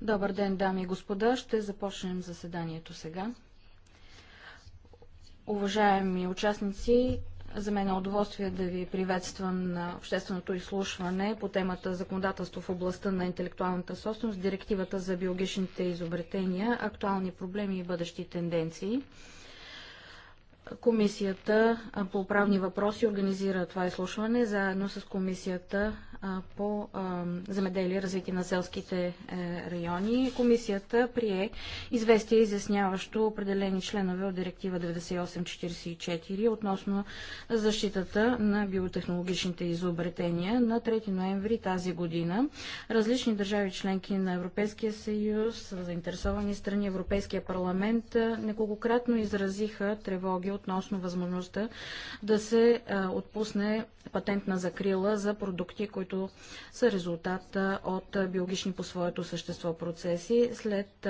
Добър ден, дами и господа. Ще започнем заседанието сега. Уважаеми участници, за мен е удоволствие да ви приветствам на общественото изслушване по темата законодателство в областта на интелектуалната собственост, директивата за биологичните изобретения, актуални проблеми и бъдещи тенденции. Комисията по правни въпроси организира това изслушване заедно с Комисията по земеделие, развитие на селските е, райони. Комисията прие известие, изясняващо определени членове от директива 9844 относно защитата на биотехнологичните изобретения на 3 ноември тази година. Различни държави членки на Европейския съюз, заинтересовани страни, Европейския парламент е, неколкократно изразиха тревоги относно възможността да се е, отпусне патентна закрила за продукти, които които са резултат от биологични по своето същество процеси. След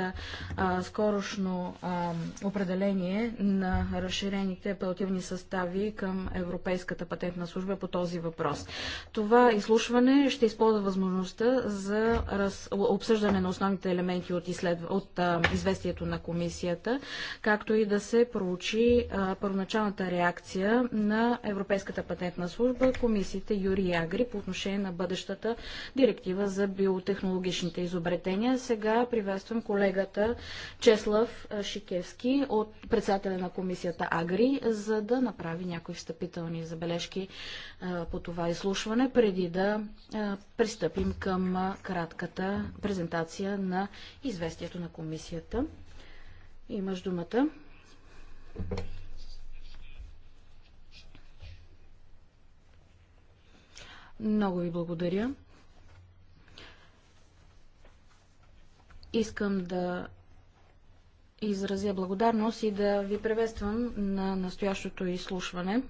а, скорошно а, определение на разширените апелативни състави към Европейската патентна служба по този въпрос. Това изслушване ще използва възможността за раз... обсъждане на основните елементи от, от а, известието на комисията, както и да се проучи а, първоначалната реакция на Европейската патентна служба, комисиите Юри и Агри по отношение на на бъдещата директива за биотехнологичните изобретения. Сега приветствам колегата Чеслав Шикевски от председателя на комисията Агри, за да направи някои встъпителни забележки по това изслушване, преди да пристъпим към кратката презентация на известието на комисията. Имаш думата. Много ви благодаря. Искам да изразя благодарност и да ви приветствам на настоящото изслушване.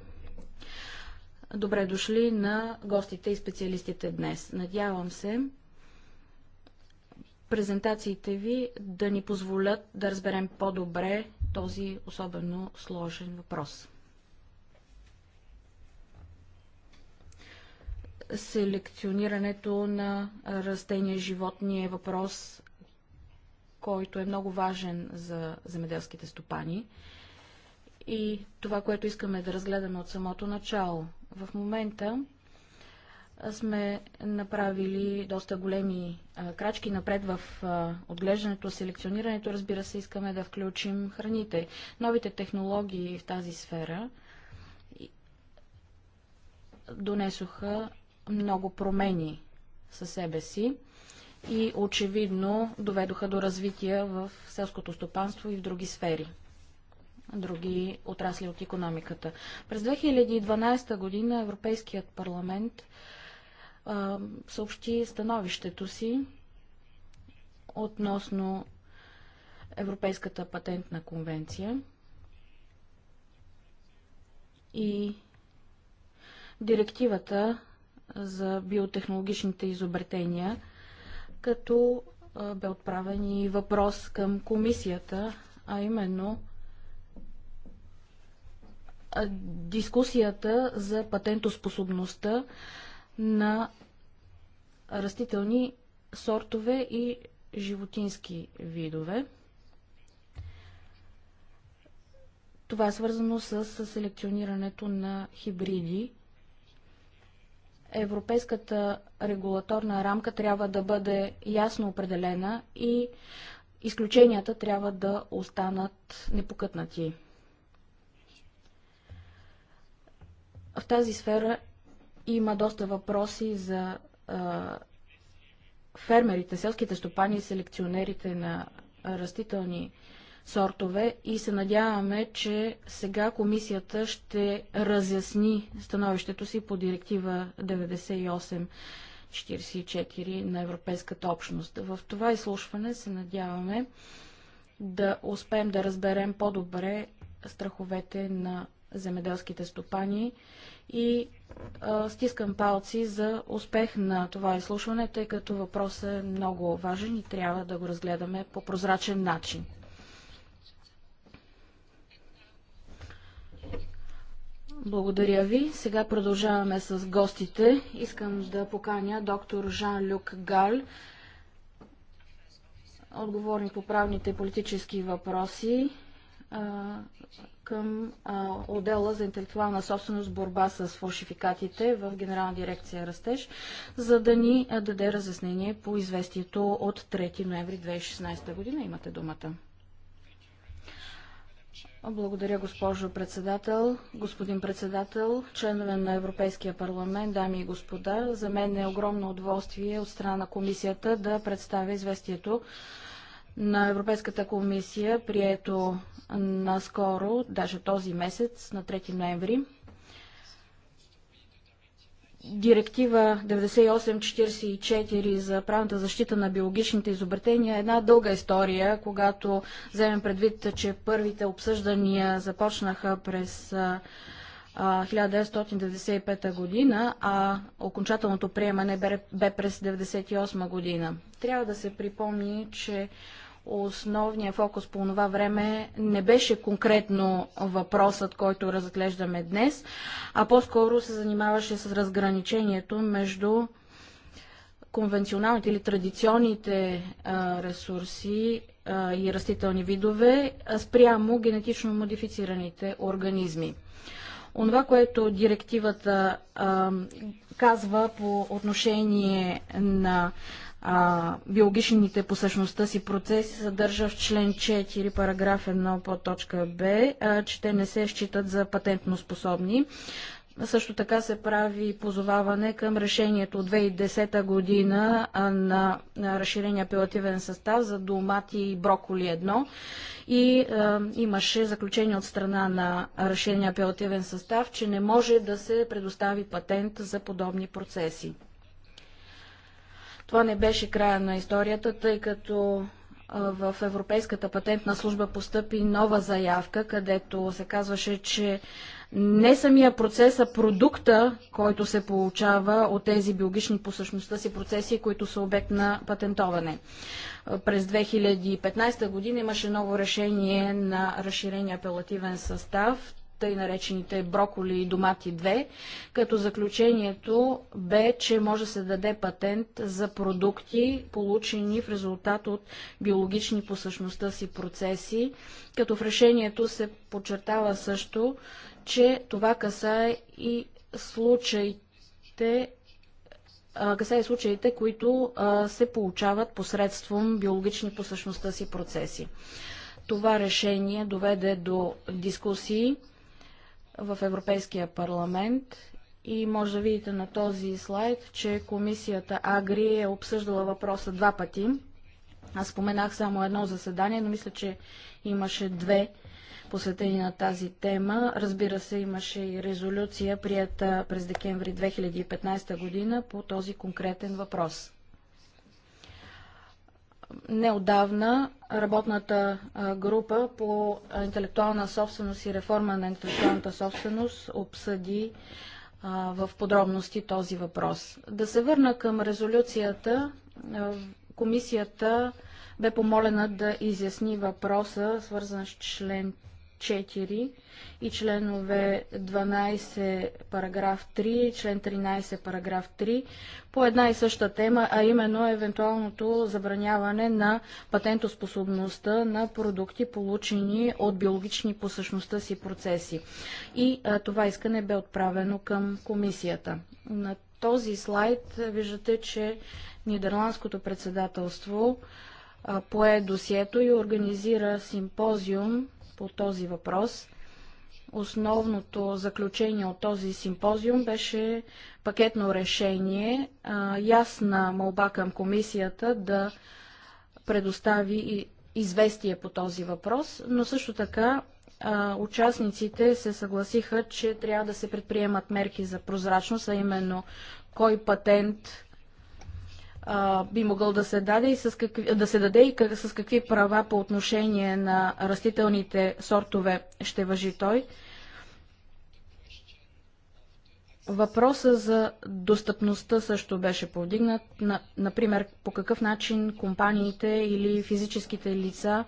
Добре дошли на гостите и специалистите днес. Надявам се презентациите ви да ни позволят да разберем по-добре този особено сложен въпрос. Селекционирането на растения животни е въпрос, който е много важен за земеделските стопани. И това, което искаме е да разгледаме от самото начало. В момента сме направили доста големи а, крачки напред в а, отглеждането, селекционирането. Разбира се, искаме да включим храните, новите технологии в тази сфера донесоха много промени със себе си и очевидно доведоха до развитие в селското стопанство и в други сфери други отрасли от економиката. През 2012 година Европейският парламент а, съобщи становището си относно Европейската патентна конвенция и директивата за биотехнологичните изобретения, като бе отправен и въпрос към комисията, а именно дискусията за патентоспособността на растителни сортове и животински видове. Това е свързано с селекционирането на хибриди Европейската регулаторна рамка трябва да бъде ясно определена и изключенията трябва да останат непокътнати. В тази сфера има доста въпроси за фермерите, селските стопани и селекционерите на растителни сортове и се надяваме, че сега комисията ще разясни становището си по директива 98. 44 на Европейската общност. В това изслушване се надяваме да успеем да разберем по-добре страховете на земеделските стопани и а, стискам палци за успех на това изслушване, тъй като въпросът е много важен и трябва да го разгледаме по прозрачен начин. Благодаря ви. Сега продължаваме с гостите. Искам да поканя доктор Жан-Люк Гал, отговорник по правните политически въпроси към отдела за интелектуална собственост борба с фалшификатите в Генерална дирекция Растеж, за да ни даде разяснение по известието от 3 ноември 2016 година. Имате думата. Благодаря, госпожо председател. Господин председател, членове на Европейския парламент, дами и господа, за мен е огромно удоволствие от страна на комисията да представя известието на Европейската комисия, прието наскоро, даже този месец, на 3 ноември. Директива 9844 за правната защита на биологичните изобретения е една дълга история, когато вземем предвид, че първите обсъждания започнаха през 1995 година, а окончателното приемане бе през 1998 година. Трябва да се припомни, че Основният фокус по това време не беше конкретно въпросът, който разглеждаме днес, а по-скоро се занимаваше с разграничението между конвенционалните или традиционните а, ресурси а, и растителни видове спрямо генетично модифицираните организми. Онова, което директивата а, казва по отношение на а, биологичните по същността си процеси съдържа в член 4, параграф 1 по точка Б, а, че те не се считат за патентно способни. Също така се прави позоваване към решението от 2010 година на разширения апелативен състав за домати и броколи 1. И е, имаше заключение от страна на разширения апелативен състав, че не може да се предостави патент за подобни процеси. Това не беше края на историята, тъй като в Европейската патентна служба постъпи нова заявка, където се казваше, че не самия процес, а продукта, който се получава от тези биологични по същността си процеси, които са обект на патентоване. През 2015 година имаше ново решение на разширения апелативен състав тъй наречените броколи и домати 2, като заключението бе, че може да се даде патент за продукти, получени в резултат от биологични по същността си процеси, като в решението се подчертава също, че това касае и случаите касае случаите, които се получават посредством биологични по същността си процеси. Това решение доведе до дискусии в Европейския парламент и може да видите на този слайд, че комисията Агри е обсъждала въпроса два пъти. Аз споменах само едно заседание, но мисля, че имаше две посветени на тази тема. Разбира се, имаше и резолюция, прията през декември 2015 година по този конкретен въпрос. Неодавна работната група по интелектуална собственост и реформа на интелектуалната собственост обсъди в подробности този въпрос. Да се върна към резолюцията. Комисията бе помолена да изясни въпроса, свързан с член 4 и членове 12 параграф 3, член 13 параграф 3 по една и съща тема, а именно евентуалното забраняване на патентоспособността на продукти, получени от биологични по същността си процеси. И а, това искане бе отправено към комисията. На този слайд виждате, че Нидерландското председателство пое досието и организира симпозиум по този въпрос. Основното заключение от този симпозиум беше пакетно решение, ясна молба към комисията да предостави известие по този въпрос, но също така участниците се съгласиха, че трябва да се предприемат мерки за прозрачност, а именно кой патент би могъл да се, даде и с какви, да се даде и как, с какви права по отношение на растителните сортове ще въжи той. Въпроса за достъпността също беше повдигнат. На, например, по какъв начин компаниите или физическите лица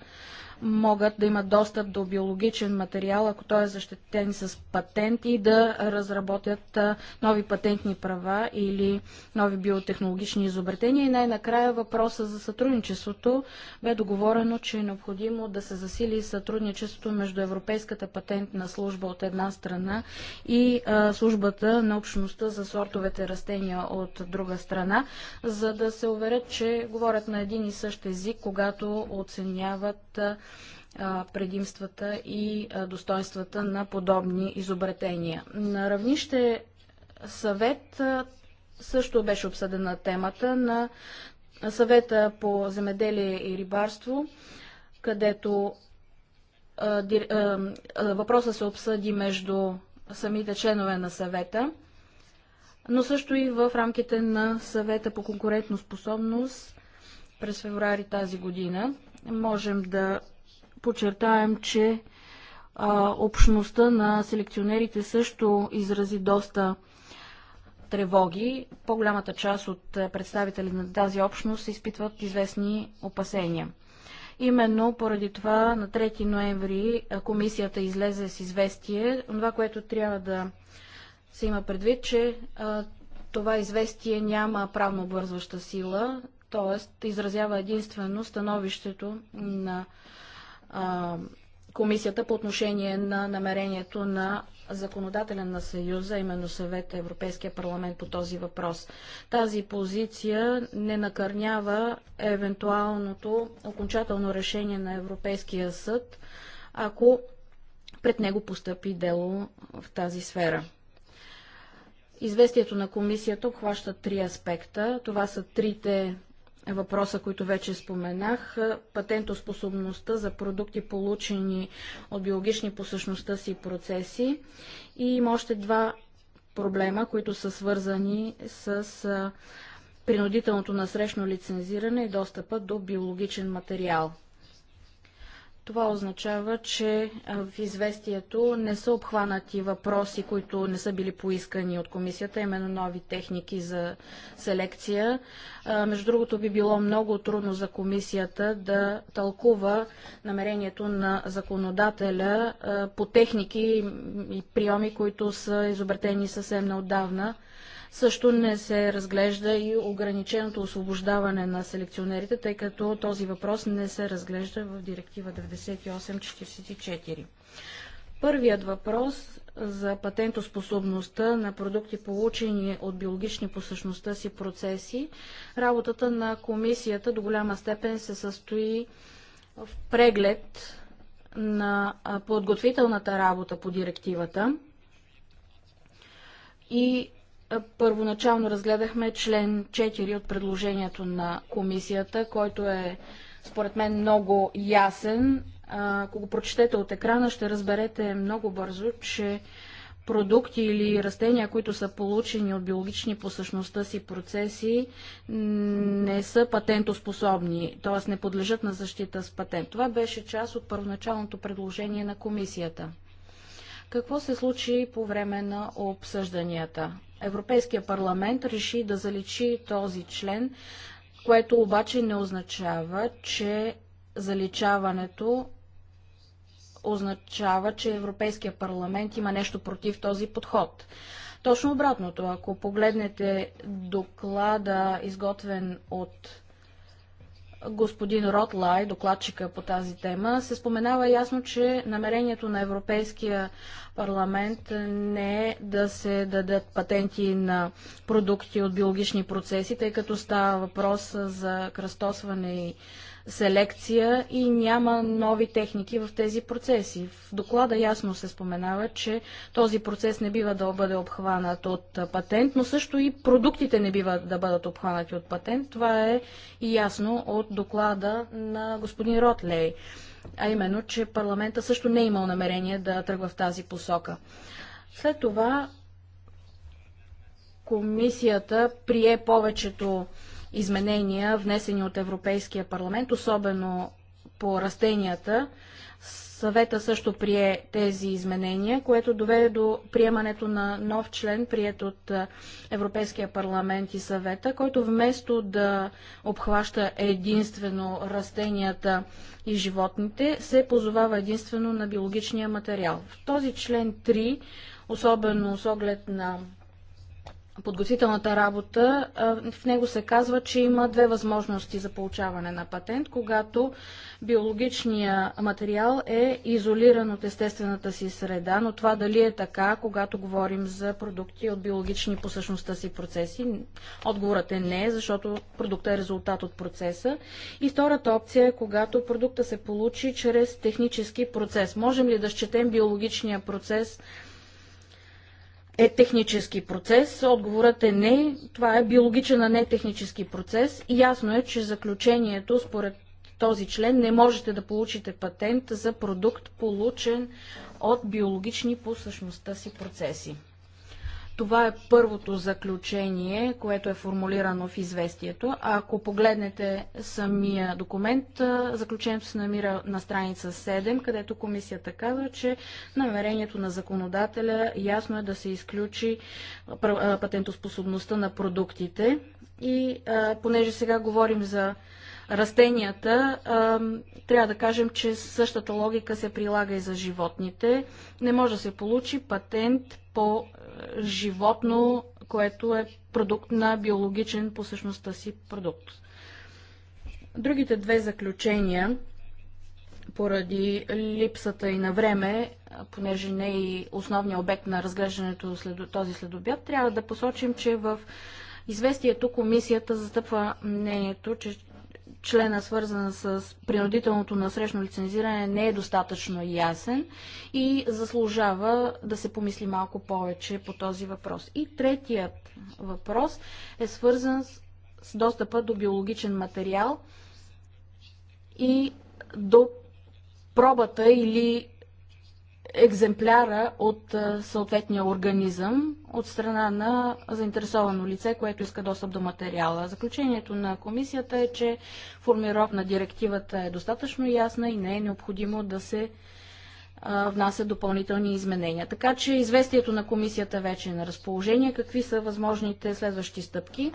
могат да имат достъп до биологичен материал, ако той е защитен с патент и да разработят нови патентни права или нови биотехнологични изобретения. И най-накрая въпроса за сътрудничеството. Бе договорено, че е необходимо да се засили сътрудничеството между Европейската патентна служба от една страна и службата на общността за сортовете растения от друга страна, за да се уверят, че говорят на един и същ език, когато оценяват предимствата и достоинствата на подобни изобретения. На равнище съвет също беше обсъдена темата на съвета по земеделие и рибарство, където въпросът се обсъди между самите членове на съвета, но също и в рамките на съвета по конкурентно способност през феврари тази година. Можем да подчертаем, че а, общността на селекционерите също изрази доста тревоги. По-голямата част от представители на тази общност изпитват известни опасения. Именно поради това на 3 ноември комисията излезе с известие. Това, което трябва да се има предвид, че а, това известие няма правно обвързваща сила, т.е. изразява единствено становището на а, комисията по отношение на намерението на законодателен на Съюза, именно съвет Европейския парламент по този въпрос. Тази позиция не накърнява евентуалното окончателно решение на Европейския съд, ако пред него постъпи дело в тази сфера. Известието на комисията обхваща три аспекта. Това са трите въпроса, които вече споменах. Патентоспособността за продукти, получени от биологични по същността си процеси. И има още два проблема, които са свързани с принудителното насрещно лицензиране и достъпа до биологичен материал. Това означава, че в известието не са обхванати въпроси, които не са били поискани от комисията, именно нови техники за селекция. Между другото, би било много трудно за комисията да тълкува намерението на законодателя по техники и приеми, които са изобретени съвсем неотдавна също не се разглежда и ограниченото освобождаване на селекционерите, тъй като този въпрос не се разглежда в директива 9844. Първият въпрос за патентоспособността на продукти, получени от биологични по същността си процеси, работата на комисията до голяма степен се състои в преглед на подготвителната работа по директивата и Първоначално разгледахме член 4 от предложението на комисията, който е според мен много ясен. Ако го прочетете от екрана, ще разберете много бързо, че продукти или растения, които са получени от биологични по същността си процеси, не са патентоспособни, т.е. не подлежат на защита с патент. Това беше част от първоначалното предложение на комисията. Какво се случи по време на обсъжданията? Европейския парламент реши да заличи този член, което обаче не означава, че заличаването означава, че Европейския парламент има нещо против този подход. Точно обратното, ако погледнете доклада, изготвен от господин Ротлай, докладчика по тази тема, се споменава ясно, че намерението на Европейския парламент не е да се дадат патенти на продукти от биологични процеси, тъй като става въпрос за кръстосване и селекция и няма нови техники в тези процеси. В доклада ясно се споменава, че този процес не бива да бъде обхванат от патент, но също и продуктите не бива да бъдат обхванати от патент. Това е и ясно от доклада на господин Ротлей, а именно, че парламента също не е имал намерение да тръгва в тази посока. След това комисията прие повечето изменения, внесени от Европейския парламент, особено по растенията. Съвета също прие тези изменения, което доведе до приемането на нов член, прият от Европейския парламент и съвета, който вместо да обхваща единствено растенията и животните, се позовава единствено на биологичния материал. В този член 3, особено с оглед на подготвителната работа, в него се казва, че има две възможности за получаване на патент, когато биологичният материал е изолиран от естествената си среда, но това дали е така, когато говорим за продукти от биологични по същността си процеси, отговорът е не, защото продуктът е резултат от процеса. И втората опция е, когато продукта се получи чрез технически процес. Можем ли да счетем биологичния процес е технически процес? Отговорът е не. Това е биологичен, а не технически процес. И ясно е, че заключението според този член не можете да получите патент за продукт, получен от биологични по същността си процеси. Това е първото заключение, което е формулирано в известието. ако погледнете самия документ, заключението се намира на страница 7, където комисията казва, че намерението на законодателя ясно е да се изключи патентоспособността на продуктите. И понеже сега говорим за растенията, трябва да кажем, че същата логика се прилага и за животните. Не може да се получи патент по животно, което е продукт на биологичен по същността си продукт. Другите две заключения, поради липсата и на време, понеже не е и основният обект на разглеждането след, този следобят, трябва да посочим, че в известието комисията застъпва мнението, че члена, свързан с принудителното насрещно лицензиране, не е достатъчно ясен и заслужава да се помисли малко повече по този въпрос. И третият въпрос е свързан с достъпа до биологичен материал и до пробата или екземпляра от съответния организъм от страна на заинтересовано лице, което иска достъп до материала. Заключението на комисията е, че формировка на директивата е достатъчно ясна и не е необходимо да се внася допълнителни изменения. Така че известието на комисията вече е на разположение. Какви са възможните следващи стъпки?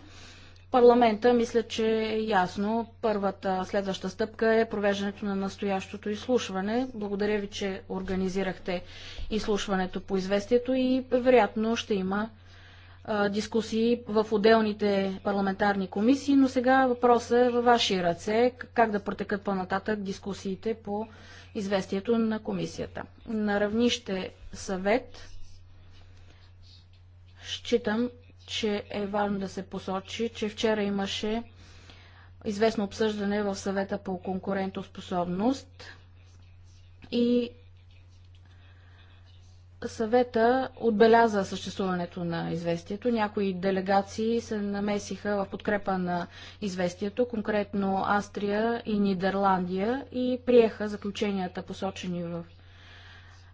парламента мисля, че е ясно. Първата следваща стъпка е провеждането на настоящото изслушване. Благодаря ви, че организирахте изслушването по известието и вероятно ще има а, дискусии в отделните парламентарни комисии, но сега въпросът е във ваши ръце, как да протекат по-нататък дискусиите по известието на комисията. На равнище съвет считам, че е важно да се посочи, че вчера имаше известно обсъждане в съвета по конкурентоспособност и съвета отбеляза съществуването на известието. Някои делегации се намесиха в подкрепа на известието, конкретно Астрия и Нидерландия, и приеха заключенията посочени в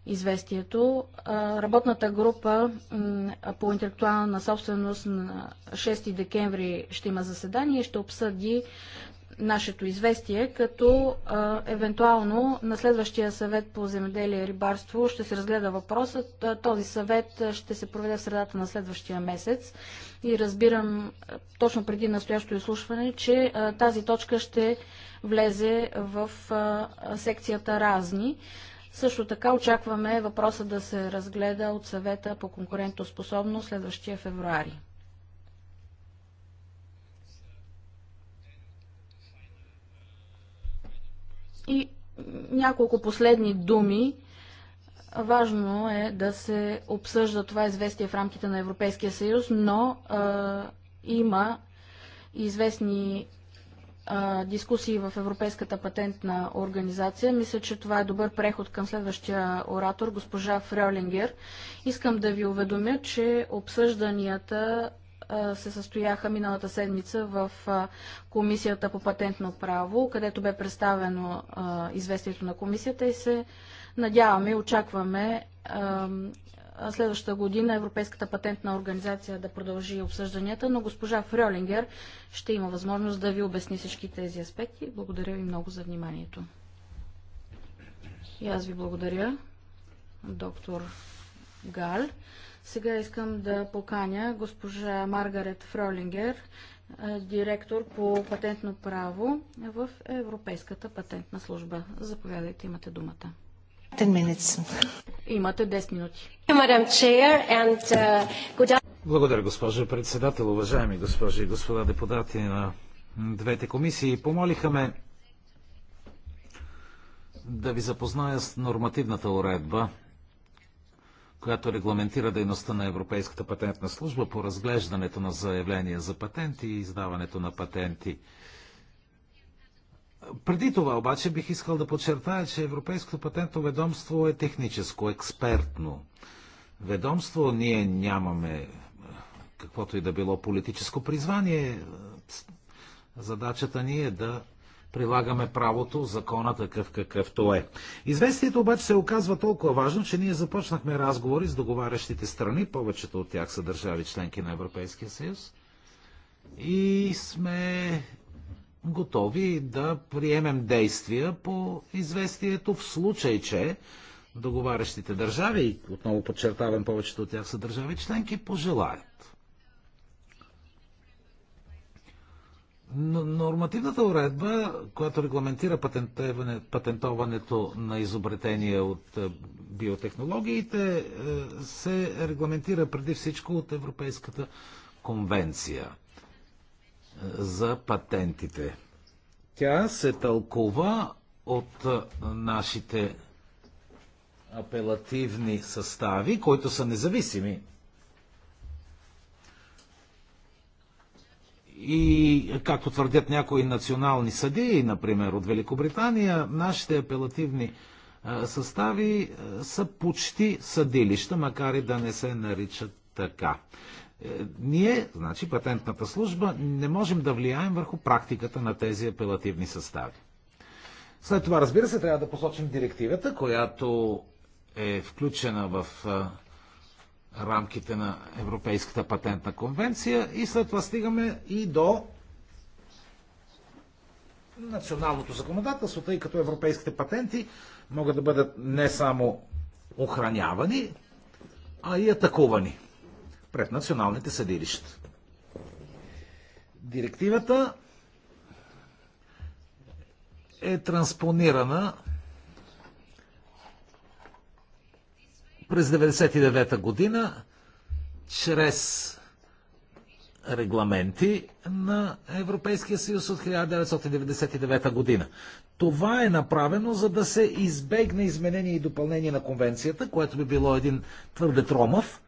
известието. Работната група по интелектуална собственост на 6 декември ще има заседание и ще обсъди нашето известие, като евентуално на следващия съвет по земеделие и рибарство ще се разгледа въпросът. Този съвет ще се проведе в средата на следващия месец и разбирам точно преди настоящото изслушване, че тази точка ще влезе в секцията разни. Също така очакваме въпроса да се разгледа от съвета по конкурентоспособност следващия февруари. И няколко последни думи. Важно е да се обсъжда това известие в рамките на Европейския съюз, но а, има известни дискусии в Европейската патентна организация. Мисля, че това е добър преход към следващия оратор, госпожа Фрелингер. Искам да ви уведомя, че обсъжданията се състояха миналата седмица в Комисията по патентно право, където бе представено известието на комисията и се надяваме, очакваме следващата година Европейската патентна организация да продължи обсъжданията, но госпожа Фрьолингер ще има възможност да ви обясни всички тези аспекти. Благодаря ви много за вниманието. И аз ви благодаря, доктор Гал. Сега искам да поканя госпожа Маргарет Фролингер, директор по патентно право в Европейската патентна служба. Заповядайте, имате думата. Имате 10 минути. Uh, Благодаря, госпожо председател, уважаеми госпожи и господа депутати на двете комисии. Помолиха ме да ви запозная с нормативната уредба, която регламентира дейността на Европейската патентна служба по разглеждането на заявления за патенти и издаването на патенти. Преди това обаче бих искал да подчертая, че Европейското патентно ведомство е техническо, експертно. Ведомство ние нямаме е, каквото и да било политическо призвание. Задачата ни е да прилагаме правото, закона такъв какъвто е. Известието обаче се оказва толкова важно, че ние започнахме разговори с договарящите страни, повечето от тях са държави членки на Европейския съюз, и сме готови да приемем действия по известието в случай, че договарящите държави, отново подчертавам, повечето от тях са държави членки, пожелаят. Нормативната уредба, която регламентира патентоването на изобретения от е, биотехнологиите, е, се регламентира преди всичко от Европейската конвенция – за патентите. Тя се тълкува от нашите апелативни състави, които са независими. И, както твърдят някои национални съдии, например от Великобритания, нашите апелативни състави са почти съдилища, макар и да не се наричат така. Е, ние, значи патентната служба, не можем да влияем върху практиката на тези апелативни състави. След това, разбира се, трябва да посочим директивата, която е включена в рамките на Европейската патентна конвенция и след това стигаме и до националното законодателство, тъй като европейските патенти могат да бъдат не само охранявани, а и атакувани пред националните съдилища. Директивата е транспонирана през 99-та година чрез регламенти на Европейския съюз от 1999 година. Това е направено, за да се избегне изменение и допълнение на конвенцията, което би било един твърде тромав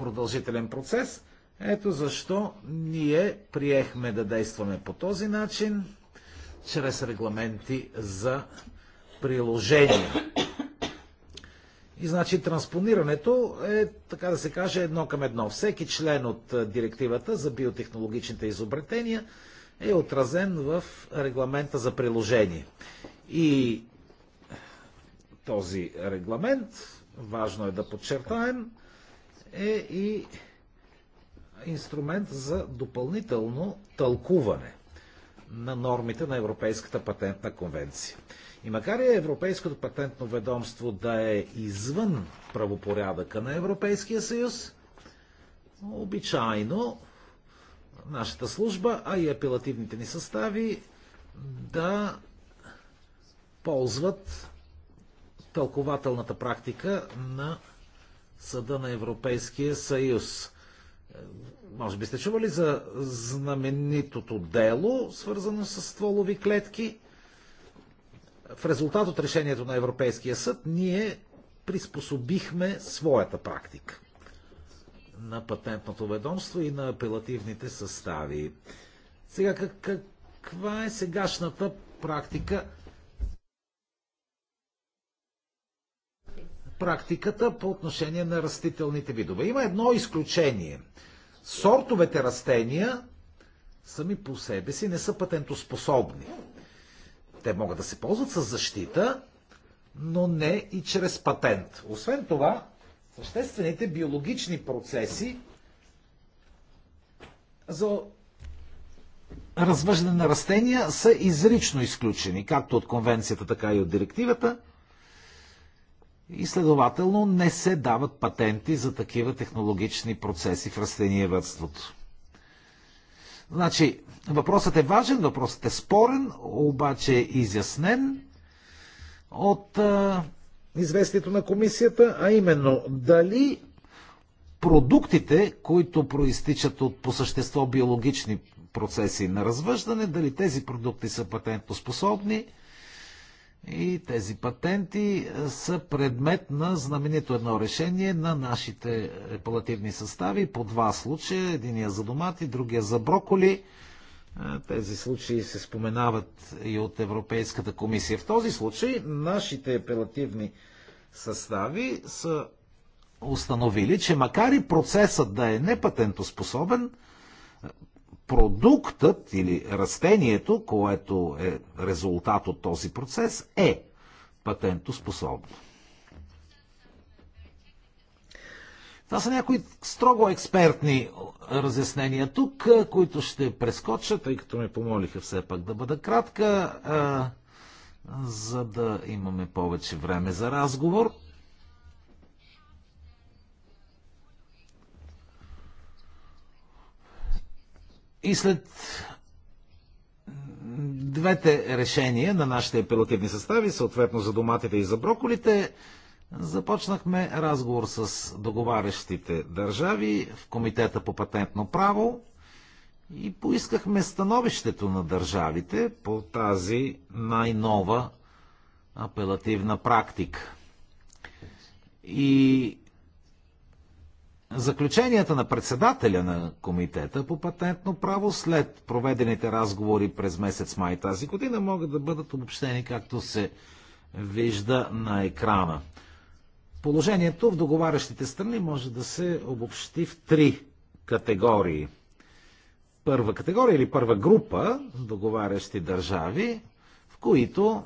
продължителен процес. Ето защо ние приехме да действаме по този начин, чрез регламенти за приложение. И значи транспонирането е, така да се каже, едно към едно. Всеки член от директивата за биотехнологичните изобретения е отразен в регламента за приложение. И този регламент, важно е да подчертаем, е и инструмент за допълнително тълкуване на нормите на Европейската патентна конвенция. И макар и Европейското патентно ведомство да е извън правопорядъка на Европейския съюз, обичайно нашата служба, а и апелативните ни състави да ползват тълкователната практика на Съда на Европейския съюз. Може би сте чували за знаменитото дело, свързано с стволови клетки. В резултат от решението на Европейския съд ние приспособихме своята практика на патентното ведомство и на апелативните състави. Сега, каква е сегашната практика? практиката по отношение на растителните видове. Има едно изключение. Сортовете растения сами по себе си не са патентоспособни. Те могат да се ползват с защита, но не и чрез патент. Освен това, съществените биологични процеси за развъждане на растения са изрично изключени, както от конвенцията, така и от директивата – и следователно не се дават патенти за такива технологични процеси в растениевътството. Значи, въпросът е важен, въпросът е спорен, обаче е изяснен от а, известието на комисията, а именно дали продуктите, които проистичат от по същество биологични процеси на развъждане, дали тези продукти са патентоспособни способни и тези патенти е, са предмет на знаменито едно решение на нашите епалативни състави по два случая. Единия за домати, другия за броколи. Е, тези случаи се споменават и от Европейската комисия. В този случай нашите апелативни състави са установили, че макар и процесът да е непатентоспособен, продуктът или растението, което е резултат от този процес, е патентоспособно. Това са някои строго експертни разяснения тук, които ще прескоча, тъй като ме помолиха все пак да бъда кратка, а, за да имаме повече време за разговор. И след двете решения на нашите апелативни състави, съответно за доматите и за броколите, започнахме разговор с договарящите държави в Комитета по патентно право и поискахме становището на държавите по тази най-нова апелативна практика. И Заключенията на председателя на Комитета по патентно право след проведените разговори през месец май тази година могат да бъдат обобщени, както се вижда на екрана. Положението в договарящите страни може да се обобщи в три категории. Първа категория или първа група договарящи държави, в които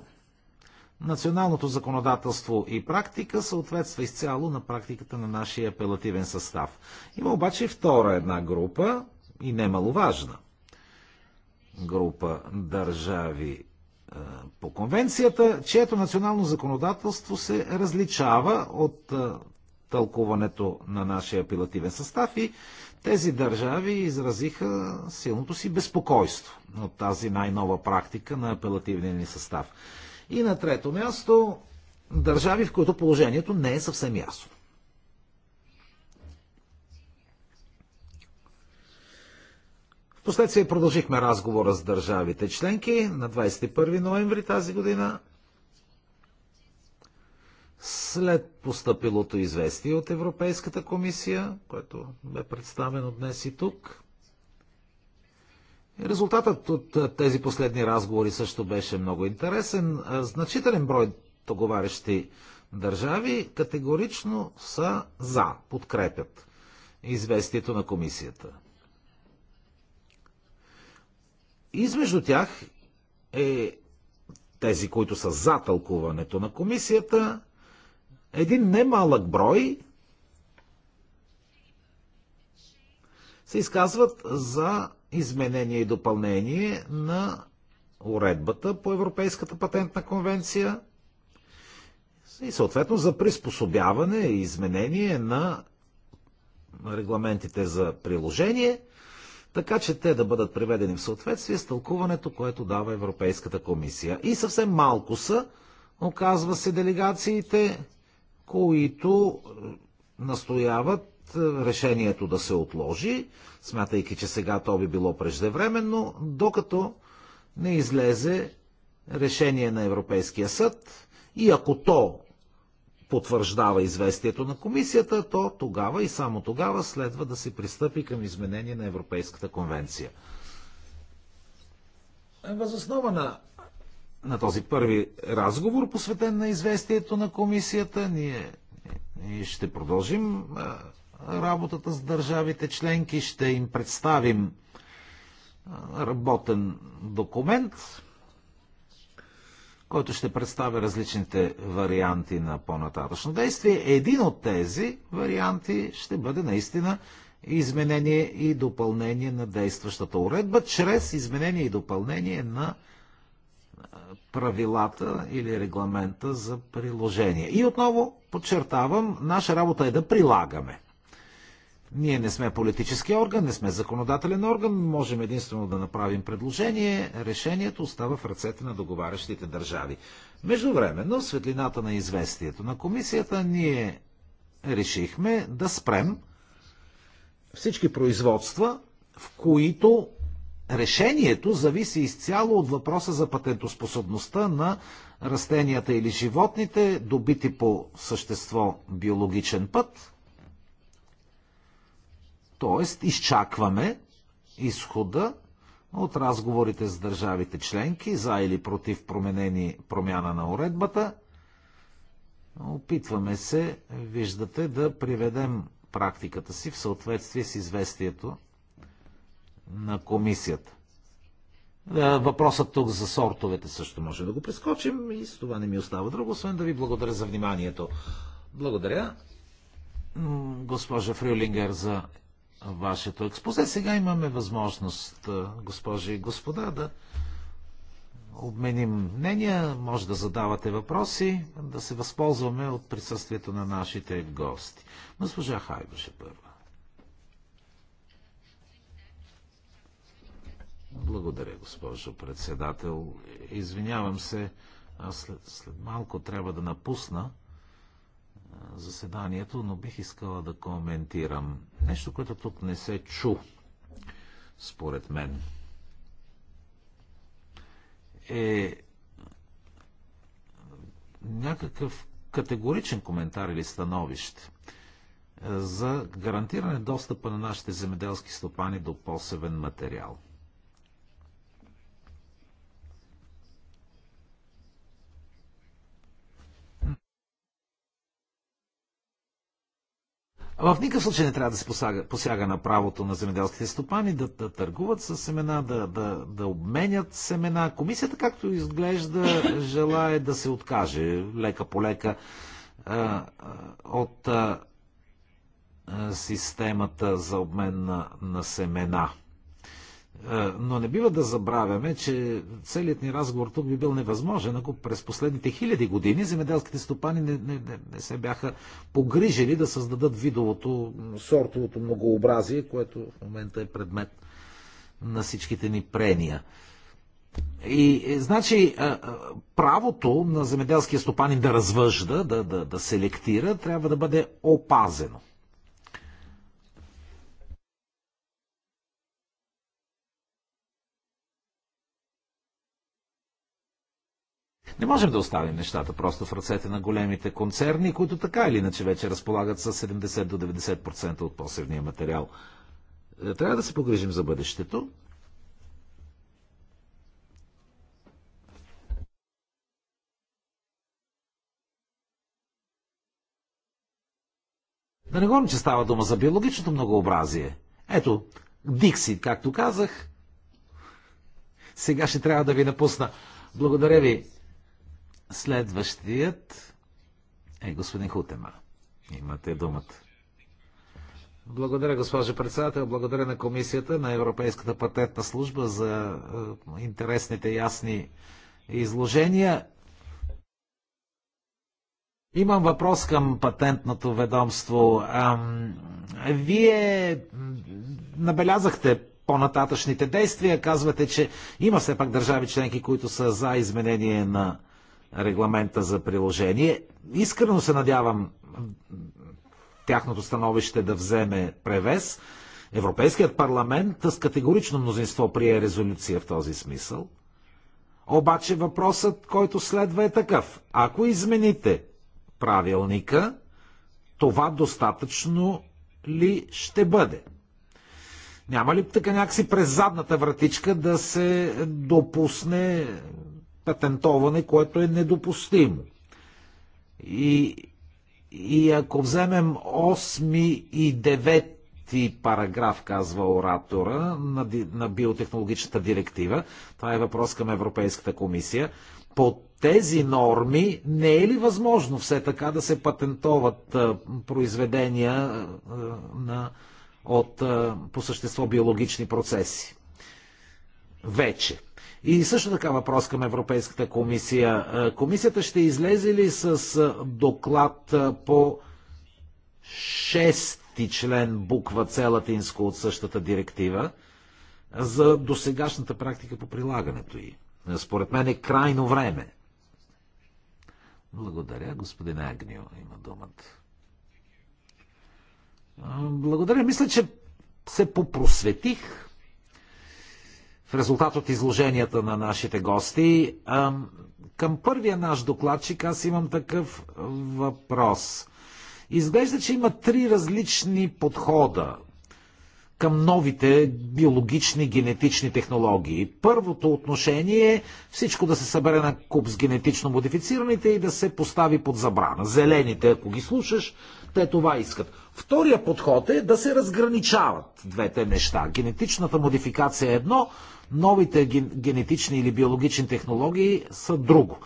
Националното законодателство и практика съответства изцяло на практиката на нашия апелативен състав. Има обаче втора една група, и немаловажна група държави е, по конвенцията, чието национално законодателство се различава от е, тълкуването на нашия апелативен състав и тези държави изразиха силното си безпокойство от тази най-нова практика на апелативния ни състав. И на трето място, държави, в които положението не е съвсем ясно. Впоследствие продължихме разговора с държавите членки на 21 ноември тази година. След поступилото известие от Европейската комисия, което бе представено днес и тук, Резултатът от тези последни разговори също беше много интересен. Значителен брой договарящи държави категорично са за, подкрепят известието на комисията. Измежду тях е тези, които са за тълкуването на комисията, един немалък брой се изказват за изменение и допълнение на уредбата по Европейската патентна конвенция и съответно за приспособяване и изменение на регламентите за приложение, така че те да бъдат приведени в съответствие с тълкуването, което дава Европейската комисия. И съвсем малко са, оказва се, делегациите, които настояват е, решението да се отложи, смятайки, че сега то би било преждевременно, докато не излезе решение на Европейския съд и ако то потвърждава известието на комисията, то тогава и само тогава следва да се пристъпи към изменение на Европейската конвенция. Възоснова на, на този първи разговор, посветен на известието на комисията, ние, ние ще продължим работата с държавите членки. Ще им представим работен документ, който ще представя различните варианти на по-нататъчно действие. Един от тези варианти ще бъде наистина изменение и допълнение на действащата уредба, чрез изменение и допълнение на правилата или регламента за приложение. И отново подчертавам, наша работа е да прилагаме ние не сме политически орган, не сме законодателен орган, можем единствено да направим предложение. Решението остава в ръцете на договарящите държави. Междувременно, но светлината на известието на комисията, ние решихме да спрем всички производства, в които решението зависи изцяло от въпроса за патентоспособността на растенията или животните, добити по същество биологичен път, Тоест, изчакваме изхода от разговорите с държавите членки за или против променени промяна на уредбата. Опитваме се, виждате, да приведем практиката си в съответствие с известието на комисията. Е, въпросът тук за сортовете също може да го прескочим и с това не ми остава друго, освен да ви благодаря за вниманието. Благодаря, госпожа Фрюлингер, за вашето експозе. Сега имаме възможност, госпожи и господа, да обменим мнения, може да задавате въпроси, да се възползваме от присъствието на нашите гости. Госпожа Хайбаше първа. Благодаря, госпожо председател. Извинявам се, аз след, след малко трябва да напусна заседанието, но бих искала да коментирам нещо, което тук не се чу, според мен. Е някакъв категоричен коментар или становище е, за гарантиране достъпа на нашите земеделски стопани до посевен материал. В никакъв случай не трябва да се посяга, посяга на правото на земеделските стопани да, да търгуват с семена, да, да, да обменят семена. Комисията, както изглежда, желая да се откаже лека по лека а, от а, системата за обмен на, на семена. Но не бива да забравяме, че целият ни разговор тук би бил невъзможен, ако през последните хиляди години земеделските стопани не, не, не, не се бяха погрижили да създадат видовото, сортовото многообразие, което в момента е предмет на всичките ни прения. И, е, значи, правото на земеделския стопанин да развъжда, да, да, да селектира, трябва да бъде опазено. Не можем да оставим нещата просто в ръцете на големите концерни, които така или иначе вече разполагат с 70 до 90% от посевния материал. Е, трябва да се погрижим за бъдещето. Да не говорим, че става дума за биологичното многообразие. Ето, Дикси, както казах, сега ще трябва да ви напусна. Благодаря ви Следващият е господин Хутема. Имате думата. Благодаря, госпожо председател. Благодаря на комисията, на Европейската патентна служба за е, интересните, ясни изложения. Имам въпрос към патентното ведомство. вие набелязахте по-нататъчните действия. Казвате, че има все пак държави членки, които са за изменение на регламента за приложение. Искрено се надявам тяхното становище да вземе превес. Европейският парламент с категорично мнозинство прие резолюция в този смисъл. Обаче въпросът, който следва е такъв. Ако измените правилника, това достатъчно ли ще бъде? Няма ли така някакси през задната вратичка да се допусне патентоване, което е недопустимо. И, и ако вземем 8 и 9 параграф, казва оратора на, на биотехнологичната директива. Това е въпрос към Европейската комисия. По тези норми не е ли възможно все така да се патентоват а, произведения а, на, от а, по същество биологични процеси? Вече. И също така въпрос към Европейската комисия. Е, комисията ще излезе ли с е, доклад е, по шести член буква С латинско от същата директива за досегашната практика по прилагането й? Според мен е крайно време. Благодаря. Господин Агнио има думата. Благодаря. Мисля, че се попросветих резултат от изложенията на нашите гости. Към първия наш докладчик аз имам такъв въпрос. Изглежда, че има три различни подхода към новите биологични генетични технологии. Първото отношение е всичко да се събере на куп с генетично модифицираните и да се постави под забрана. Зелените, ако ги слушаш, те това искат. Втория подход е да се разграничават двете неща. Генетичната модификация е едно, Новите генетични или биологични технологии са друго.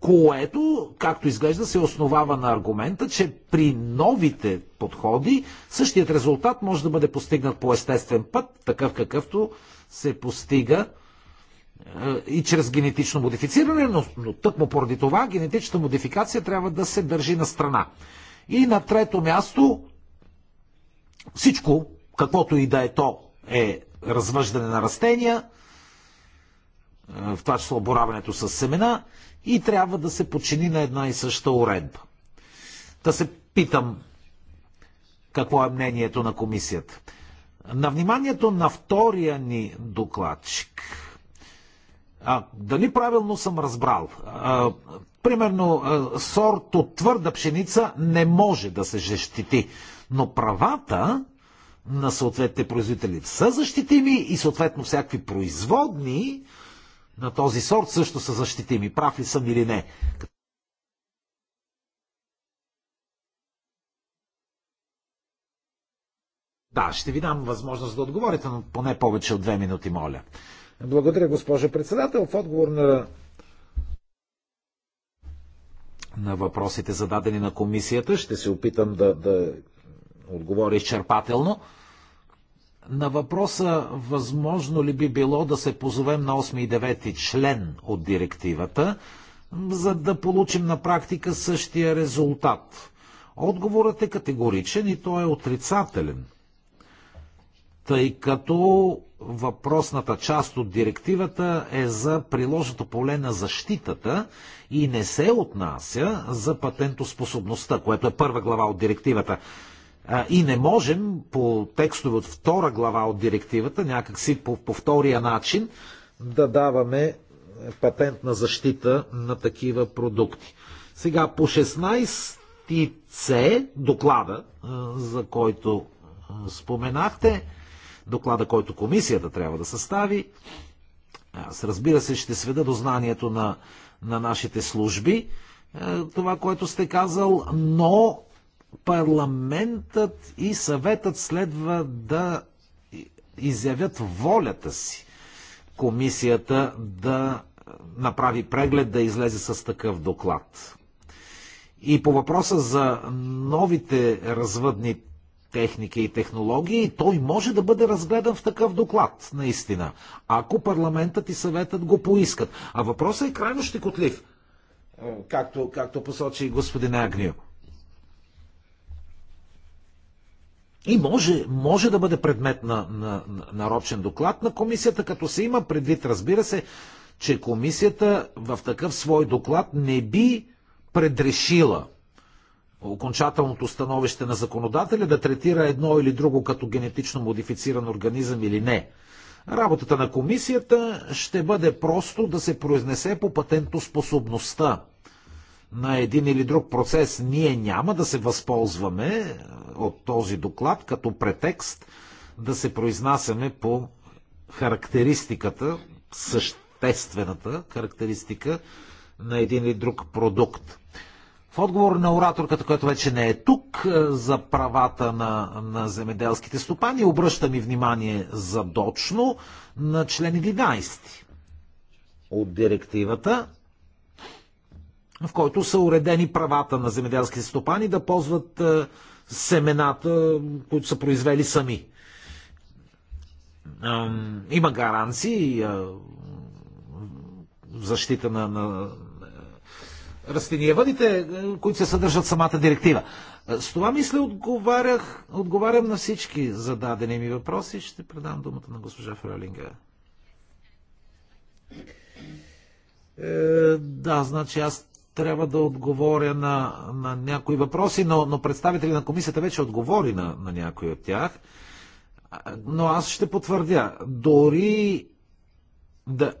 Което, както изглежда, се основава на аргумента, че при новите подходи същият резултат може да бъде постигнат по естествен път, такъв какъвто се постига е, и чрез генетично модифициране, но, но тъкмо поради това генетичната модификация трябва да се държи на страна. И на трето място всичко, каквото и да е то, е развъждане на растения, в това число боравенето с семена, и трябва да се подчини на една и съща уредба. Да се питам какво е мнението на комисията. На вниманието на втория ни докладчик. А, дали правилно съм разбрал? А, примерно, а, сорт от твърда пшеница не може да се защити, но правата на съответните производители са защитими и съответно всякакви производни на този сорт също са защитими. Прав ли съм или не? Да, ще ви дам възможност да отговорите, но поне повече от две минути, моля. Благодаря, госпожа председател. В отговор на на въпросите зададени на комисията. Ще се опитам да, да отговоря изчерпателно. На въпроса, възможно ли би било да се позовем на 8 и 9 член от директивата, за да получим на практика същия резултат? Отговорът е категоричен и той е отрицателен, тъй като въпросната част от директивата е за приложното поле на защитата и не се отнася за патентоспособността, което е първа глава от директивата и не можем по текстове от втора глава от директивата, някакси по, по втория начин, да даваме патентна защита на такива продукти. Сега по 16C доклада, за който споменахте, доклада, който комисията трябва да състави, аз разбира се ще сведа до знанието на, на нашите служби това, което сте казал, но парламентът и съветът следва да изявят волята си комисията да направи преглед, да излезе с такъв доклад. И по въпроса за новите развъдни техники и технологии, той може да бъде разгледан в такъв доклад, наистина, ако парламентът и съветът го поискат. А въпросът е крайно щекотлив, както, както посочи господин Агнио. и може, може да бъде предмет на, нарочен на нарочен доклад на комисията, като се има предвид, разбира се, че комисията в такъв свой доклад не би предрешила окончателното становище на законодателя да третира едно или друго като генетично модифициран организъм или не. Работата на комисията ще бъде просто да се произнесе по патентоспособността на един или друг процес, ние няма да се възползваме е, от този доклад като претекст да се произнасяме по характеристиката, съществената характеристика на един или друг продукт. В отговор на ораторката, която вече не е тук, е, за правата на, на земеделските стопани, обръща ми внимание задочно на член 11 от директивата, в който са уредени правата на земеделските стопани да ползват е, семената, които са произвели сами. Има гаранции в е, защита на, на растениевъдите, е, които се съдържат самата директива. С това мисля отговарях, отговарям на всички зададени ми въпроси. Ще предам думата на госпожа Фрелинга. Е, да, значи аз трябва да отговоря на, на някои въпроси, но, но представители на комисията вече отговори на, на някои от тях. Но аз ще потвърдя, дори да,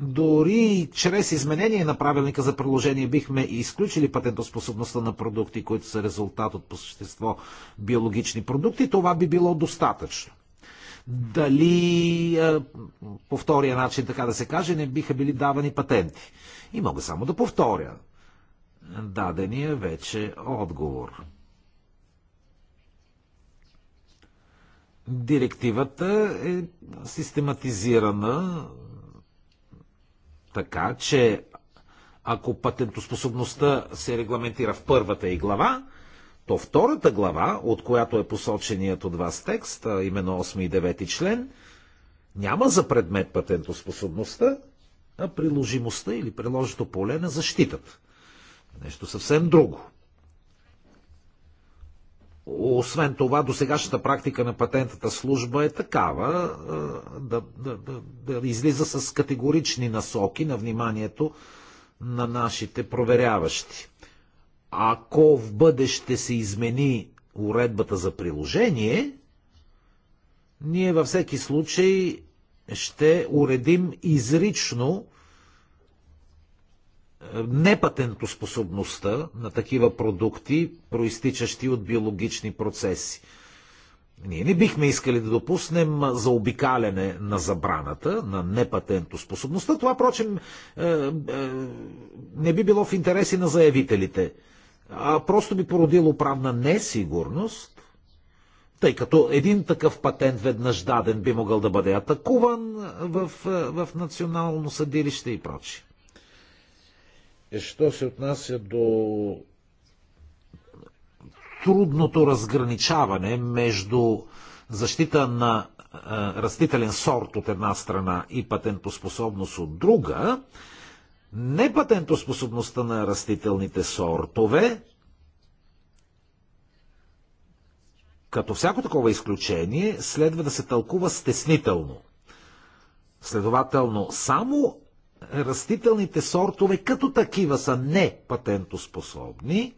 дори чрез изменение на правилника за приложение бихме изключили патентоспособността на продукти, които са резултат от по същество биологични продукти, това би било достатъчно. Дали е, по втория начин, така да се каже, не биха били давани патенти. И мога само да повторя дадения вече отговор. Директивата е систематизирана така, че ако патентоспособността се регламентира в първата и глава, то втората глава, от която е посоченият от вас текст, именно 8 и 9 член, няма за предмет патентоспособността, а приложимостта или приложното поле на защитата. Нещо съвсем друго. Освен това, до сегашната практика на патентната служба е такава да, да, да, да излиза с категорични насоки на вниманието на нашите проверяващи. Ако в бъдеще се измени уредбата за приложение, ние във всеки случай ще уредим изрично е, непатентоспособността на такива продукти, проистичащи от биологични процеси. Ние не бихме искали да допуснем за обикаляне на забраната, на непатентоспособността. Това, прочим, е, е, не би било в интереси на заявителите, а просто би породило правна несигурност тъй като един такъв патент веднъж даден би могъл да бъде атакуван в, е, в национално съдилище и прочие. Е, що се отнася до трудното разграничаване между защита на е, растителен сорт от една страна и патентоспособност от друга, непатентоспособността на растителните сортове като всяко такова изключение следва да се тълкува стеснително. Следователно, само растителните сортове като такива са не патентоспособни,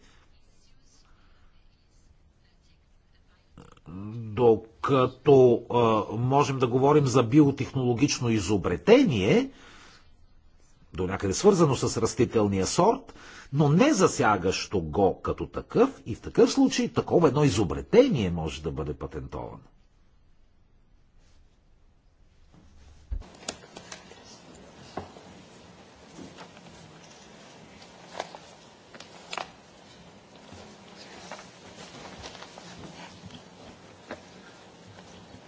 докато а, можем да говорим за биотехнологично изобретение, до някъде свързано с растителния сорт, но не засягащо го като такъв и в такъв случай такова едно изобретение може да бъде патентовано.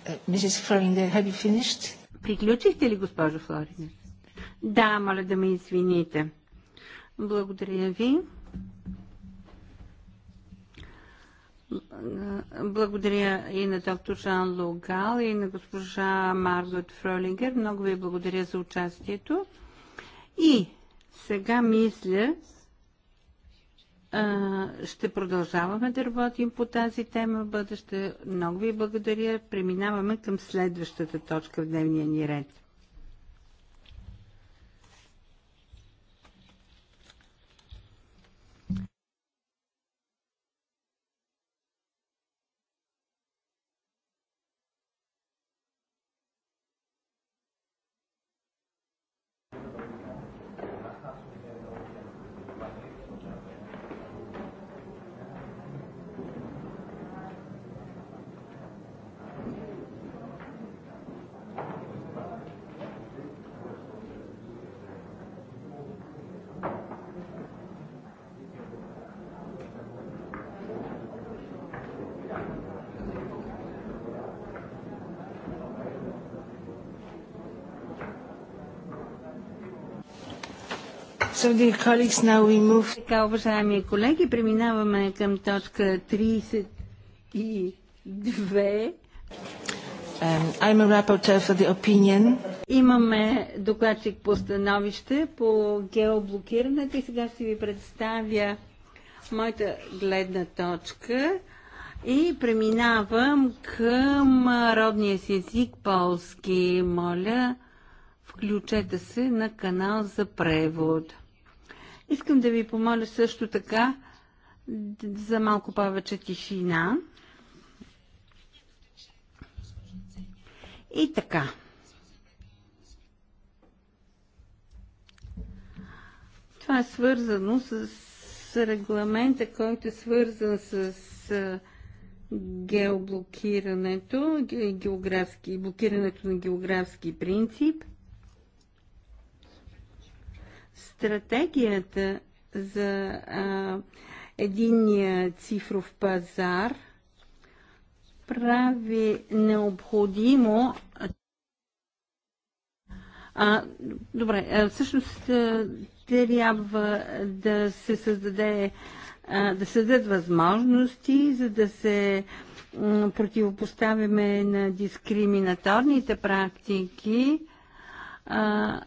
Uh, have you finished? Приключихте ли, госпожо Флоринер? Да, моля да ме извините. Благодаря ви. Благодаря и на доктор Жан Логал и на госпожа Маргот Фролингер. Много ви благодаря за участието. И сега мисля, ще продължаваме да работим по тази тема в бъдеще. Много ви благодаря. Преминаваме към следващата точка в дневния ни ред. така, уважаеми колеги, преминаваме към точка 32. Um, Имаме докладчик по становище по геоблокирането и сега ще ви представя моята гледна точка и преминавам към родния си език полски. Моля, включете се на канал за превод. Искам да ви помоля също така за малко повече тишина. И така. Това е свързано с регламента, който е свързан с геоблокирането, географски, блокирането на географски принцип. Стратегията за а, единния цифров пазар прави необходимо а, добре, а, всъщност а, трябва да се създаде, а, да създадат възможности, за да се противопоставяме на дискриминаторните практики. А,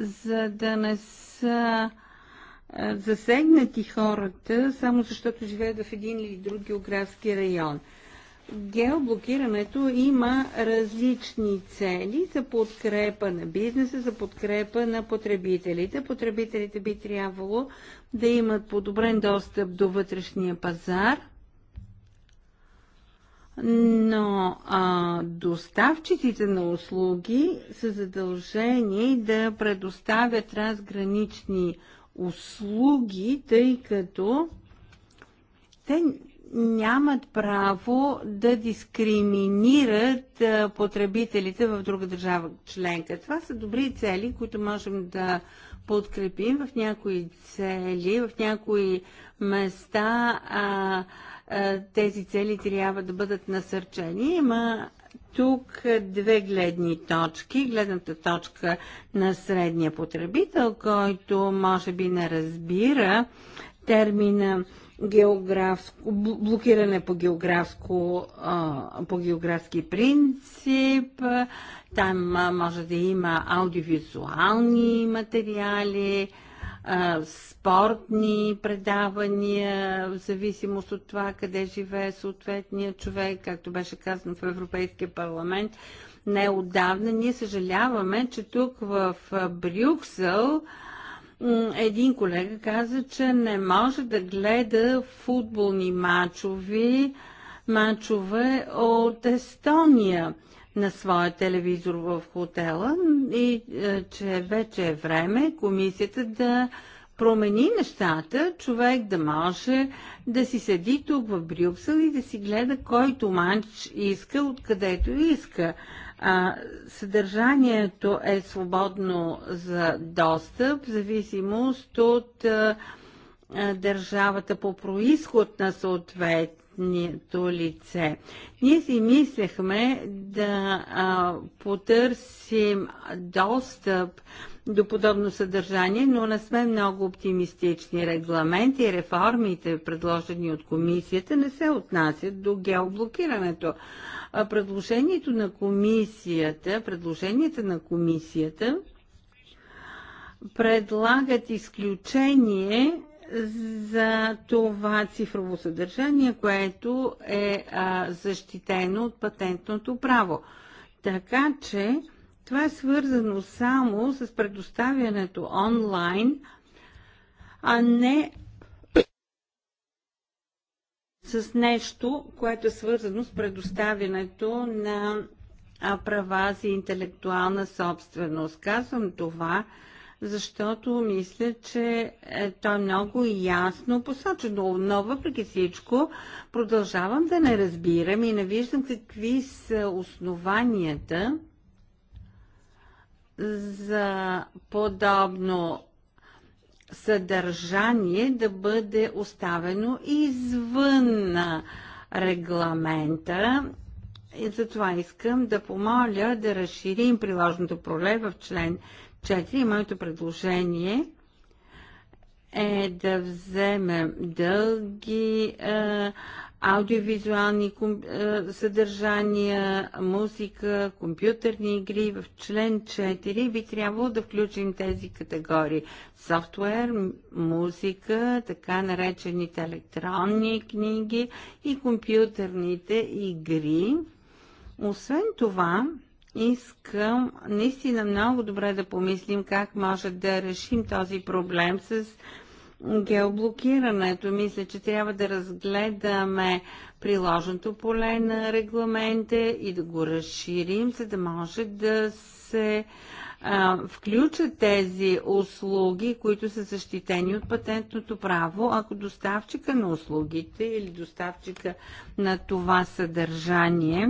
за да не са е, засегнати хората, само защото живеят в един или друг географски район. Геоблокирането има различни цели за подкрепа на бизнеса, за подкрепа на потребителите. Потребителите би трябвало да имат подобрен достъп до вътрешния пазар но а, доставчиците на услуги са задължени да предоставят трансгранични услуги, тъй като те нямат право да дискриминират потребителите в друга държава членка. Това са добри цели, които можем да подкрепим в някои цели, в някои места. А, тези цели трябва да бъдат насърчени. Има тук две гледни точки. Гледната точка на средния потребител, който може би не разбира термина географско, блокиране по, географско, по географски принцип. Там може да има аудиовизуални материали, спортни предавания, в зависимост от това къде живее съответния човек, както беше казано в Европейския парламент. Не отдавна ние съжаляваме, че тук в Брюксел един колега каза, че не може да гледа футболни мачови, мачове от Естония на своя телевизор в хотела и е, че вече е време комисията да промени нещата, човек да може да си седи тук в Брюксел и да си гледа който манч иска, откъдето иска. А, съдържанието е свободно за достъп, в зависимост от а, е, е, държавата по происход на съответ съответното лице. Ние си мислехме да а, потърсим достъп до подобно съдържание, но не сме много оптимистични. Регламенти и реформите, предложени от комисията, не се отнасят до геоблокирането. А предложението на комисията, предложенията на комисията предлагат изключение за това цифрово съдържание, което е а, защитено от патентното право. Така че това е свързано само с предоставянето онлайн, а не с нещо, което е свързано с предоставянето на права за интелектуална собственост. Казвам това, защото мисля, че е той много ясно посочено. Но въпреки всичко продължавам да не разбирам и не виждам какви са основанията за подобно съдържание да бъде оставено извън регламента. И затова искам да помоля да разширим приложното проле в член 4. Моето предложение е да вземем дълги е, аудиовизуални ком, е, съдържания, музика, компютърни игри. В член 4 би трябвало да включим тези категории. Софтуер, музика, така наречените електронни книги и компютърните игри. Освен това, искам наистина много добре да помислим как може да решим този проблем с геоблокирането. Мисля, че трябва да разгледаме приложното поле на регламента и да го разширим, за да може да се включат тези услуги, които са защитени от патентното право, ако доставчика на услугите или доставчика на това съдържание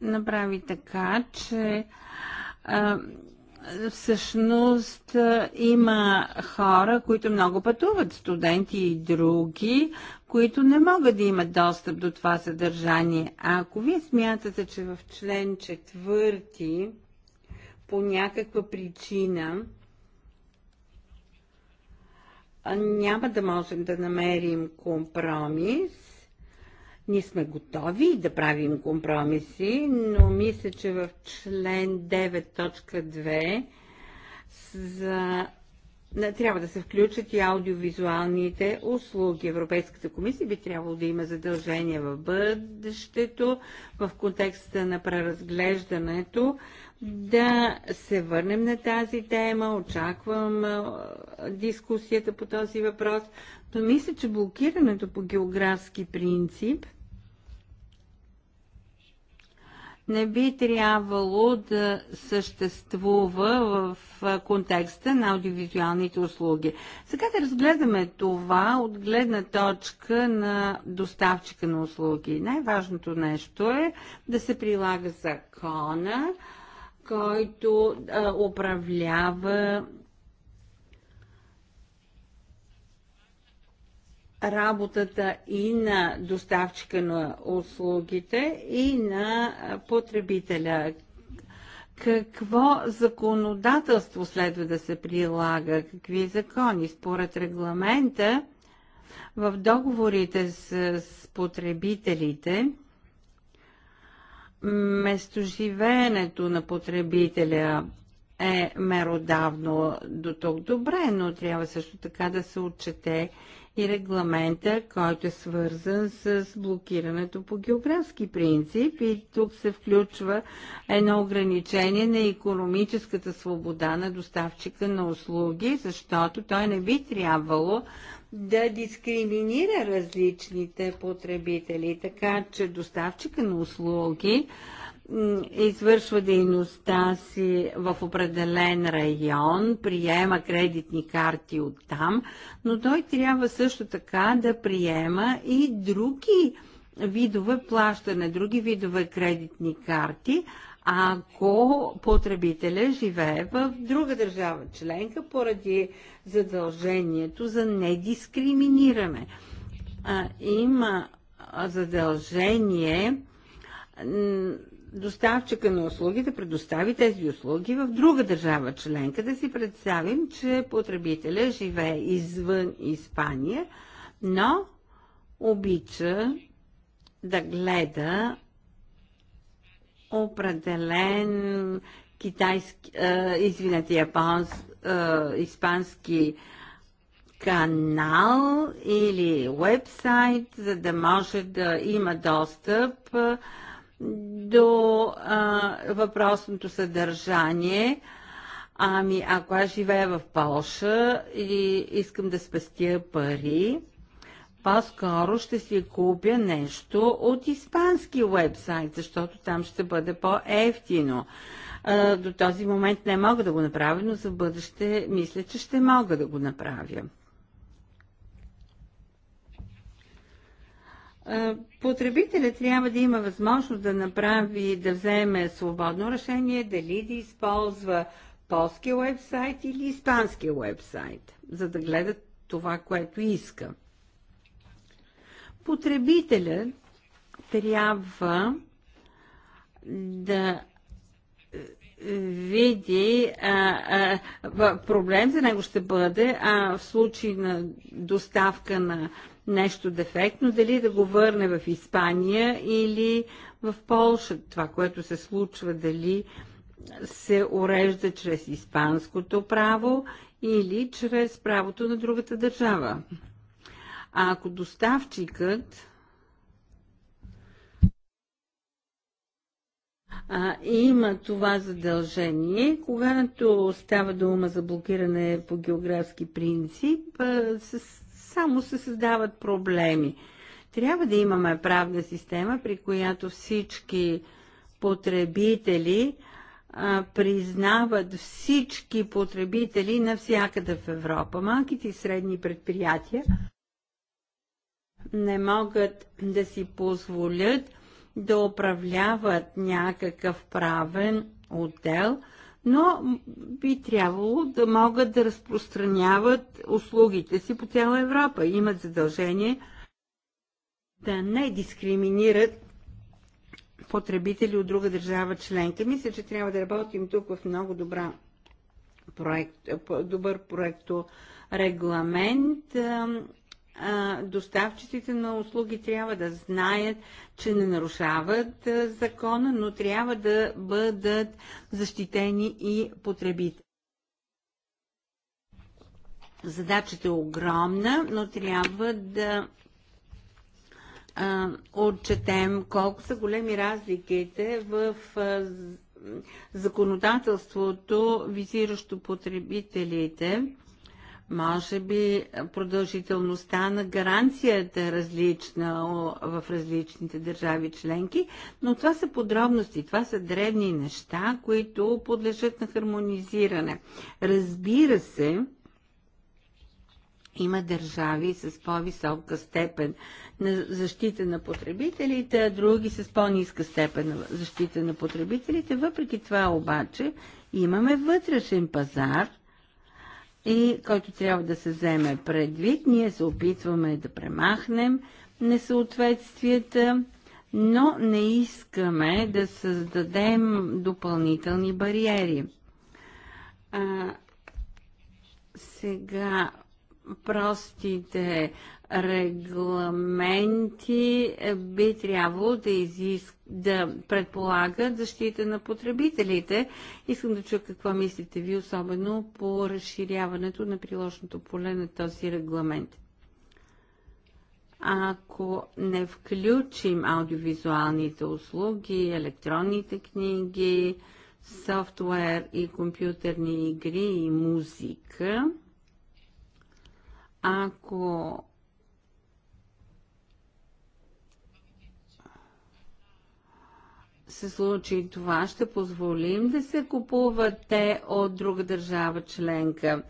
направи така, че а, всъщност има хора, които много пътуват, студенти и други, които не могат да имат достъп до това съдържание. А ако вие смятате, че в член четвърти по някаква причина няма да можем да намерим компромис, ние сме готови да правим компромиси, но мисля, че в член 9.2 за трябва да се включат и аудиовизуалните услуги. Европейската комисия би трябвало да има задължение в бъдещето, в контекста на преразглеждането, да се върнем на тази тема. Очаквам дискусията по този въпрос, но мисля, че блокирането по географски принцип не би трябвало да съществува в контекста на аудиовизуалните услуги. Сега да разгледаме това от гледна точка на доставчика на услуги. Най-важното нещо е да се прилага закона, който а, управлява работата и на доставчика на услугите и на потребителя. Какво законодателство следва да се прилага? Какви закони? Според регламента в договорите с, с потребителите местоживеенето на потребителя е меродавно до тук добре, но трябва също така да се отчете и регламента, който е свързан с блокирането по географски принцип и тук се включва едно ограничение на економическата свобода на доставчика на услуги, защото той не би трябвало да дискриминира различните потребители, така че доставчика на услуги извършва дейността си в определен район, приема кредитни карти от там, но той трябва също така да приема и други видове плащане, други видове кредитни карти, ако потребителя живее в друга държава членка поради задължението за недискриминиране. А, има задължение доставчика на услуги да предостави тези услуги в друга държава членка. Да си представим, че потребителя живее извън Испания, но обича да гледа определен китайски, е, извинете, японс, испански канал или вебсайт, за да може да има достъп е, до а, въпросното съдържание. Ами, ако аз живея в Полша и искам да спестя пари, по-скоро ще си купя нещо от испански вебсайт, защото там ще бъде по-ефтино. До този момент не мога да го направя, но за бъдеще мисля, че ще мога да го направя. потребителя трябва да има възможност да направи, да вземе свободно решение дали да използва полски уебсайт или испански уебсайт, за да гледа това, което иска. Потребителят трябва да е, види, а, а, проблем за него ще бъде а, в случай на доставка на нещо дефектно, дали да го върне в Испания или в Полша. Това, което се случва, дали се урежда чрез испанското право или чрез правото на другата държава. А ако доставчикът а, има това задължение, когато става дума за блокиране по географски принцип, а, с само се създават проблеми. Трябва да имаме правна система, при която всички потребители а, признават всички потребители навсякъде в Европа. Малките и средни предприятия не могат да си позволят да управляват някакъв правен отдел – но би трябвало да могат да разпространяват услугите си по цяла Европа. Имат задължение да не дискриминират потребители от друга държава членка. Мисля, че трябва да работим тук в много добра проект, добър проекто регламент доставчиците на услуги трябва да знаят, че не нарушават закона, но трябва да бъдат защитени и потребители. Задачата е огромна, но трябва да отчетем колко са големи разликите в законодателството, визиращо потребителите може би продължителността на гаранцията е различна в различните държави членки, но това са подробности, това са древни неща, които подлежат на хармонизиране. Разбира се, има държави с по-висока степен на защита на потребителите, а други с по-низка степен на защита на потребителите. Въпреки това обаче имаме вътрешен пазар – и който трябва да се вземе предвид. Ние се опитваме да премахнем несъответствията, но не искаме да създадем допълнителни бариери. А, сега простите регламенти би трябвало да изискат да предполагат защита на потребителите. Искам да чуя какво мислите ви, особено по разширяването на приложното поле на този регламент. Ако не включим аудиовизуалните услуги, електронните книги, софтуер и компютърни игри и музика, ако се случи това, ще позволим да се купуват те от друга държава членка.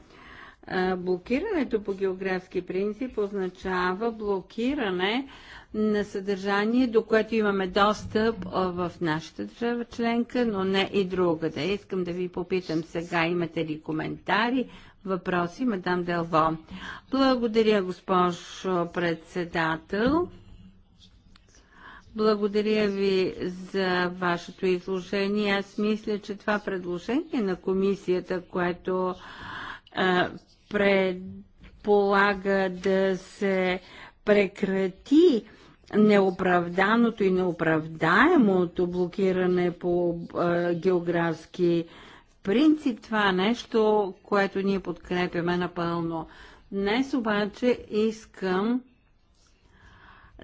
Блокирането по географски принцип означава блокиране на съдържание, до което имаме достъп в нашата държава членка, но не и другата. Искам да ви попитам сега, имате ли коментари, въпроси, мадам Делво. Благодаря, госпожо председател. Благодаря ви за вашето изложение. Аз мисля, че това предложение на комисията, което а, предполага да се прекрати неоправданото и неоправдаемото блокиране по а, географски принцип, това е нещо, което ние подкрепяме напълно. Днес обаче искам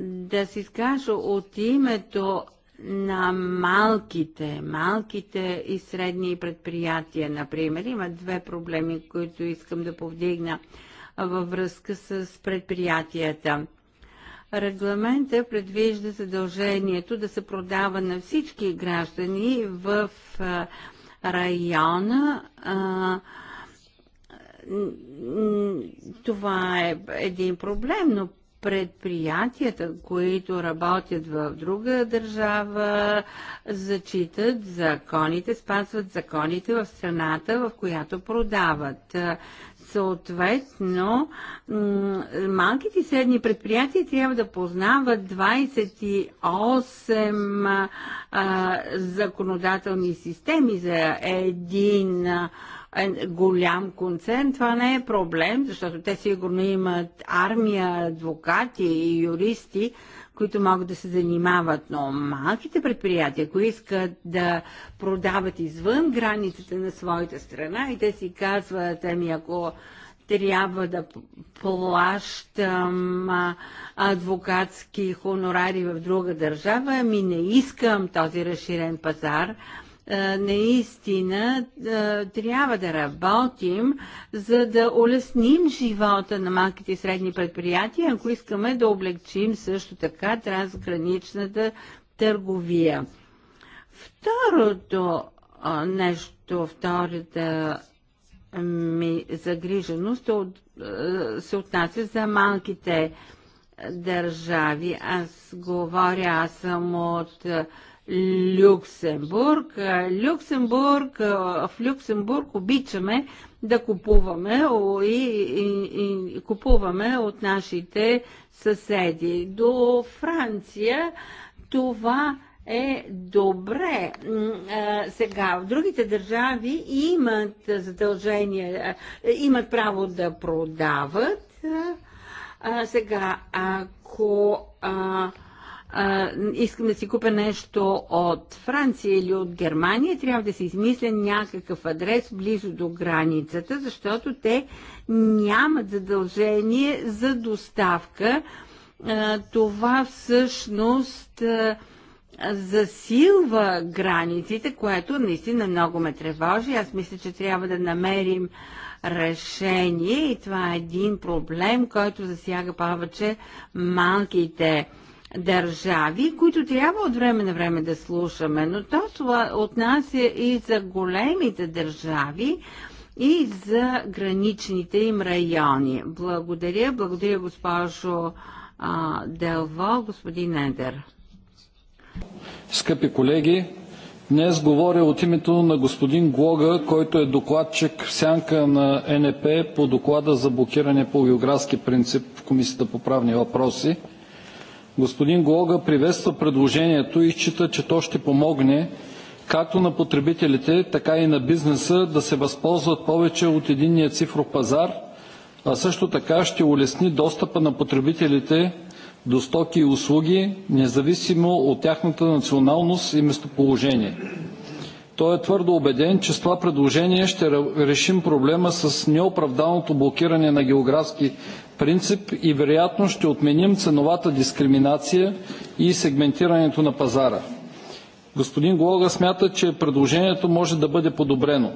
да си скажа от името на малките, малките и средни предприятия, например. Има две проблеми, които искам да повдигна във връзка с предприятията. Регламента предвижда задължението да се продава на всички граждани в района. Това е един проблем, но предприятията, които работят в друга държава, зачитат законите, спазват законите в страната, в която продават. Съответно, малките и средни предприятия трябва да познават 28 а, законодателни системи за един а, е, голям концерн, това не е проблем, защото те сигурно имат армия, адвокати и юристи, които могат да се занимават, но малките предприятия, които искат да продават извън границите на своята страна и те си казват, ами ако трябва да плащам адвокатски хонорари в друга държава, ами не искам този разширен пазар, е, наистина е, трябва да работим, за да улесним живота на малките и средни предприятия, ако искаме да облегчим също така трансграничната търговия. Второто нещо, втората ми загриженост е се отнася за малките държави. Аз говоря, аз съм от Люксембург. Люксембург, в Люксембург обичаме да купуваме и, и, и купуваме от нашите съседи. До Франция това е добре. Сега, в другите държави имат задължение, имат право да продават. Сега, ако а, искам да си купя нещо от Франция или от Германия, трябва да се измисля някакъв адрес близо до границата, защото те нямат задължение за доставка. това всъщност засилва границите, което наистина много ме тревожи. Аз мисля, че трябва да намерим решение и това е един проблем, който засяга повече малките държави, които трябва от време на време да слушаме, но то това отнася и за големите държави и за граничните им райони. Благодаря, благодаря госпожо а, Делво, господин Едер. Скъпи колеги, Днес говоря от името на господин Глога, който е докладчик в сянка на НП е по доклада за блокиране по географски принцип в Комисията по правни въпроси. Господин Глога приветства предложението и счита, че то ще помогне както на потребителите, така и на бизнеса да се възползват повече от единния цифров пазар, а също така ще улесни достъпа на потребителите до стоки и услуги, независимо от тяхната националност и местоположение. Той е твърдо убеден, че с това предложение ще решим проблема с неоправданото блокиране на географски принцип и вероятно ще отменим ценовата дискриминация и сегментирането на пазара. Господин Глога смята, че предложението може да бъде подобрено.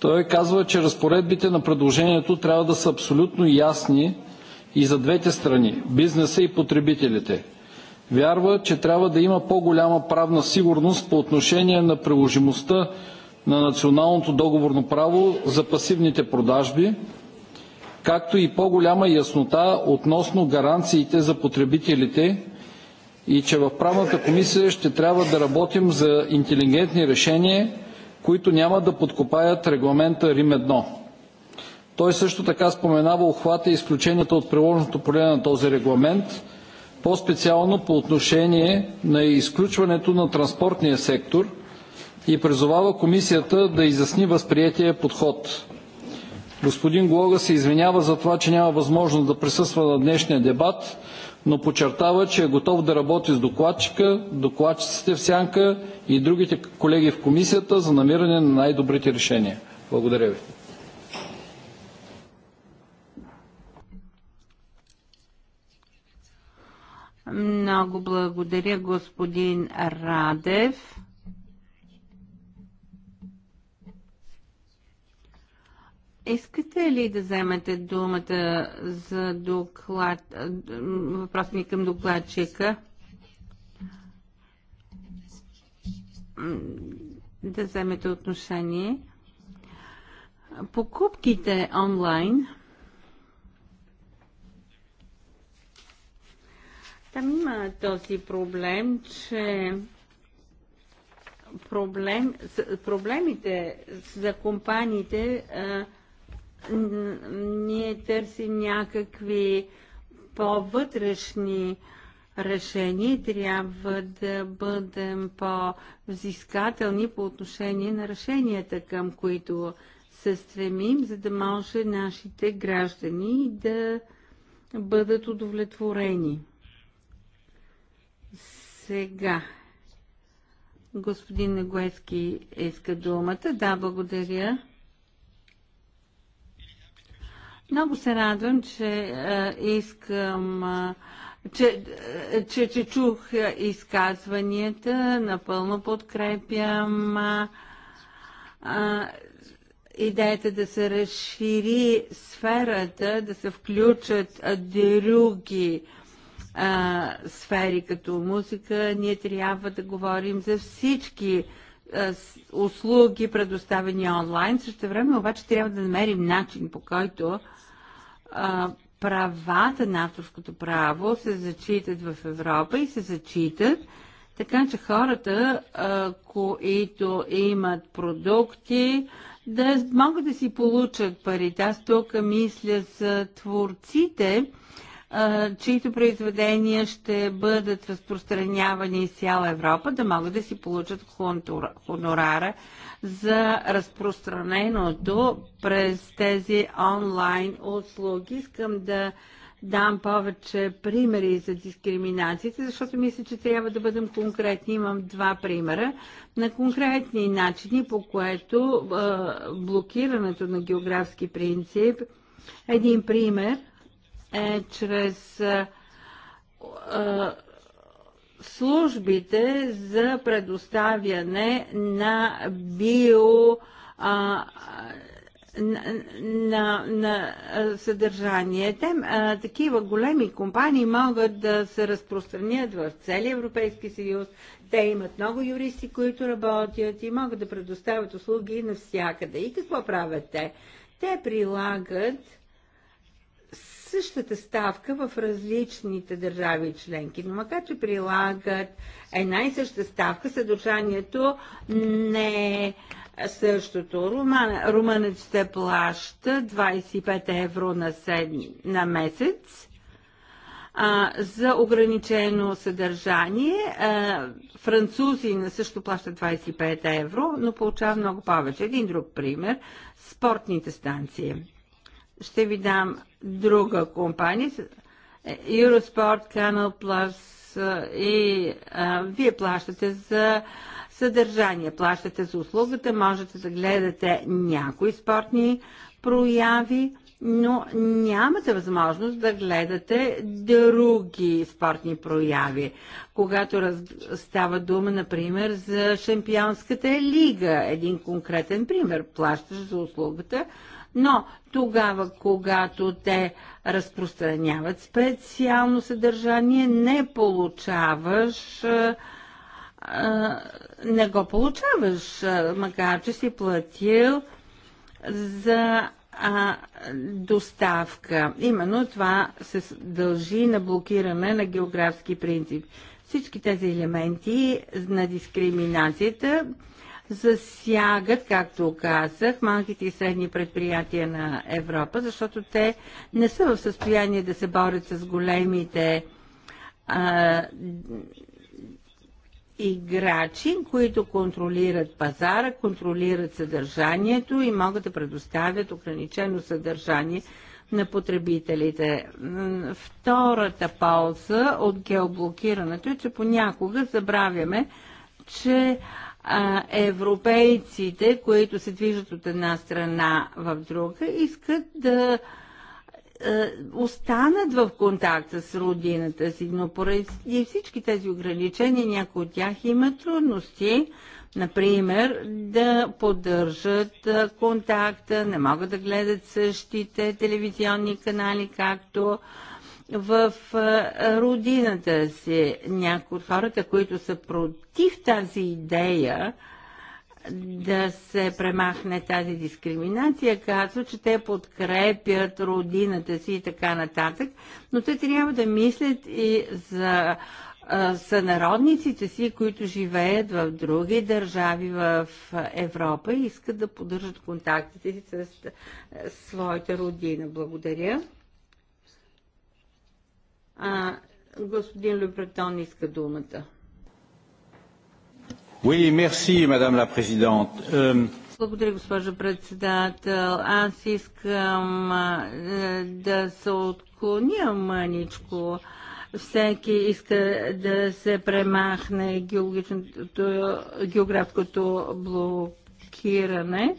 Той казва, че разпоредбите на предложението трябва да са абсолютно ясни и за двете страни – бизнеса и потребителите. Вярва, че трябва да има по-голяма правна сигурност по отношение на приложимостта на националното договорно право за пасивните продажби, както и по-голяма яснота относно гаранциите за потребителите и че в правната комисия ще трябва да работим за интелигентни решения, които няма да подкопаят регламента Рим 1. Той също така споменава охвата и изключенията от приложното поле на този регламент – по-специално по отношение на изключването на транспортния сектор и призовава Комисията да изясни възприятия подход. Господин Глога се извинява за това, че няма възможност да присъства на днешния дебат, но подчертава, че е готов да работи с докладчика, докладчиците в сянка и другите колеги в Комисията за намиране на най-добрите решения. Благодаря ви. Много благодаря, господин Радев. Искате ли да вземете думата за доклад, въпрос ми към докладчика? Да вземете отношение. Покупките онлайн – Там има този проблем, че проблем, проблемите за компаниите а, ние търсим някакви по-вътрешни решения, трябва да бъдем по-взискателни по отношение на решенията, към които се стремим, за да може нашите граждани да бъдат удовлетворени. Сега. Господин Негоески иска думата. Да, благодаря. Много се радвам, че а, искам. а, че, а, че, че чух изказванията, напълно подкрепям а, а, идеята да се разшири сферата, да се включат други а, а, сфери като музика, ние трябва да говорим за всички а, услуги, предоставени онлайн. Също време обаче трябва да намерим начин, по който а, правата на авторското право се зачитат в Европа и се зачитат, така че хората, а, които имат продукти, да могат да си получат парите. Аз тук мисля за творците, чието произведения ще бъдат разпространявани из цяла Европа, да могат да си получат хонорара за разпространеното през тези онлайн услуги. Искам да дам повече примери за дискриминацията, защото мисля, че трябва да бъдем конкретни. Имам два примера на конкретни начини, по което блокирането на географски принцип. Един пример е чрез а, е, а, е, службите за предоставяне на био а, на, на, на съдържание. Те, а, такива големи компании могат да се разпространят в целия Европейски съюз. Те имат много юристи, които работят и могат да предоставят услуги навсякъде. И какво правят те? Те прилагат същата ставка в различните държави и членки, но макар че прилагат една и съща ставка, съдържанието не е същото. Румън, румънът ще плаща 25 евро на, сед... на месец а, за ограничено съдържание. А, французи на също плащат 25 евро, но получава много повече. Един друг пример – спортните станции. Ще ви дам друга компания, Eurosport Canal Plus и а, вие плащате за съдържание, плащате за услугата, можете да гледате някои спортни прояви, но нямате възможност да гледате други спортни прояви. Когато раз... става дума, например, за Шампионската лига, един конкретен пример, плащаш за услугата, но тогава, когато те разпространяват специално съдържание, не получаваш не го получаваш, макар че си платил за а, доставка. Именно това се дължи на блокиране на географски принцип. Всички тези елементи на дискриминацията засягат, както казах, малките и средни предприятия на Европа, защото те не са в състояние да се борят с големите а, играчи, които контролират пазара, контролират съдържанието и могат да предоставят ограничено съдържание на потребителите. Втората полза от геоблокирането е, че понякога забравяме, че европейците, които се движат от една страна в друга, искат да останат в контакт с родината си, но поради всички тези ограничения някои от тях имат трудности, например, да поддържат контакта, не могат да гледат същите телевизионни канали, както а, в родината си. Някои от хората, които са против тази идея, да се премахне тази дискриминация, казва, че те подкрепят родината си и така нататък, но те трябва да мислят и за сънародниците си, които живеят в други държави в Европа и искат да поддържат контактите си с своята родина. Благодаря. А, господин Лепретон иска думата. Oui, merci, madame la présidente. Euh... Благодаря, госпожа председател. Аз искам да се отклоня мъничко. Всеки иска да се премахне географското блокиране.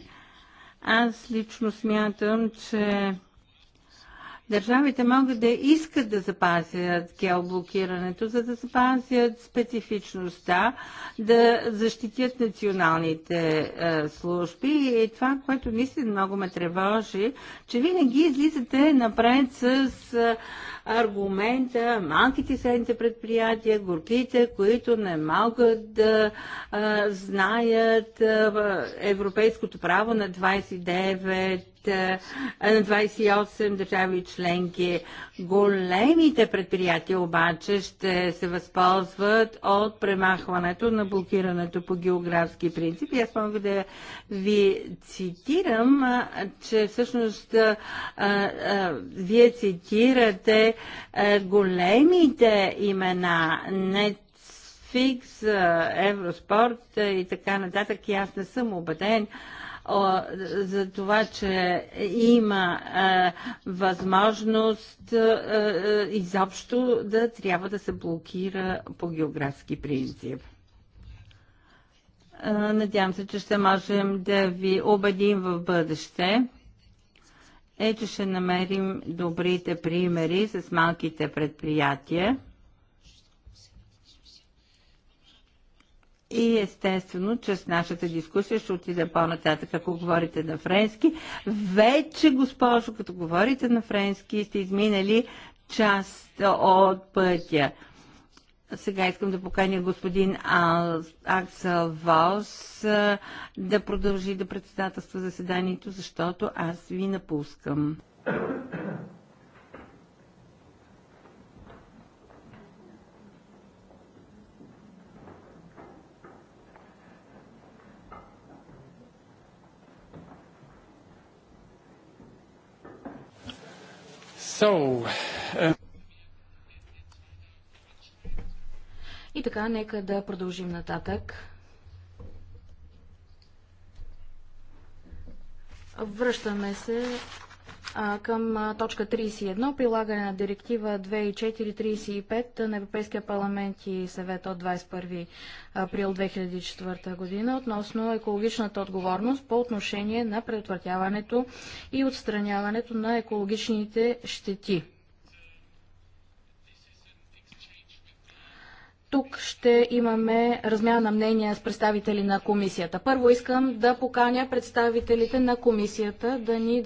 Аз лично смятам, че Държавите могат да искат да запазят геоблокирането, за да запазят специфичността, да защитят националните е, служби. И това, което наистина много ме тревожи, че винаги излизате напред с е, аргумента малките и средните предприятия, горките, които не могат да а, знаят а, европейското право на 29 на 28 държави членки. Големите предприятия обаче ще се възползват от премахването на блокирането по географски принципи. Аз мога да ви цитирам, че всъщност а, а, вие цитирате е, големите имена, не Фикс, Евроспорт е, и така нататък. И аз не съм убеден за това, че има е, възможност изобщо да трябва да се блокира по географски принцип. Надявам се, че ще можем да ви убедим в бъдеще. Ето ще намерим добрите примери с малките предприятия. И естествено, чрез нашата дискусия ще отида по-нататък, ако говорите на френски. Вече, госпожо, като говорите на френски, сте изминали част от пътя. Сега искам да поканя господин Аксел Валс да продължи да председателства заседанието, защото аз ви напускам. So, uh... И така, нека да продължим нататък. Връщаме се към точка 31, прилагане на директива 2435 на Европейския парламент и съвет от 21 април 2004 година относно екологичната отговорност по отношение на предотвратяването и отстраняването на екологичните щети. Тук ще имаме размяна на мнения с представители на комисията. Първо искам да поканя представителите на комисията да ни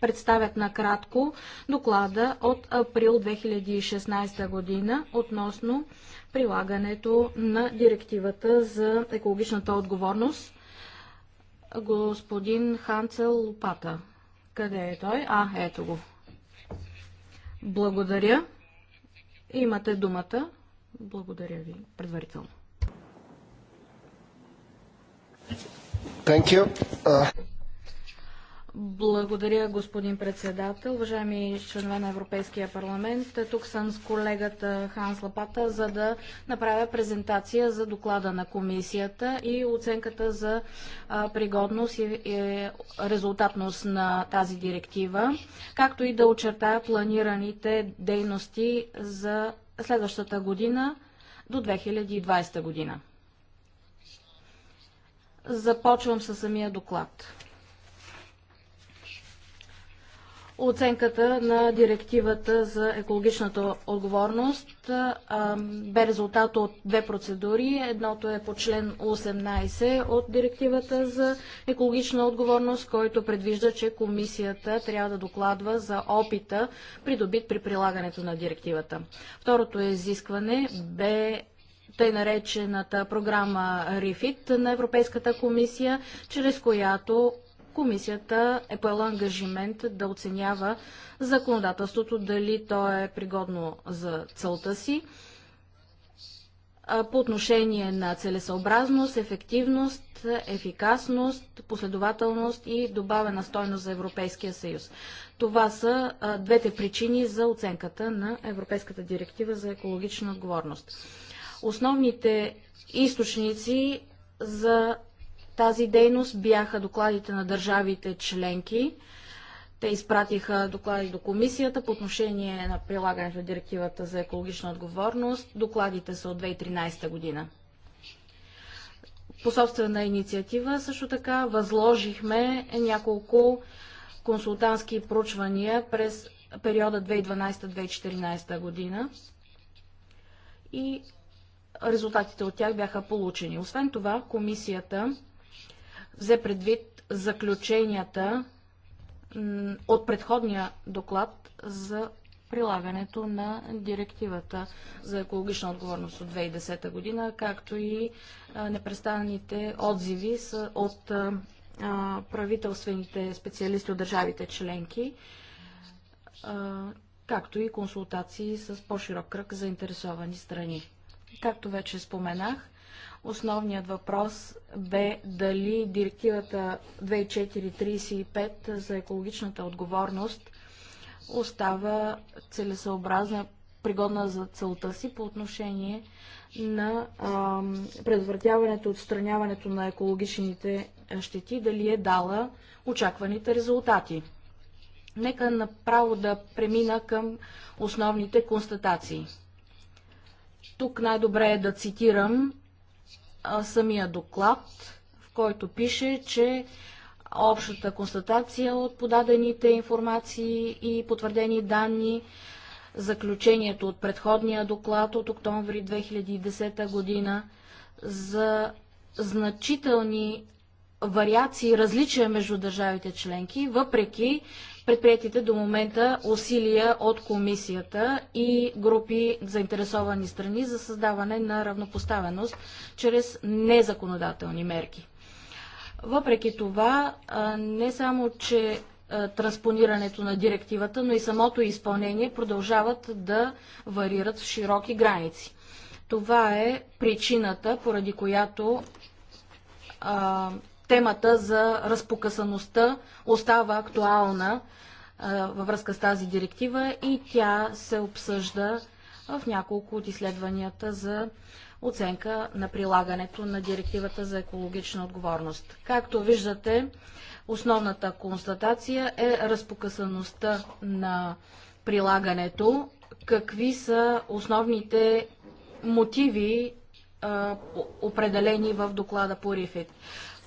представят накратко доклада от април 2016 година относно прилагането на директивата за екологичната отговорност. Господин Ханцел Лопата. Къде е той? А, ето го. Благодаря. Имате думата. Благодаря ви предварително. Thank you. Uh... Благодаря, господин председател. Уважаеми членове на Европейския парламент, тук съм с колегата Ханс Лапата, за да направя презентация за доклада на комисията и оценката за пригодност и резултатност на тази директива, както и да очертая планираните дейности за следващата година до 2020 година. Започвам със самия доклад. Оценката на директивата за екологичната отговорност бе резултат от две процедури. Едното е по член 18 от директивата за екологична отговорност, който предвижда, че комисията трябва да докладва за опита, придобит при прилагането на директивата. Второто е изискване бе тъй наречената програма РИФИТ на Европейската комисия, чрез която комисията е поела ангажимент да оценява законодателството, дали то е пригодно за целта си по отношение на целесъобразност, ефективност, ефикасност, последователност и добавена стойност за Европейския съюз. Това са двете причини за оценката на Европейската директива за екологична отговорност. Основните източници за тази дейност бяха докладите на държавите членки. Те изпратиха доклади до комисията по отношение на прилагането на директивата за екологична отговорност. Докладите са от 2013 година. По собствена инициатива също така възложихме няколко консултантски проучвания през периода 2012-2014 година и резултатите от тях бяха получени. Освен това, комисията взе предвид заключенията от предходния доклад за прилагането на директивата за екологична отговорност от 2010 година, както и непрестанните отзиви от правителствените специалисти от държавите членки, както и консултации с по-широк кръг заинтересовани страни. Както вече споменах, Основният въпрос бе дали директивата 2435 за екологичната отговорност остава целесъобразна, пригодна за целта си по отношение на предотвратяването, отстраняването на екологичните щети, дали е дала очакваните резултати. Нека направо да премина към основните констатации. Тук най-добре е да цитирам самия доклад, в който пише, че общата констатация от подадените информации и потвърдени данни, заключението от предходния доклад от октомври 2010 година за значителни вариации, различия между държавите членки, въпреки предприятите до момента усилия от комисията и групи заинтересовани страни за създаване на равнопоставеност чрез незаконодателни мерки. Въпреки това, не само, че транспонирането на директивата, но и самото изпълнение продължават да варират в широки граници. Това е причината, поради която а, темата за разпокъсаността остава актуална във връзка с тази директива и тя се обсъжда в няколко от изследванията за оценка на прилагането на директивата за екологична отговорност. Както виждате, основната констатация е разпокъсаността на прилагането, какви са основните мотиви, определени в доклада по РИФИТ.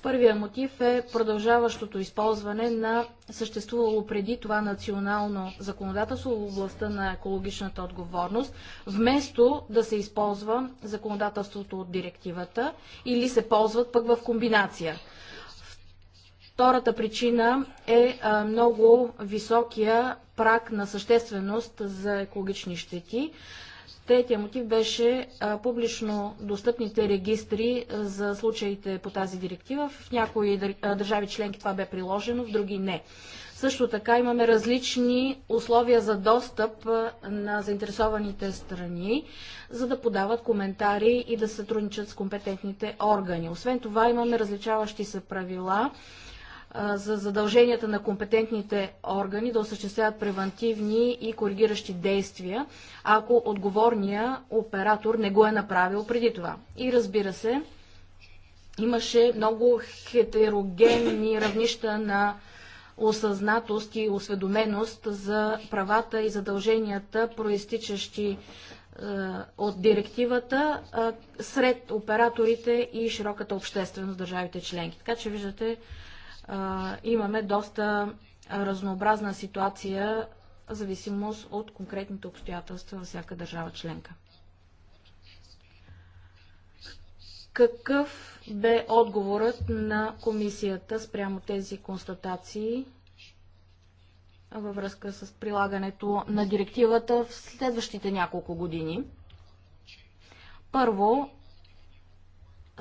Първия мотив е продължаващото използване на съществувало преди това национално законодателство в областта на екологичната отговорност, вместо да се използва законодателството от директивата или се ползват пък в комбинация. Втората причина е много високия прак на същественост за екологични щети. Третия мотив беше публично достъпните регистри за случаите по тази директива. В някои държави членки това бе приложено, в други не. Също така имаме различни условия за достъп на заинтересованите страни, за да подават коментари и да сътрудничат с компетентните органи. Освен това имаме различаващи се правила за задълженията на компетентните органи да осъществяват превентивни и коригиращи действия, ако отговорния оператор не го е направил преди това. И разбира се, имаше много хетерогенни равнища на осъзнатост и осведоменост за правата и задълженията, проистичащи е, от директивата е, сред операторите и широката общественост в държавите членки. Така че виждате, а, имаме доста разнообразна ситуация в зависимост от конкретните обстоятелства във всяка държава членка. Какъв бе отговорът на комисията спрямо тези констатации във връзка с прилагането на директивата в следващите няколко години? Първо,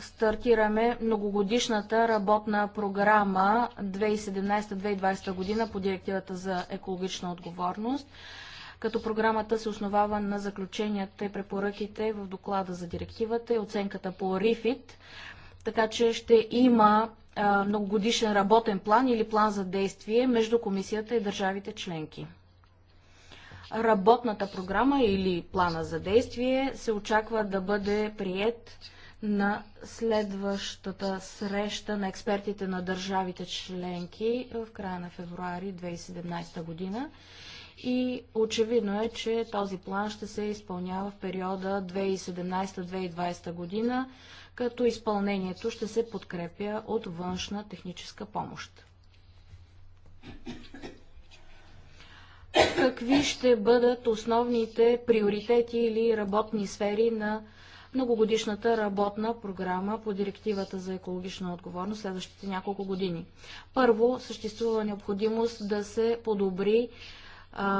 стартираме многогодишната работна програма 2017-2020 година по директивата за екологична отговорност, като програмата се основава на заключенията и препоръките в доклада за директивата и оценката по РИФИТ, така че ще има многогодишен работен план или план за действие между комисията и държавите членки. Работната програма или плана за действие се очаква да бъде прият на следващата среща на експертите на държавите членки в края на февруари 2017 година. И очевидно е, че този план ще се изпълнява в периода 2017-2020 година, като изпълнението ще се подкрепя от външна техническа помощ. Какви ще бъдат основните приоритети или работни сфери на многогодишната работна програма по директивата за екологична отговорност следващите няколко години. Първо, съществува необходимост да се подобри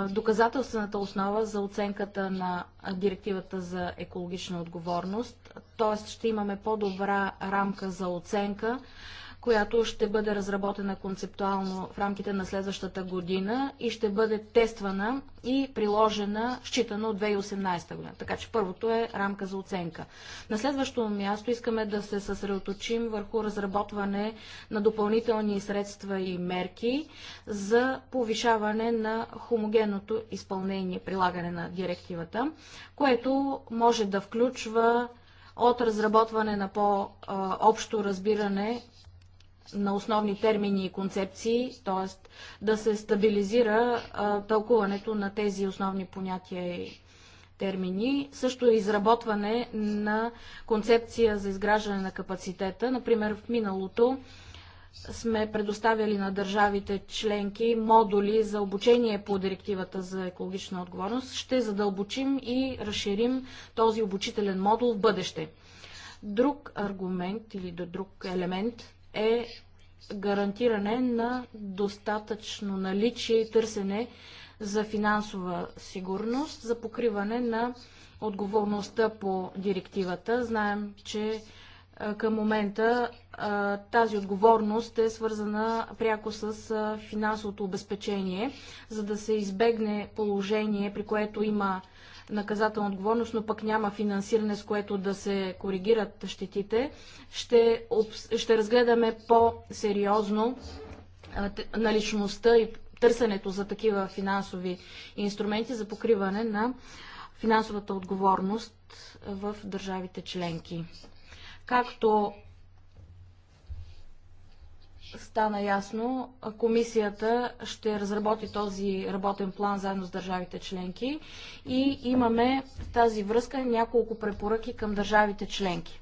доказателствената основа за оценката на директивата за екологична отговорност, т.е. ще имаме по-добра рамка за оценка която ще бъде разработена концептуално в рамките на следващата година и ще бъде тествана и приложена, считано от 2018 година. Така че първото е рамка за оценка. На следващо място искаме да се съсредоточим върху разработване на допълнителни средства и мерки за повишаване на хомогенното изпълнение, прилагане на директивата, което може да включва от разработване на по-общо разбиране на основни термини и концепции, т.е. да се стабилизира тълкуването на тези основни понятия и термини. Също е изработване на концепция за изграждане на капацитета. Например, в миналото сме предоставяли на държавите членки модули за обучение по директивата за екологична отговорност. Ще задълбочим и разширим този обучителен модул в бъдеще. Друг аргумент или друг елемент е гарантиране на достатъчно наличие и търсене за финансова сигурност, за покриване на отговорността по директивата. Знаем, че е, към момента е, тази отговорност е свързана пряко с е, финансовото обезпечение, за да се избегне положение, при което има наказателна отговорност, но пък няма финансиране, с което да се коригират щетите, ще, ще разгледаме по-сериозно наличността и търсенето за такива финансови инструменти за покриване на финансовата отговорност в държавите членки. Както стана ясно, комисията ще разработи този работен план заедно с държавите членки и имаме в тази връзка няколко препоръки към държавите членки.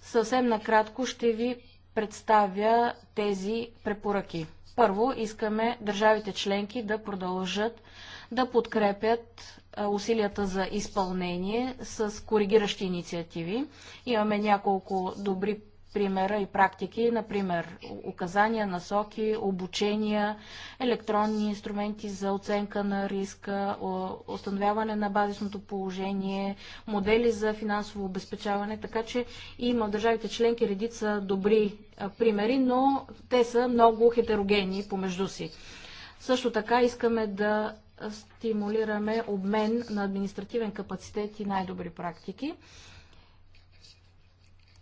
Съвсем накратко ще ви представя тези препоръки. Първо, искаме държавите членки да продължат да подкрепят усилията за изпълнение с коригиращи инициативи. Имаме няколко добри примера и практики, например указания, насоки, обучения, електронни инструменти за оценка на риска, установяване на базисното положение, модели за финансово обезпечаване, така че има в държавите членки редица добри примери, но те са много хетерогенни помежду си. Също така искаме да стимулираме обмен на административен капацитет и най-добри практики.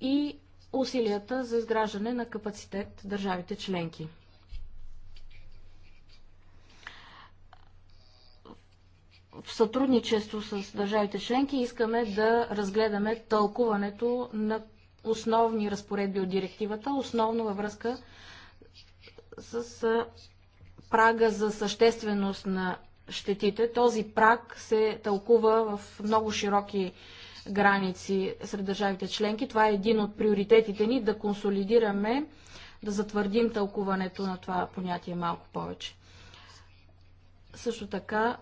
И усилията за изграждане на капацитет държавите членки. в сътрудничество с държавите членки искаме да разгледаме тълкуването на основни разпоредби от директивата, основно във връзка с прага за същественост на щетите. Този праг се тълкува в много широки граници сред държавите членки. Това е един от приоритетите ни да консолидираме, да затвърдим тълкуването на това понятие малко повече. Също така,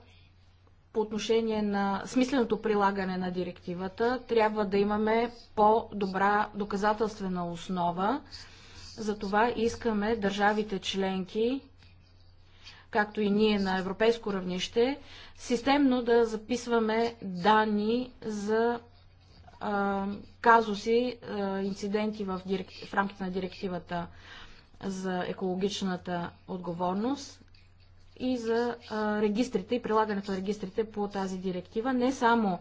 по отношение на смисленото прилагане на директивата, трябва да имаме по-добра доказателствена основа. Затова искаме държавите членки както и ние на европейско равнище, системно да записваме данни за казуси, инциденти в, в рамките на директивата за екологичната отговорност и за регистрите и прилагането на регистрите по тази директива, не само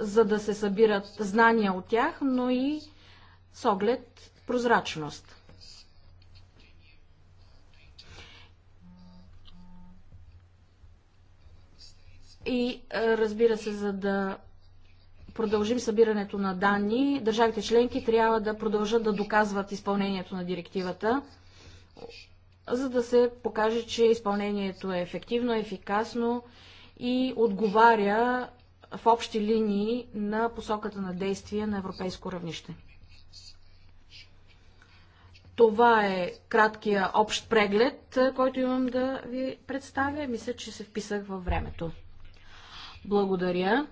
за да се събират знания от тях, но и с оглед прозрачност. И разбира се, за да продължим събирането на данни, държавите членки трябва да продължат да доказват изпълнението на директивата, за да се покаже, че изпълнението е ефективно, ефикасно и отговаря в общи линии на посоката на действие на европейско равнище. Това е краткия общ преглед, който имам да ви представя. Мисля, че се вписах във времето. Благодаря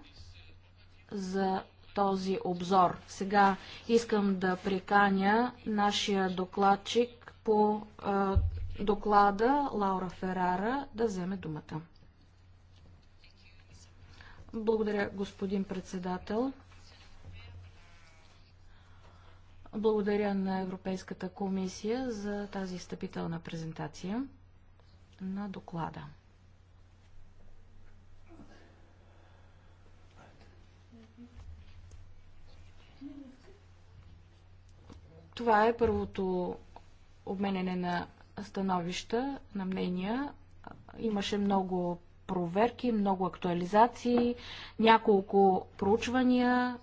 за този обзор. Сега искам да приканя нашия докладчик по е, доклада Лаура Ферара да вземе думата. Благодаря, господин председател. Благодаря на Европейската комисия за тази стъпителна презентация на доклада. Това е първото обменене на становища, на мнения. Имаше много проверки, много актуализации, няколко проучвания,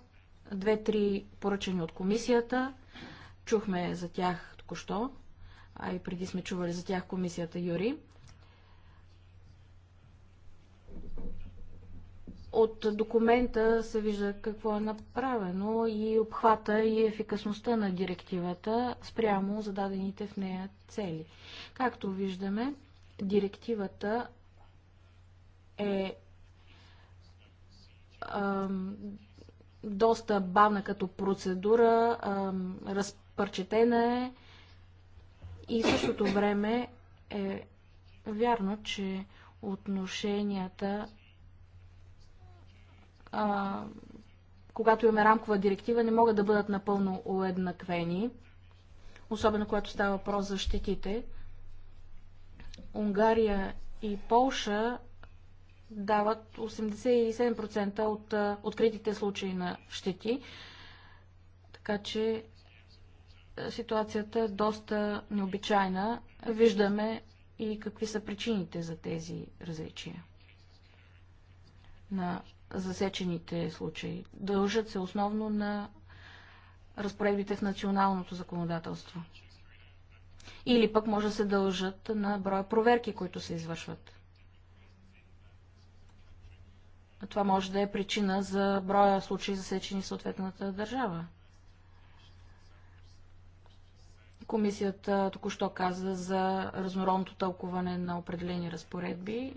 две-три поръчани от комисията. Чухме за тях току-що, а и преди сме чували за тях комисията Юри. От документа се вижда какво е направено и обхвата и ефикасността на директивата спрямо зададените в нея цели. Както виждаме, директивата е ам, доста бавна като процедура, ам, разпърчетена е и в същото време е вярно, че отношенията а, когато имаме рамкова директива, не могат да бъдат напълно уеднаквени, особено когато става въпрос за щетите. Унгария и Полша дават 87% от а, откритите случаи на щети, така че ситуацията е доста необичайна. Виждаме и какви са причините за тези различия. На засечените случаи. Дължат се основно на разпоредбите в националното законодателство. Или пък може да се дължат на броя проверки, които се извършват. Това може да е причина за броя случаи засечени в съответната държава. Комисията току-що каза за разнородното тълкуване на определени разпоредби,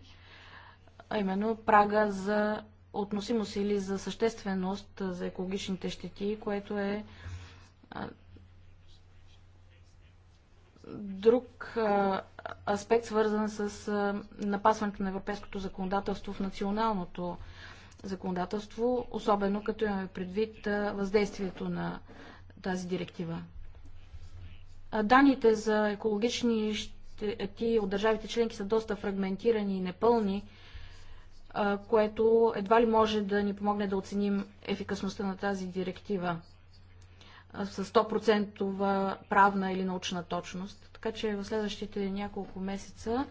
а именно прага за относимост или за същественост за екологичните щети, което е друг аспект, свързан с напасването на европейското законодателство в националното законодателство, особено като имаме предвид въздействието на тази директива. Даните за екологични щети от държавите членки са доста фрагментирани и непълни което едва ли може да ни помогне да оценим ефикасността на тази директива с 100% правна или научна точност. Така че в следващите няколко месеца,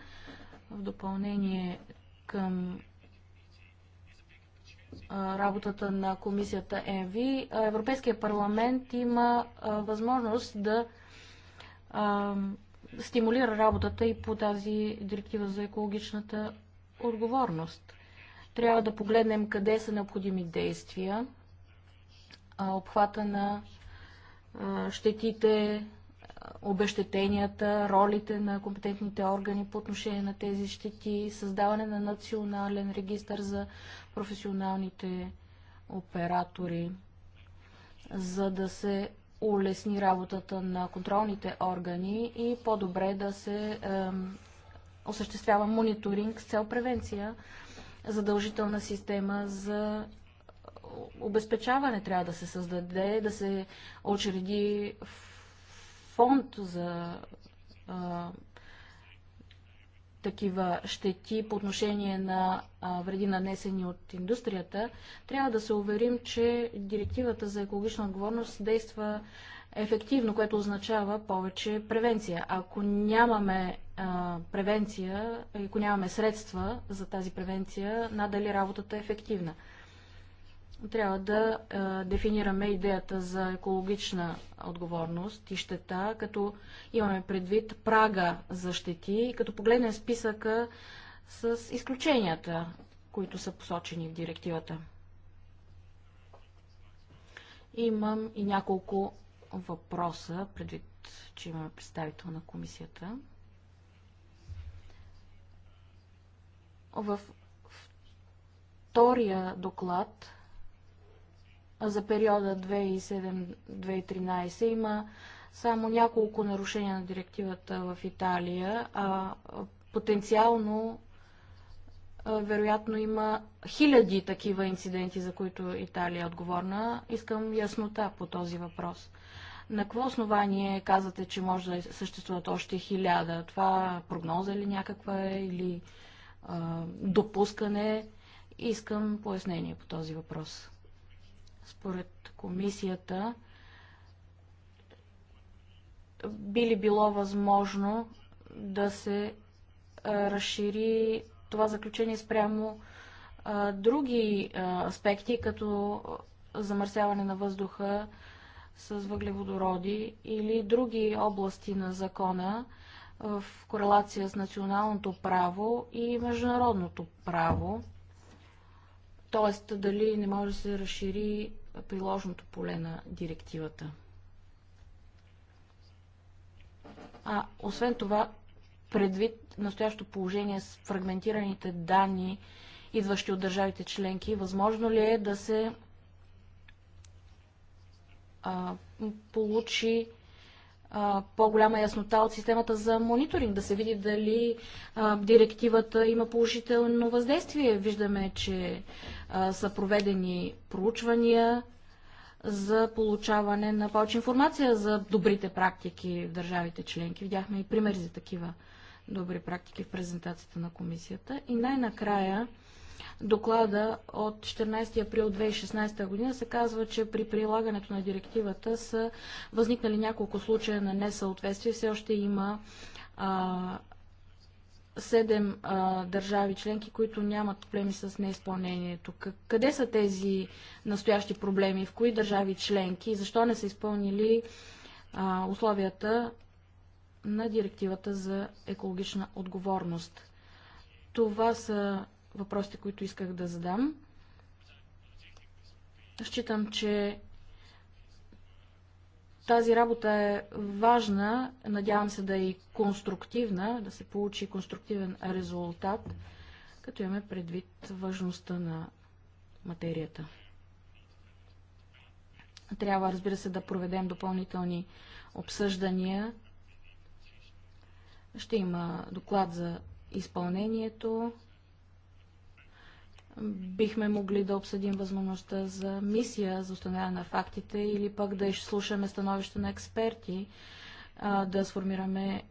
в допълнение към работата на комисията ЕНВИ, Европейския парламент има възможност да стимулира работата и по тази директива за екологичната отговорност. Трябва да погледнем къде са необходими действия, обхвата на щетите, обещетенията, ролите на компетентните органи по отношение на тези щети, създаване на национален регистр за професионалните оператори, за да се улесни работата на контролните органи и по-добре да се е, осъществява мониторинг с цел превенция задължителна система за обезпечаване трябва да се създаде, да се очреди фонд за а, такива щети по отношение на а, вреди нанесени от индустрията, трябва да се уверим, че директивата за екологична отговорност действа ефективно, което означава повече превенция. Ако нямаме а, превенция, ако нямаме средства за тази превенция, надали работата е ефективна. Трябва да а, дефинираме идеята за екологична отговорност и щета, като имаме предвид прага за щети и като погледнем списъка с изключенията, които са посочени в директивата. Имам и няколко въпроса, предвид, че имаме представител на комисията. В втория доклад за периода 2007-2013 има само няколко нарушения на директивата в Италия, а потенциално вероятно има хиляди такива инциденти, за които Италия е отговорна. Искам яснота по този въпрос. На какво основание казвате, че може да съществуват още хиляда? Това прогноза е ли някаква е или а, допускане? Искам пояснение по този въпрос. Според комисията би ли било възможно да се разшири това заключение спрямо а, други а, аспекти, като замърсяване на въздуха, с въглеводороди или други области на закона в корелация с националното право и международното право. Тоест, дали не може да се разшири приложното поле на директивата. А, освен това, предвид настоящото положение с фрагментираните данни, идващи от държавите членки, възможно ли е да се а, получи по-голяма яснота от системата за мониторинг, да се види дали а, директивата има положително въздействие. Виждаме, че а, са проведени проучвания за получаване на повече информация за добрите практики в държавите членки. Видяхме и примери за такива добри практики в презентацията на комисията. И най-накрая доклада от 14 април 2016 година се казва, че при прилагането на директивата са възникнали няколко случая на несъответствие. Все още има а, седем а, държави членки, които нямат проблеми с неизпълнението. Къде са тези настоящи проблеми? В кои държави членки? Защо не са изпълнили а, условията на директивата за екологична отговорност? Това са въпросите, които исках да задам. Считам, че тази работа е важна, надявам се да е и конструктивна, да се получи конструктивен резултат, като имаме предвид важността на материята. Трябва, разбира се, да проведем допълнителни обсъждания. Ще има доклад за изпълнението, бихме могли да обсъдим възможността за мисия за установяване на фактите или пък да изслушаме становище на експерти, да сформираме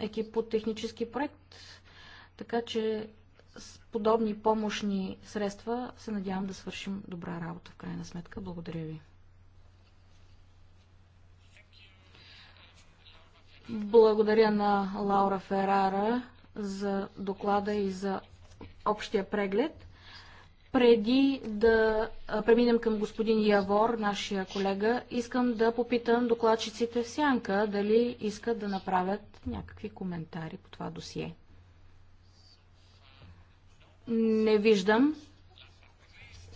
екип от технически проект. Така че с подобни помощни средства се надявам да свършим добра работа в крайна сметка. Благодаря ви. Благодаря на Лаура Ферара за доклада и за общия преглед. Преди да преминем към господин Явор, нашия колега, искам да попитам докладчиците в Сянка дали искат да направят някакви коментари по това досие. Не виждам.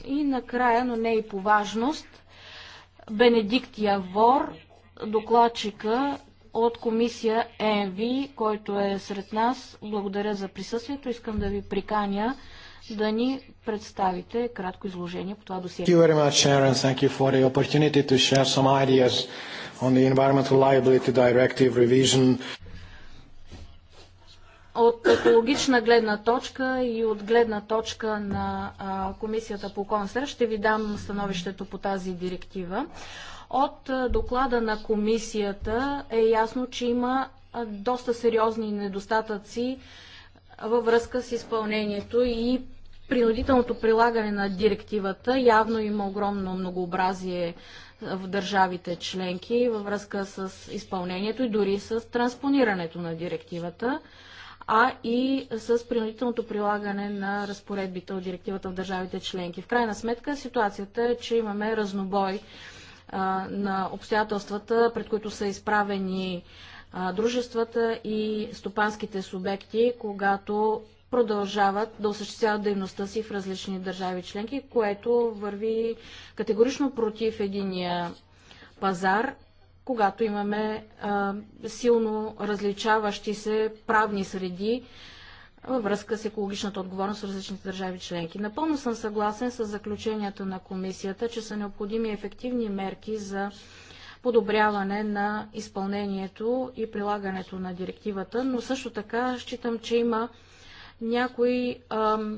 И накрая, но не и по важност, Бенедикт Явор, докладчика от комисия ЕНВИ, който е сред нас. Благодаря за присъствието. Искам да ви приканя да ни представите кратко изложение по това досие. Thank you very much, Sharon. Thank you for the opportunity to share some ideas on the Environmental Liability Directive revision. От екологична гледна точка и от гледна точка на Комисията по околна ще ви дам становището по тази директива. От доклада на комисията е ясно, че има доста сериозни недостатъци във връзка с изпълнението и принудителното прилагане на директивата. Явно има огромно многообразие в държавите членки във връзка с изпълнението и дори с транспонирането на директивата, а и с принудителното прилагане на разпоредбите от директивата в държавите членки. В крайна сметка ситуацията е, че имаме разнобой на обстоятелствата, пред които са изправени дружествата и стопанските субекти, когато продължават да осъществяват дейността си в различни държави членки, което върви категорично против единия пазар, когато имаме силно различаващи се правни среди във връзка с екологичната отговорност в различните държави членки. Напълно съм съгласен с заключенията на комисията, че са необходими ефективни мерки за подобряване на изпълнението и прилагането на директивата, но също така считам, че има някои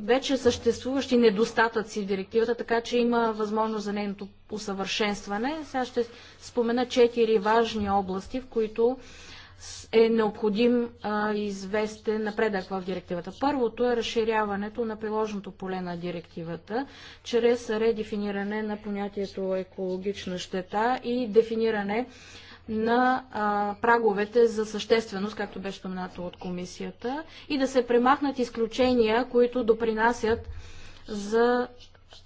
вече съществуващи недостатъци в директивата, така че има възможност за нейното усъвършенстване. Сега ще спомена четири важни области, в които е необходим а, известен напредък в директивата. Първото е разширяването на приложното поле на директивата, чрез редефиниране на понятието екологична щета и дефиниране на а, праговете за същественост, както беше споменато от комисията, и да се премахнат изключения, които допринасят за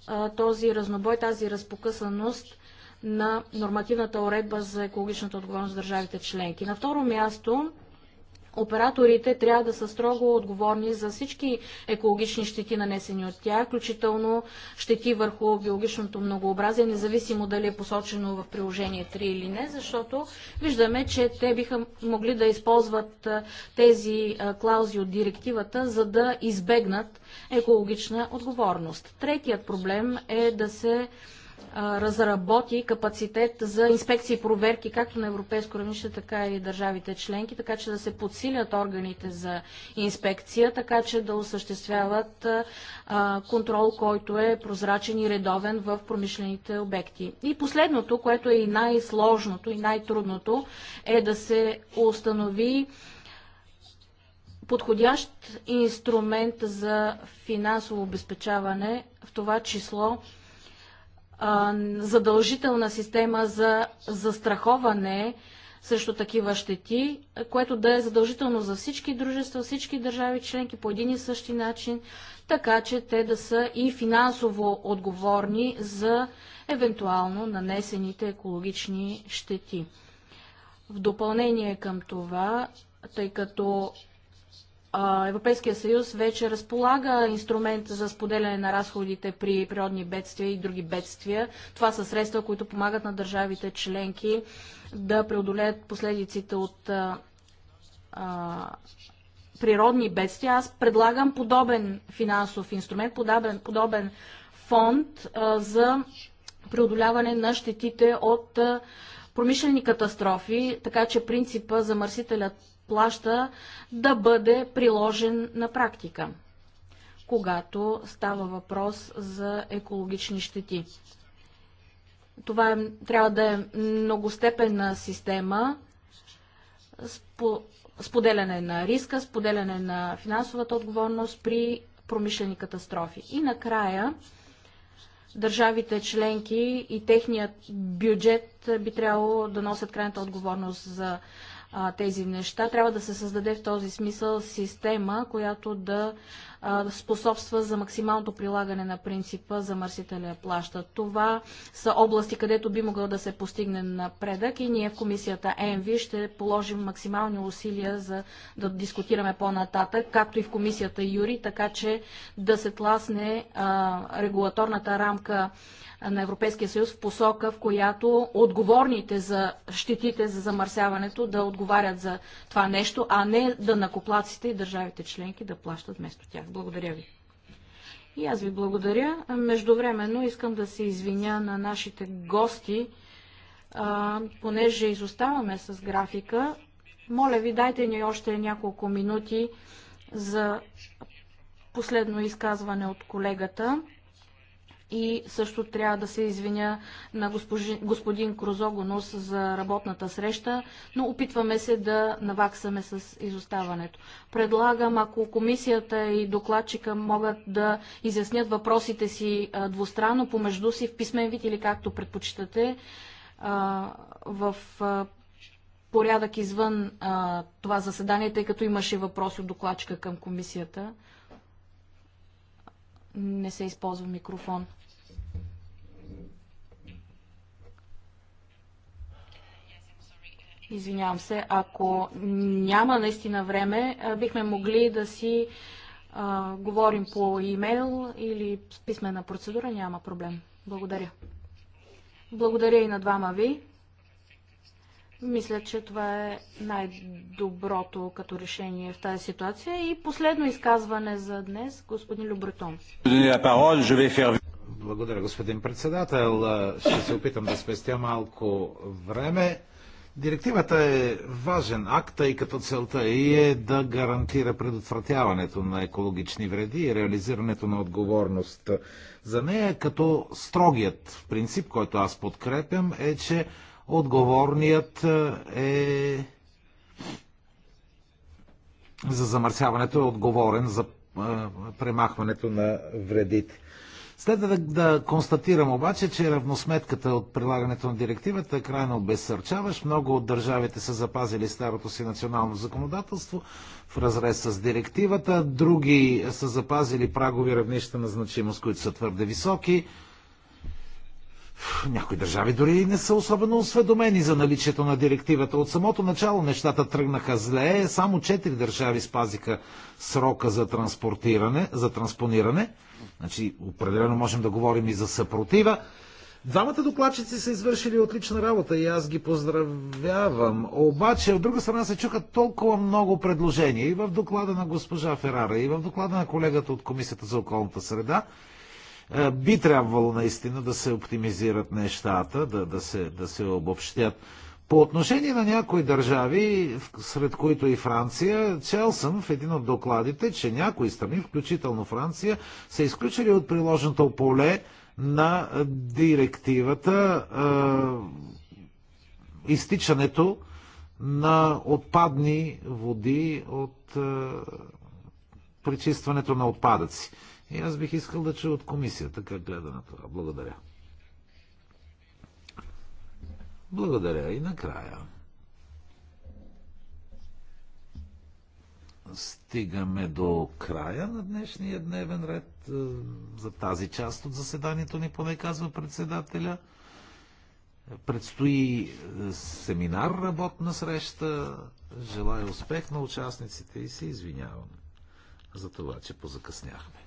а, този разнобой, тази разпокъсаност на нормативната уредба за екологичната отговорност в държавите членки. На второ място, Операторите трябва да са строго отговорни за всички екологични щети, нанесени от тях, включително щети върху биологичното многообразие, независимо дали е посочено в приложение 3 или не, защото виждаме, че те биха могли да използват тези клаузи от директивата, за да избегнат екологична отговорност. Третият проблем е да се разработи капацитет за инспекции и проверки както на европейско равнище, така и държавите членки, така че да се подсилят органите за инспекция, така че да осъществяват контрол, който е прозрачен и редовен в промишлените обекти. И последното, което е и най-сложното и най-трудното, е да се установи подходящ инструмент за финансово обезпечаване, в това число задължителна система за застраховане срещу такива щети, което да е задължително за всички дружества, всички държави членки по един и същи начин, така че те да са и финансово отговорни за евентуално нанесените екологични щети. В допълнение към това, тъй като Европейския съюз вече разполага инструмент за споделяне на разходите при природни бедствия и други бедствия. Това са средства, които помагат на държавите членки да преодолеят последиците от а, природни бедствия. Аз предлагам подобен финансов инструмент, подобен, подобен фонд а, за преодоляване на щетите от промишлени катастрофи, така че принципа замърсителят плаща, да бъде приложен на практика, когато става въпрос за екологични щети. Това е, трябва да е многостепенна система, споделяне на риска, споделяне на финансовата отговорност при промишлени катастрофи. И накрая, държавите членки и техният бюджет би трябвало да носят крайната отговорност за тези неща. Трябва да се създаде в този смисъл система, която да способства за максималното прилагане на принципа за мърсителя плаща. Това са области, където би могъл да се постигне напредък и ние в комисията ЕМВИ ще положим максимални усилия за да дискутираме по-нататък, както и в комисията Юри, така че да се тласне регулаторната рамка на Европейския съюз в посока, в която отговорните за щетите за замърсяването да отговарят за това нещо, а не да накоплаците и държавите членки да плащат вместо тях тях. Благодаря ви. И аз ви благодаря. Междувременно искам да се извиня на нашите гости, а, понеже изоставаме с графика. Моля ви, дайте ни още няколко минути за последно изказване от колегата. И също трябва да се извиня на госпожи, господин Крозогонос за работната среща, но опитваме се да наваксаме с изоставането. Предлагам, ако комисията и докладчика могат да изяснят въпросите си двустранно, помежду си, в писмен вид или както предпочитате, в порядък извън това заседание, тъй като имаше въпроси от докладчика към комисията не се използва микрофон. Извинявам се, ако няма наистина време, бихме могли да си а, говорим по имейл или с писмена процедура, няма проблем. Благодаря. Благодаря и на двама ви. Мисля, че това е най-доброто като решение в тази ситуация. И последно изказване за днес, господин Любретон. Благодаря, господин председател. Ще се опитам да спестя малко време. Директивата е важен акт, и като целта и е да гарантира предотвратяването на екологични вреди и реализирането на отговорност за нея, като строгият принцип, който аз подкрепям, е, че Отговорният е, е за замърсяването е отговорен за е, премахването на вредите. Следва да, да констатирам обаче, че равносметката от прилагането на директивата е крайно обезсърчаващ. Много от държавите са запазили старото си национално законодателство в разрез с директивата. Други са запазили прагови равнища на значимост, които са твърде високи. Някои държави дори не са особено осведомени за наличието на директивата. От самото начало нещата тръгнаха зле. Само четири държави спазиха срока за транспортиране, за транспониране. Значи, определено можем да говорим и за съпротива. Двамата докладчици са извършили отлична работа и аз ги поздравявам. Обаче, от друга страна се чуха толкова много предложения и в доклада на госпожа Ферара, и в доклада на колегата от Комисията за околната среда, е, би трябвало наистина да се оптимизират нещата, да, да, се, да се обобщят. По отношение на някои държави, сред които и Франция, чел съм в един от докладите, че някои страни, включително Франция, са изключили от приложеното поле на директивата е, изтичането на отпадни води от е, пречистването на отпадъци. И аз бих искал да чуя от комисията как гледа на това. Благодаря. Благодаря и накрая. Стигаме до края на днешния дневен ред за тази част от заседанието ни, поне казва председателя. Предстои е, семинар, работна среща. Желая успех на участниците и се извинявам за това, че позакъсняхме.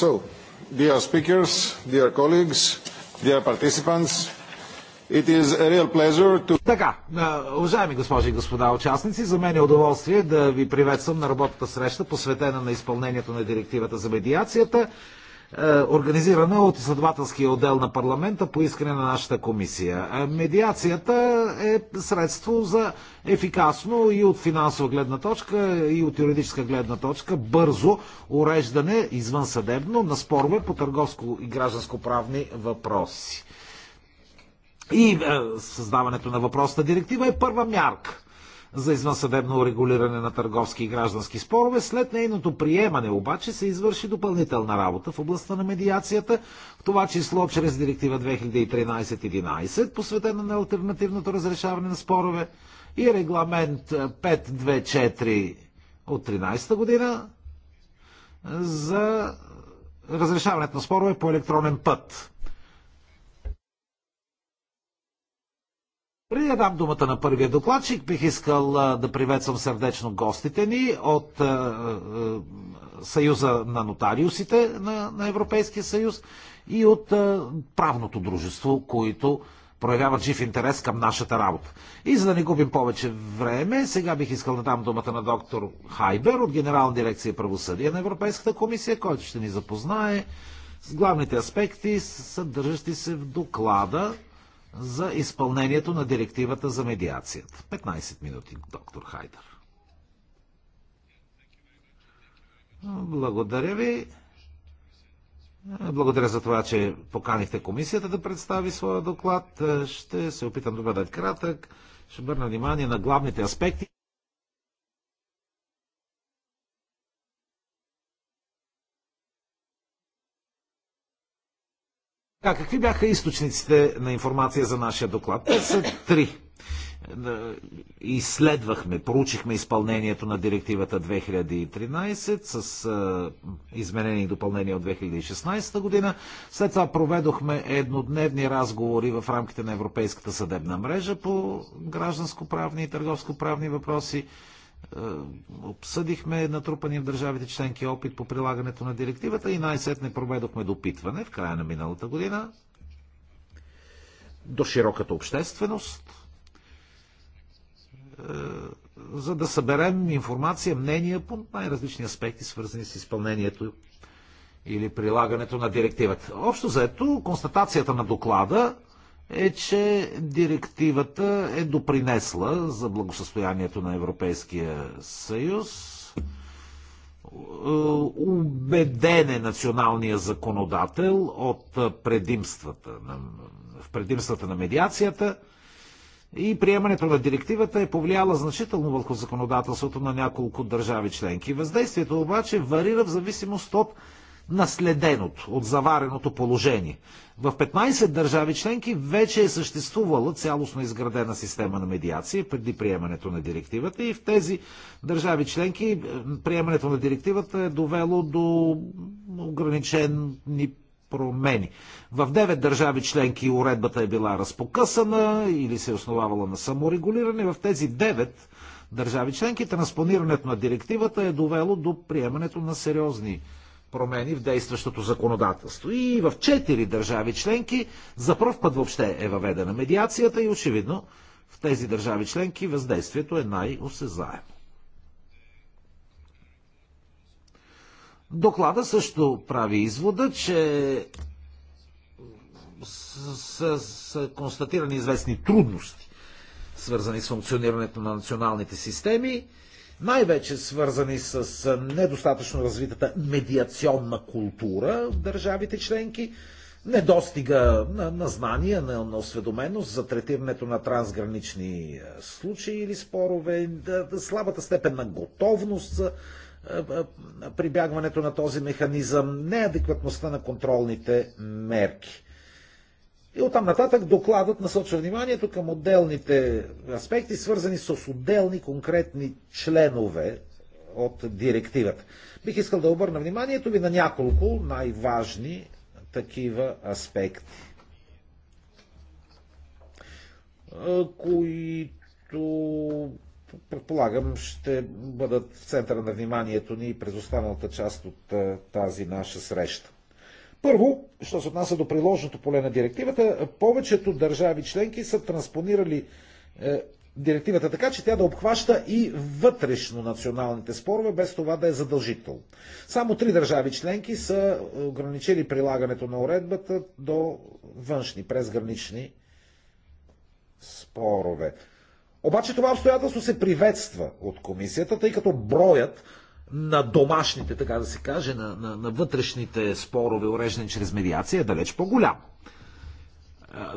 So, dear speakers, dear colleagues, dear participants, it is a real pleasure to... Така, уважаеми госпожи и господа участници, за мен е удоволствие да ви приветствам на работната среща, посветена на изпълнението на директивата за медиацията, е, организирана от изследователския отдел на парламента по искане на нашата комисия. Е, медиацията е средство за ефикасно и от финансова гледна точка, и от юридическа гледна точка бързо уреждане извънсъдебно на спорове по търговско и гражданско правни въпроси. И е, създаването на въпросната директива е първа мярка за извънсъдебно регулиране на търговски и граждански спорове. След нейното приемане обаче се извърши допълнителна работа в областта на медиацията, в това число чрез директива 2013-11, посветена на альтернативното разрешаване на спорове и регламент 524 от 13 година за разрешаването на спорове по електронен път. Преди да дам думата на първия докладчик, бих искал да приветствам сърдечно гостите ни от Съюза на нотариусите на, Европейския съюз и от правното дружество, които проявяват жив интерес към нашата работа. И за да не губим повече време, сега бих искал да дам думата на доктор Хайбер от Генерална дирекция правосъдие на Европейската комисия, който ще ни запознае с главните аспекти, съдържащи се в доклада за изпълнението на директивата за медиацията. 15 минути, доктор Хайдер. Благодаря ви. Благодаря за това, че поканихте комисията да представи своя доклад. Ще се опитам да бъда кратък. Ще обърна внимание на главните аспекти. Така, какви бяха източниците на информация за нашия доклад? Те са три. Изследвахме, проучихме изпълнението на директивата 2013 с а, изменение и допълнение от 2016 година. След това проведохме еднодневни разговори в рамките на Европейската съдебна мрежа по гражданско-правни и търговско-правни въпроси. Е, обсъдихме натрупания в държавите членки опит по прилагането на директивата и най-сетне проведохме допитване в края на миналата година до широката общественост, е, за да съберем информация, мнения по най-различни аспекти, свързани с изпълнението или прилагането на директивата. Общо заето, констатацията на доклада е, че директивата е допринесла за благосъстоянието на Европейския съюз. Убеден е националния законодател от предимствата на, в предимствата на медиацията и приемането на директивата е повлияла значително върху законодателството на няколко държави членки. Въздействието обаче варира в зависимост от наследеното, от завареното положение. В 15 държави членки вече е съществувала цялостно изградена система на медиация преди приемането на директивата и в тези държави членки е, приемането на директивата е довело до ограничени промени. В 9 държави членки уредбата е била разпокъсана или се е основавала на саморегулиране. В тези 9 държави членки транспонирането на директивата е довело до приемането на сериозни промени в действащото законодателство. И в четири държави членки за първ път въобще е въведена медиацията и очевидно в тези държави членки въздействието е най-осезаемо. Доклада също прави извода, че са констатирани известни трудности, свързани с функционирането на националните системи най-вече свързани с недостатъчно развитата медиационна култура в държавите членки, недостига на, на знания, на, на осведоменост за третирането на трансгранични случаи или спорове, да, да, слабата степен на готовност за прибягването на този механизъм, неадекватността на контролните мерки. И оттам нататък докладът насочва вниманието към отделните аспекти, свързани с отделни конкретни членове от директивата. Бих искал да обърна вниманието ви на няколко най-важни такива аспекти, които предполагам ще бъдат в центъра на вниманието ни през останалата част от тази наша среща. Първо, що се отнася до приложното поле на директивата, повечето държави членки са транспонирали е, директивата така, че тя да обхваща и вътрешно националните спорове, без това да е задължително. Само три държави членки са е, ограничили прилагането на уредбата до външни, презгранични спорове. Обаче това обстоятелство се приветства от комисията, тъй като броят на домашните, така да се каже, на, на, на вътрешните спорове, уреждани чрез медиация, е далеч по-голям.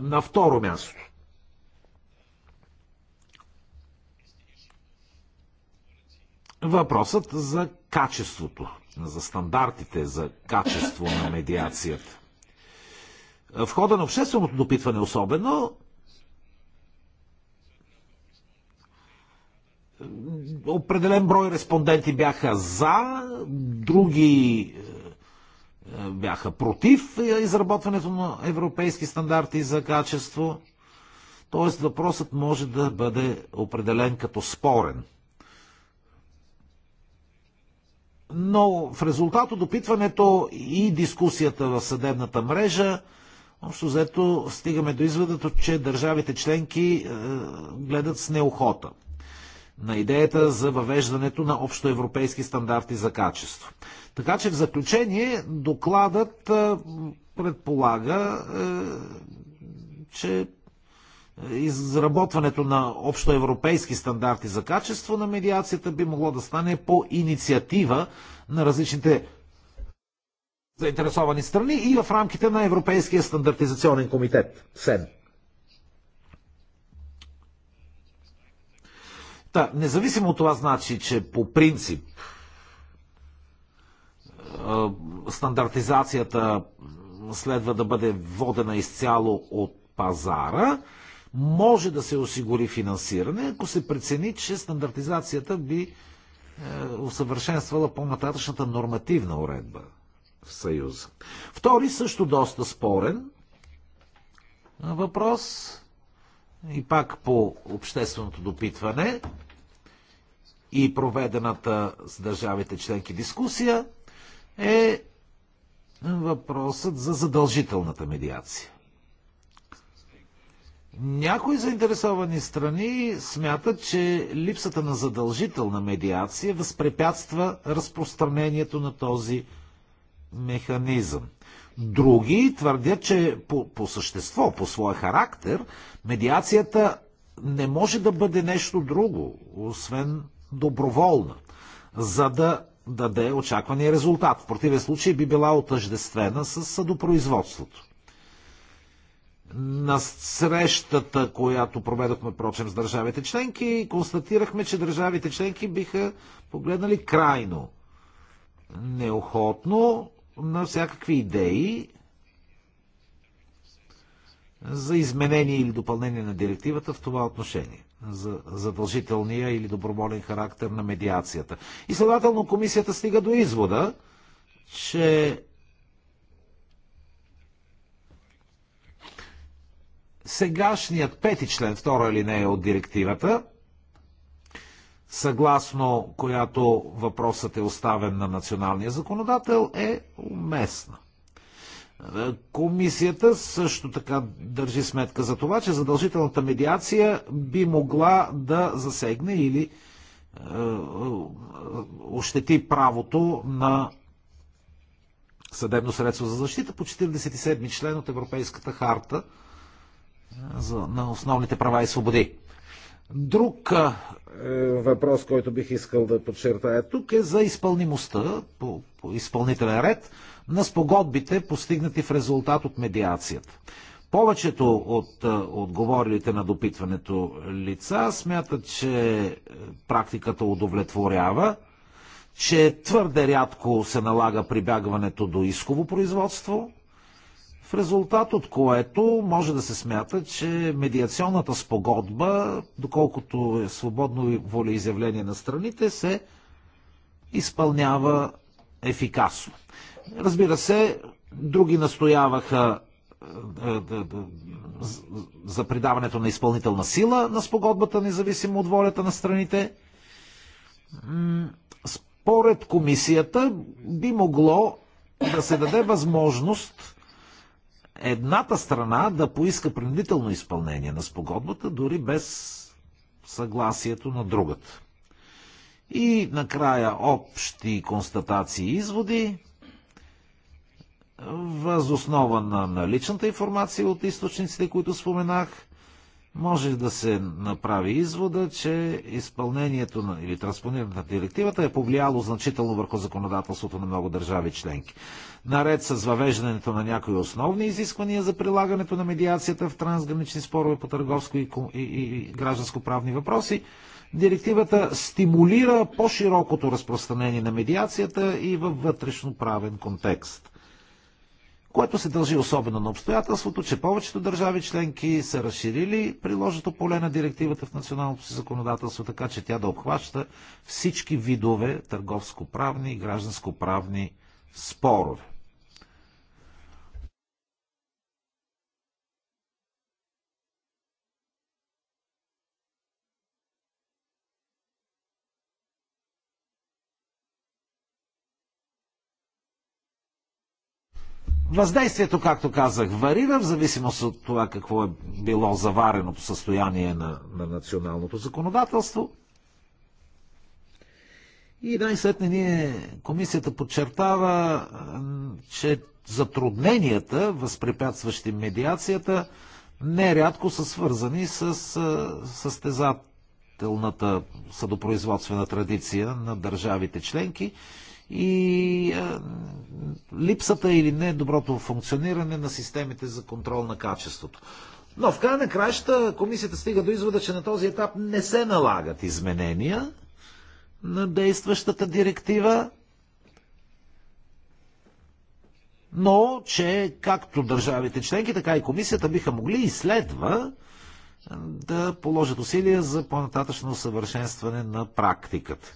На второ място. Въпросът за качеството, за стандартите за качество на медиацията. В хода на общественото допитване особено Определен брой респонденти бяха за, други е, е, бяха против изработването на европейски стандарти за качество. Тоест въпросът може да бъде определен като спорен. Но в резултат от опитването и дискусията в съдебната мрежа, общо взето стигаме до изводът, че държавите членки е, гледат с неохота на идеята за въвеждането на общоевропейски стандарти за качество. Така че в заключение докладът предполага, че изработването на общоевропейски стандарти за качество на медиацията би могло да стане по инициатива на различните заинтересовани страни и в рамките на Европейския стандартизационен комитет СЕН. Та, независимо от това значи, че по принцип стандартизацията следва да бъде водена изцяло от пазара, може да се осигури финансиране, ако се прецени, че стандартизацията би е, усъвършенствала по-нататъчната нормативна уредба в Съюза. Втори също доста спорен въпрос и пак по общественото допитване и проведената с държавите членки дискусия е въпросът за задължителната медиация. Някои заинтересовани страни смятат, че липсата на задължителна медиация възпрепятства разпространението на този механизъм. Други твърдят, че по, по същество, по своя характер, медиацията не може да бъде нещо друго, освен доброволна, за да даде очаквания резултат. В противен случай би била отъждествена с съдопроизводството. На срещата, която проведохме, прочем, с държавите членки, констатирахме, че държавите членки биха погледнали крайно неохотно на всякакви идеи за изменение или допълнение на директивата в това отношение за задължителния или доброволен характер на медиацията. И следователно комисията стига до извода, че сегашният пети член, втора линия от директивата, съгласно която въпросът е оставен на националния законодател, е уместна. Е, комисията също така държи сметка за това, че задължителната медиация би могла да засегне или е, е, ощети правото на съдебно средство за защита по 47 член от Европейската харта за, на основните права и свободи. Друг е, въпрос, който бих искал да подчертая тук е за изпълнимостта по, по изпълнителен ред на спогодбите, постигнати в резултат от медиацията. Повечето от отговорилите на допитването лица смятат, че е, практиката удовлетворява, че твърде рядко се налага прибягването до исково производство, резултат от което може да се смята, че медиационната спогодба, доколкото е свободно волеизявление на страните, се изпълнява ефикасно. Разбира се, други настояваха е, е, е, за придаването на изпълнителна сила на спогодбата, независимо от волята на страните. Според комисията би могло да се даде възможност едната страна да поиска принудително изпълнение на спогодбата, дори без съгласието на другата. И накрая общи констатации и изводи. Възоснова на наличната информация от източниците, които споменах, може да се направи извода, че изпълнението на, или транспонирането на директивата е повлияло значително върху законодателството на много държави членки. Наред с въвеждането на някои основни изисквания за прилагането на медиацията в трансгранични спорове по търговско и, и, и гражданско-правни въпроси, директивата стимулира по-широкото разпространение на медиацията и във вътрешно правен контекст което се дължи особено на обстоятелството, че повечето държави членки са разширили приложното поле на директивата в националното си законодателство, така че тя да обхваща всички видове търговско-правни и гражданско-правни спорове. Въздействието, както казах, варира в зависимост от това какво е било завареното състояние на, на националното законодателство. И най-сетне ние, комисията подчертава, че затрудненията, възпрепятстващи медиацията, нерядко са свързани с състезателната съдопроизводствена традиция на държавите членки – и липсата или не доброто функциониране на системите за контрол на качеството. Но в край на краща комисията стига до извода, че на този етап не се налагат изменения на действащата директива, но че както държавите членки, така и комисията биха могли и следва да положат усилия за по-нататъчно усъвършенстване на практиката.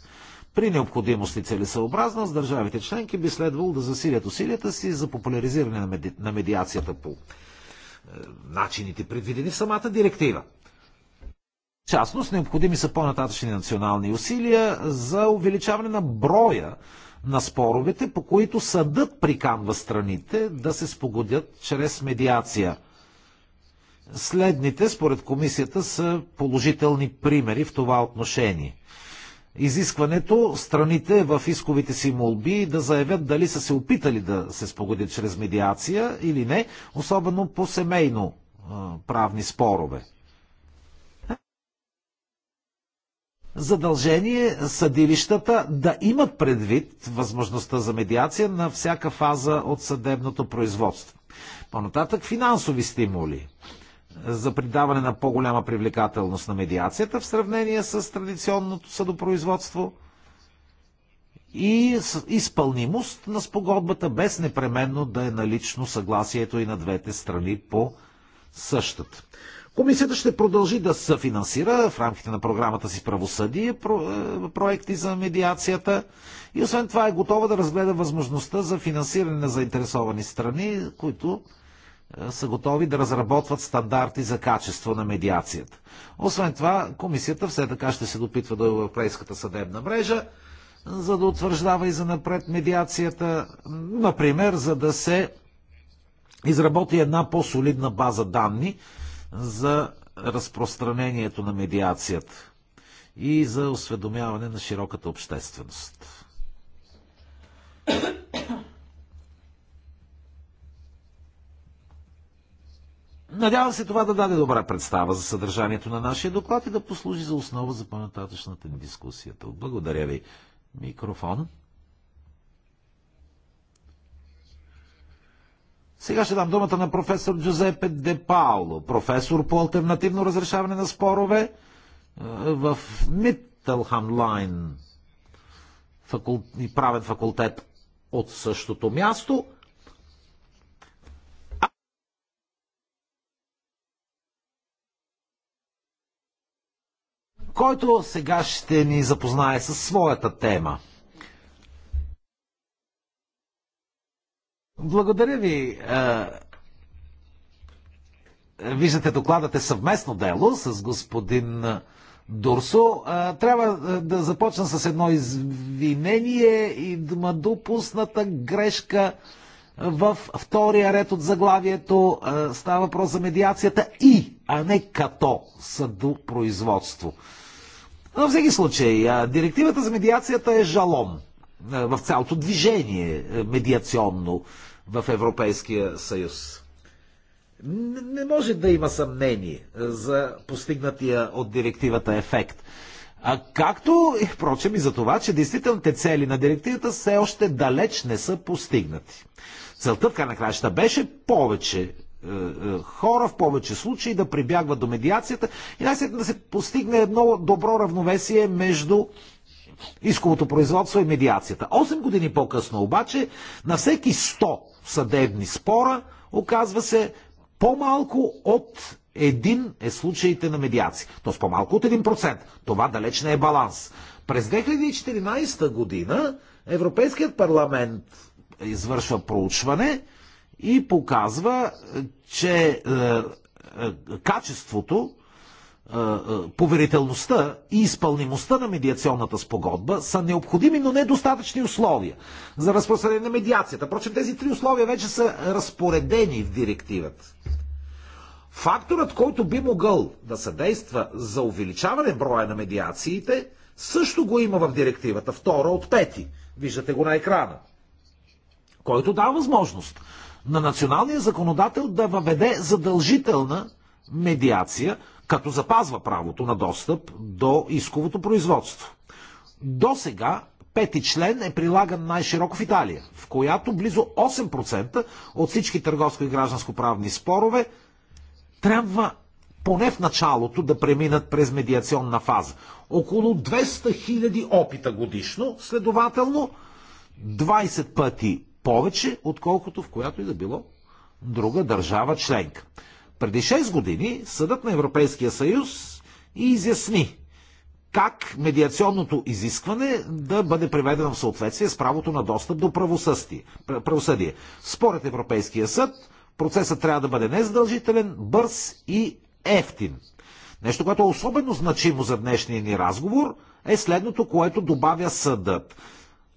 При необходимост и целесъобразност държавите членки би следвало да засилят усилията си за популяризиране на, меди... на медиацията по е, начините предвидени в самата директива. В частност, необходими са по-нататъчни национални усилия за увеличаване на броя на споровете, по които съдът приканва страните да се спогодят чрез медиация. Следните, според комисията, са положителни примери в това отношение – изискването страните в исковите си молби да заявят дали са се опитали да се спогодят чрез медиация или не, особено по семейно правни спорове. задължение съдилищата да имат предвид възможността за медиация на всяка фаза от съдебното производство. По-нататък финансови стимули за придаване на по-голяма привлекателност на медиацията в сравнение с традиционното съдопроизводство и изпълнимост на спогодбата без непременно да е налично съгласието и на двете страни по същата. Комисията ще продължи да съфинансира в рамките на програмата си правосъдие е, проекти за медиацията и освен това е готова да разгледа възможността за финансиране на заинтересовани страни, които е, са готови да разработват стандарти за качество на медиацията. Освен това, комисията все така ще се допитва до Европейската съдебна мрежа, за да утвърждава и за напред медиацията, например, за да се изработи една по-солидна база данни за разпространението на медиацията и за осведомяване на широката общественост. Надявам се това да даде добра представа за съдържанието на нашия доклад и да послужи за основа за по-нататъчната ни дискусията. Благодаря ви. Микрофон. Сега ще дам думата на професор Джузепе Де Пауло, професор по альтернативно разрешаване на спорове е, в Миттелхам Лайн факул... правен факултет от същото място – който сега ще ни запознае със своята тема. Благодаря ви. Е, виждате, докладът е съвместно дело с господин Дурсо. Е, трябва е, да започна с едно извинение и дума допусната грешка в втория ред от заглавието. Става въпрос за медиацията и, а не като съдопроизводство. производство. Но в всеки случай, директивата за медиацията е жалом в цялото движение медиационно в Европейския съюз. Не може да има съмнение за постигнатия от директивата ефект. А както и впрочем и за това, че действителните цели на директивата все още далеч не са постигнати. Целта така на краща беше повече е, е, хора, в повече случаи да прибягват до медиацията и най да се постигне едно добро равновесие между исковото производство и медиацията. 8 години по-късно обаче на всеки 100 съдебни спора оказва се по-малко от един е случаите на медиация. Тоест по-малко от 1%. Това далеч не е баланс. През 2014 година Европейският парламент извършва проучване, и показва, че е, е, качеството, е, поверителността и изпълнимостта на медиационната спогодба са необходими, но недостатъчни условия за разпространение на медиацията. Впрочем, тези три условия вече са разпоредени в директивата. Факторът, който би могъл да съдейства за увеличаване броя на медиациите, също го има в директивата, втора от пети. Виждате го на екрана. Който дава възможност на националния законодател да въведе задължителна медиация, като запазва правото на достъп до исковото производство. До сега пети член е прилаган най-широко в Италия, в която близо 8% от всички търговско и гражданско-правни спорове трябва поне в началото да преминат през медиационна фаза. Около 200 000 опита годишно, следователно 20 пъти повече, отколкото в която и да било друга държава членка. Преди 6 години Съдът на Европейския съюз и изясни как медиационното изискване да бъде приведено в съответствие с правото на достъп до правосъдие. Според Европейския съд, процесът трябва да бъде незадължителен, бърз и ефтин. Нещо, което е особено значимо за днешния ни разговор, е следното, което добавя съдът.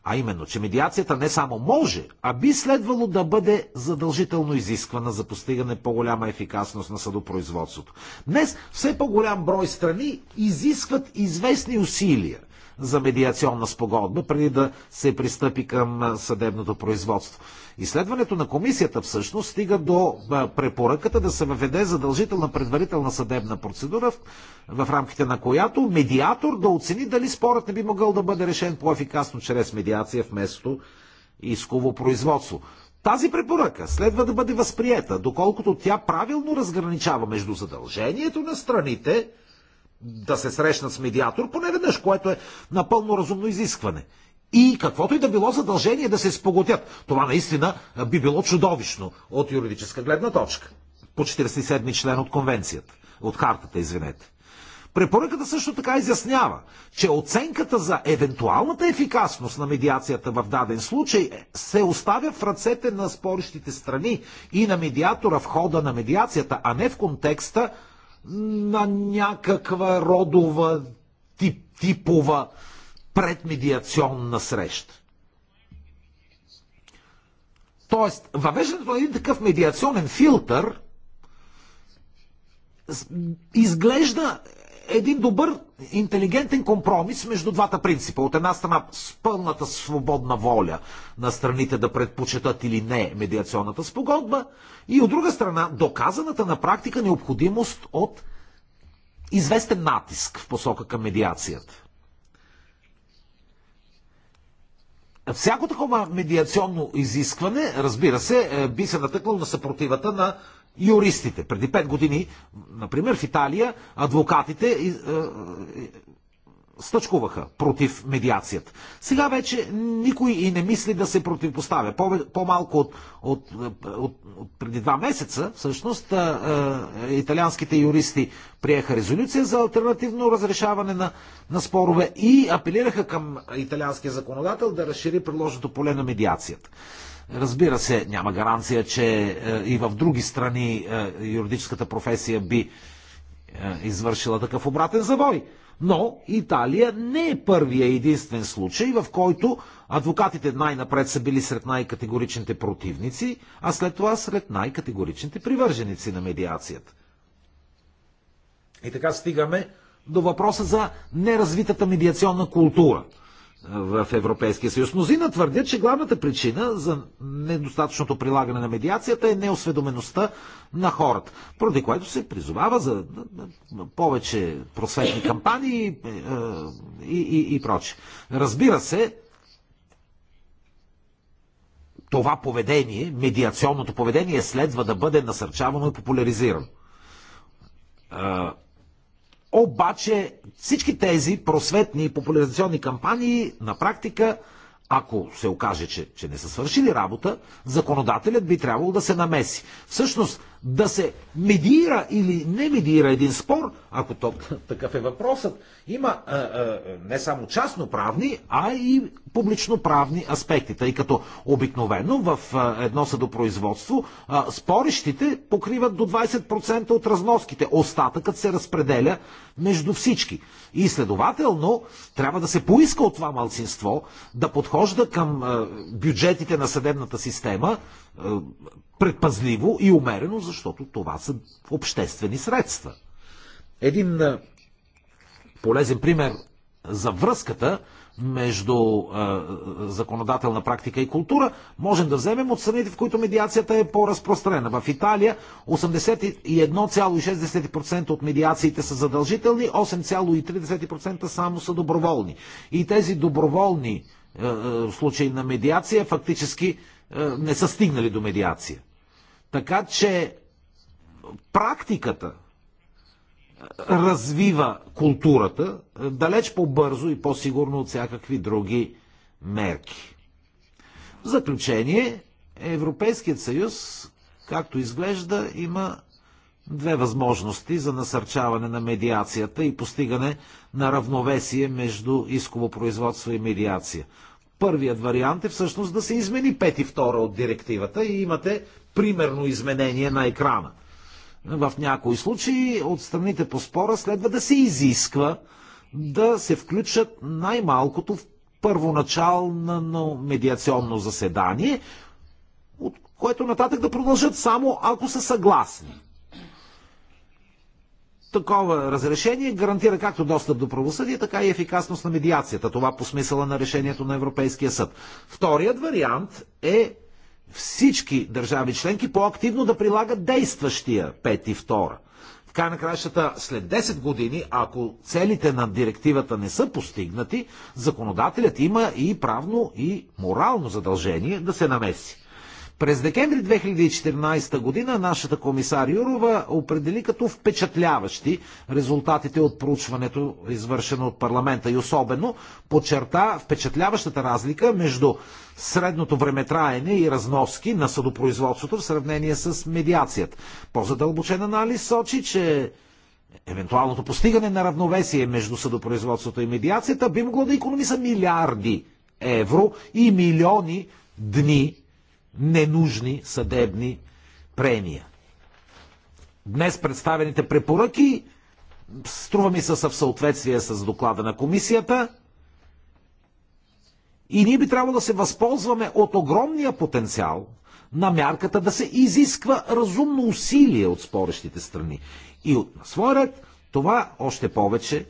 А именно, че медиацията не само може, а би следвало да бъде задължително изисквана за постигане по-голяма ефикасност на съдопроизводството. Днес все по-голям брой страни изискват известни усилия за медиационна спогодба, преди да се пристъпи към съдебното производство. Изследването на комисията всъщност стига до препоръката да се въведе задължителна предварителна съдебна процедура, в рамките на която медиатор да оцени дали спорът не би могъл да бъде решен по-ефикасно чрез медиация вместо исково производство. Тази препоръка следва да бъде възприета, доколкото тя правилно разграничава между задължението на страните да се срещнат с медиатор, поне веднъж, което е напълно разумно изискване. И каквото и да било задължение да се спогодят. Това наистина би било чудовищно от юридическа гледна точка. По 47 член от конвенцията. От хартата, извинете. Препоръката също така изяснява, че оценката за евентуалната ефикасност на медиацията в даден случай се оставя в ръцете на спорещите страни и на медиатора в хода на медиацията, а не в контекста на някаква родова тип, типова предмедиационна среща. Тоест, въвеждането на един такъв медиационен филтър изглежда един добър, интелигентен компромис между двата принципа. От една страна с пълната свободна воля на страните да предпочитат или не медиационната спогодба и от друга страна доказаната на практика необходимост от известен натиск в посока към медиацията. Всяко такова медиационно изискване, разбира се, е, би се натъкнало на съпротивата на юристите. Преди 5 години, например, в Италия адвокатите е, е, стъчкуваха против медиацията. Сега вече никой и не мисли да се противопоставя. По-малко от, от, от, от преди два месеца, всъщност, е, е, италианските юристи приеха резолюция за альтернативно разрешаване на, на спорове и апелираха към италианския законодател да разшири предложеното поле на медиацията. Разбира се, няма гаранция, че е, и в други страни е, юридическата професия би е, извършила такъв обратен завой. Но Италия не е първия единствен случай, в който адвокатите най-напред са били сред най-категоричните противници, а след това сред най-категоричните привърженици на медиацията. И така стигаме до въпроса за неразвитата медиационна култура – в Европейския съюз. Мнозина твърдят, че главната причина за недостатъчното прилагане на медиацията е неосведомеността на хората, поради което се призовава за повече просветни кампании е, е, и, и, и прочее. Разбира се, това поведение, медиационното поведение, следва да бъде насърчавано и популяризирано. Е, обаче всички тези просветни и популяризационни кампании на практика, ако се окаже, че, че не са свършили работа, законодателят би трябвало да се намеси. Всъщност, да се медира или не медира един спор, ако то, такъв е въпросът, има а, а, не само частноправни, а и публичноправни аспекти, тъй като обикновено в а, едно съдопроизводство а, спорещите покриват до 20% от разноските, остатъкът се разпределя между всички. И следователно трябва да се поиска от това малцинство да подхожда към а, бюджетите на съдебната система а, предпазливо и умерено, защото това са обществени средства. Един полезен пример за връзката между е, законодателна практика и култура, можем да вземем от страните, в които медиацията е по-разпространена. В Италия 81,6% от медиациите са задължителни, 8,3% само са доброволни. И тези доброволни е, е, случаи на медиация фактически е, не са стигнали до медиация. Така че практиката развива културата далеч по-бързо и по-сигурно от всякакви други мерки. В заключение, Европейският съюз, както изглежда, има две възможности за насърчаване на медиацията и постигане на равновесие между исково производство и медиация. Първият вариант е всъщност да се измени 5 и 2 от директивата и имате примерно изменение на екрана. В някои случаи от страните по спора следва да се изисква да се включат най-малкото в първоначално медиационно заседание, от което нататък да продължат само ако са съгласни. Такова разрешение гарантира както достъп до правосъдие, така и ефикасност на медиацията. Това по смисъла на решението на Европейския съд. Вторият вариант е всички държави членки по-активно да прилагат действащия пет и втора. В край на кращата, след 10 години, ако целите на директивата не са постигнати, законодателят има и правно и морално задължение да се намеси. През декември 2014 година нашата комисар Юрова определи като впечатляващи резултатите от проучването, извършено от парламента и особено подчерта впечатляващата разлика между средното времетраене и разноски на съдопроизводството в сравнение с медиацията. По-задълбочен анализ сочи, че евентуалното постигане на равновесие между съдопроизводството и медиацията би могло да економиса милиарди евро и милиони дни ненужни съдебни прения. Днес представените препоръки струва ми се са в съответствие с доклада на комисията и ние би трябвало да се възползваме от огромния потенциал на мярката да се изисква разумно усилие от спорещите страни. И от на своя ред това още повече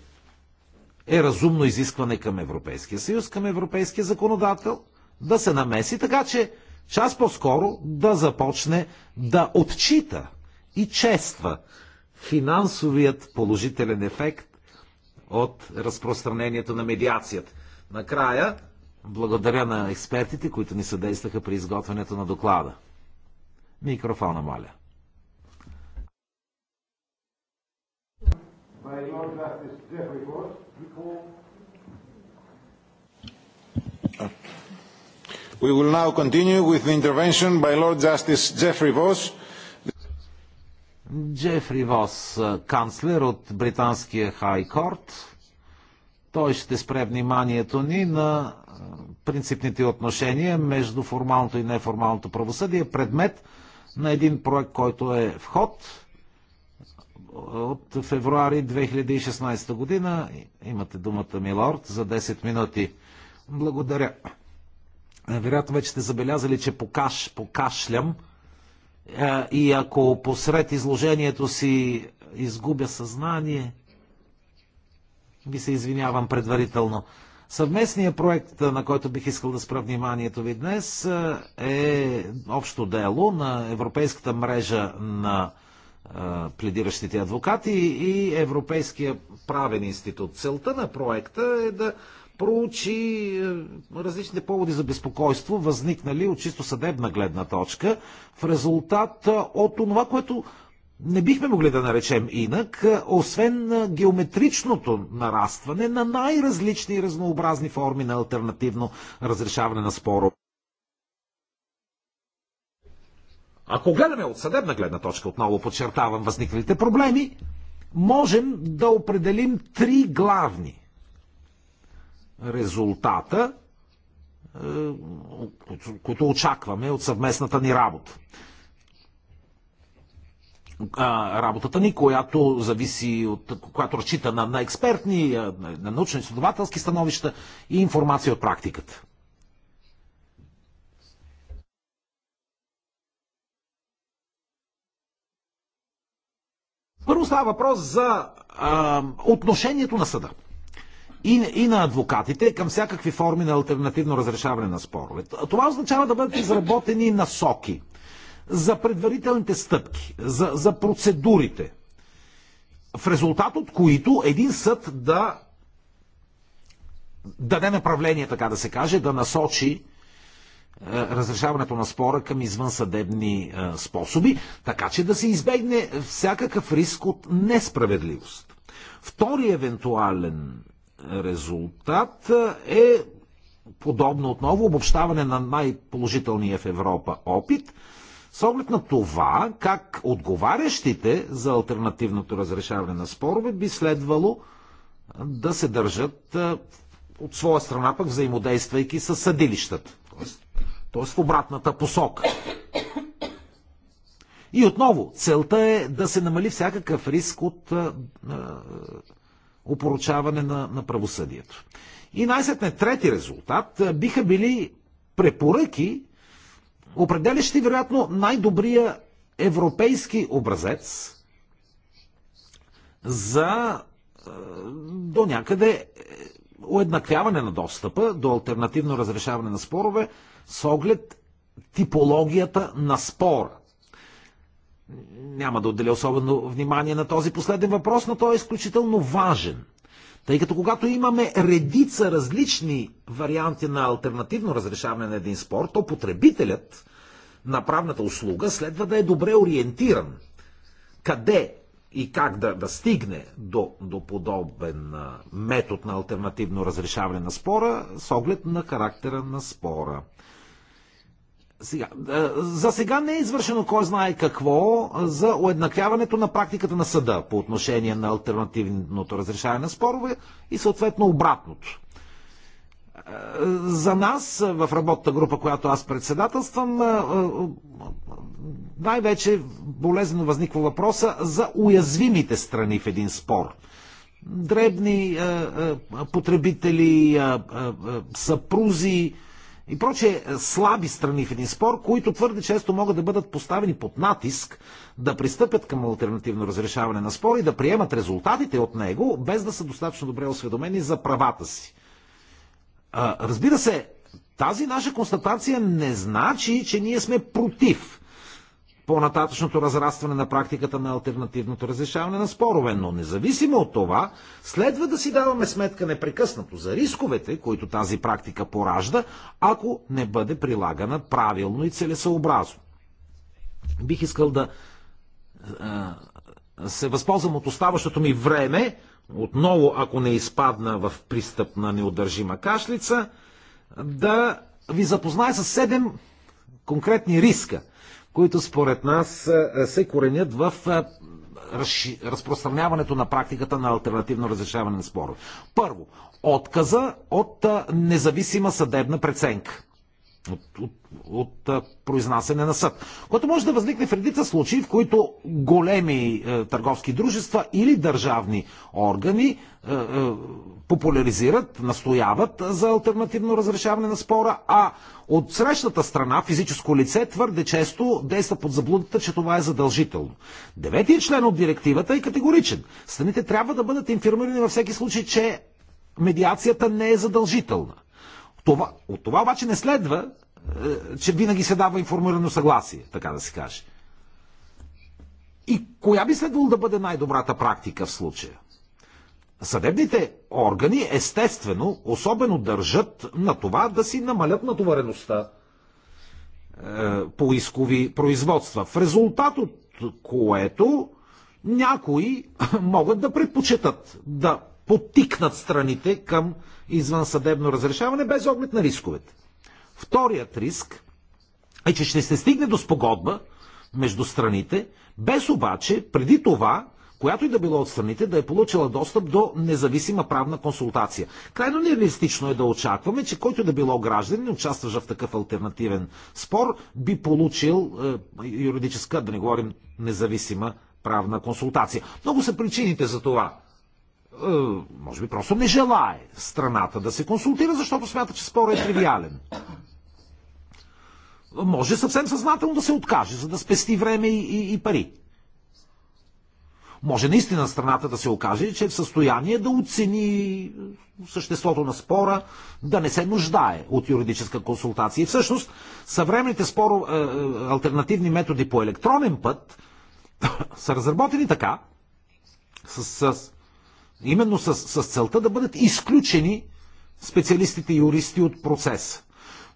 е разумно изискване към Европейския съюз, към европейския законодател, да се намеси, така че час по-скоро да започне да отчита и чества финансовият положителен ефект от разпространението на медиацията. Накрая, благодаря на експертите, които ни съдействаха при изготвянето на доклада. Микрофона, моля. By your We will now continue with the intervention by Lord Justice Geoffrey Voss. Джефри Вос, канцлер от британския Хай Корт. Той ще спре вниманието ни на е, принципните отношения между формалното и неформалното правосъдие, предмет на един проект, който е в ход е, от февруари 2016 година. Имате думата, милорд, за 10 минути. Благодаря. Вероятно вече сте забелязали, че покаш, покашлям. И ако посред изложението си изгубя съзнание, ви се извинявам предварително. Съвместният проект, на който бих искал да спра вниманието ви днес, е общо дело на Европейската мрежа на пледиращите адвокати и Европейския правен институт. Целта на проекта е да проучи е, различните поводи за безпокойство, възникнали от чисто съдебна гледна точка, в резултат е, от това, което не бихме могли да наречем инак, е, освен геометричното нарастване на най-различни и разнообразни форми на альтернативно разрешаване на споро. Ако гледаме от съдебна гледна точка, отново подчертавам възникналите проблеми, можем да определим три главни резултата, е, които очакваме от съвместната ни работа. Работата ни, която зависи от, която разчита на, на експертни, на научно-изследователски становища и информация от практиката. Първо става въпрос за а, отношението на съда и, и на адвокатите към всякакви форми на альтернативно разрешаване на спорове. Това означава да бъдат изработени насоки за предварителните стъпки, за, за процедурите, в резултат от които един съд да даде направление, така да се каже, да насочи е, разрешаването на спора към извънсъдебни е, способи, така че да се избегне всякакъв риск от несправедливост. Втори евентуален резултат е подобно отново обобщаване на най-положителния в Европа опит, с оглед на това как отговарящите за альтернативното разрешаване на спорове би следвало да се държат от своя страна пък взаимодействайки с съдилищата. Тоест, тоест в обратната посока. И отново, целта е да се намали всякакъв риск от опоручаване на, на правосъдието. И най-сетне трети резултат биха били препоръки, определящи вероятно най-добрия европейски образец за до някъде е, уеднаквяване на достъпа до альтернативно разрешаване на спорове с оглед типологията на спора няма да отделя особено внимание на този последен въпрос, но той е изключително важен. Тъй като когато имаме редица различни варианти на альтернативно разрешаване на един спор, то потребителят на правната услуга следва да е добре ориентиран. Къде и как да, да стигне до, до подобен метод на альтернативно разрешаване на спора с оглед на характера на спора. Сега, е, за сега не е извършено кой знае какво за уеднаквяването на практиката на съда по отношение на альтернативното разрешаване на спорове и съответно обратното. Е, за нас е, в работната група, която аз председателствам, най-вече болезнено възниква въпроса за уязвимите страни в един спор дребни потребители, съпрузи, и проче е, слаби страни в един спор, които твърде често могат да бъдат поставени под натиск да пристъпят към альтернативно разрешаване на спор и да приемат резултатите от него, без да са достатъчно добре осведомени за правата си. Разбира се, тази наша констатация не значи, че ние сме против по-нататъчното разрастване на практиката на альтернативното разрешаване на спорове. Но независимо от това, следва да си даваме сметка непрекъснато за рисковете, които тази практика поражда, ако не бъде прилагана правилно и целесъобразно. Бих искал да се възползвам от оставащото ми време, отново ако не изпадна в пристъп на неудържима кашлица, да ви запозная с седем конкретни риска, които според нас е, е, се коренят в е, разпространяването на практиката на альтернативно разрешаване на спорове. Първо, отказа от независима съдебна преценка от, от, от, произнасене на съд. Което може да възникне в редица случаи, в които големи е, търговски дружества или държавни органи е, е, популяризират, настояват за альтернативно разрешаване на спора, а от срещната страна, физическо лице, твърде често действа под заблудата, че това е задължително. Деветият член от директивата е категоричен. Страните трябва да бъдат информирани във всеки случай, че медиацията не е задължителна. Това, от това обаче не следва, е, че винаги се дава информирано съгласие, така да се каже. И коя би следвало да бъде най-добрата практика в случая? Съдебните органи, естествено, особено държат на това да си намалят натовареността е, по искови производства, в резултат от което някои могат да предпочитат да потикнат страните към извънсъдебно разрешаване, без оглед на рисковете. Вторият риск е, че ще се стигне до спогодба между страните, без обаче преди това която и да било от страните, да е получила достъп до независима правна консултация. Крайно нереалистично е да очакваме, че който да било гражданин, участващ в такъв альтернативен спор, би получил е, юридическа, да не говорим, независима правна консултация. Много са причините за това. Е, може би просто не желае страната да се консултира, защото смята, че спорът е тривиален. Може съвсем съзнателно да се откаже, за да спести време и, и, и пари. Може наистина страната да се окаже, че е в състояние да оцени съществото на спора, да не се нуждае от юридическа консултация. И всъщност съвременните споро, е, е альтернативни методи по електронен път са разработени така, с, с Именно с, с целта да бъдат изключени специалистите юристи от процеса.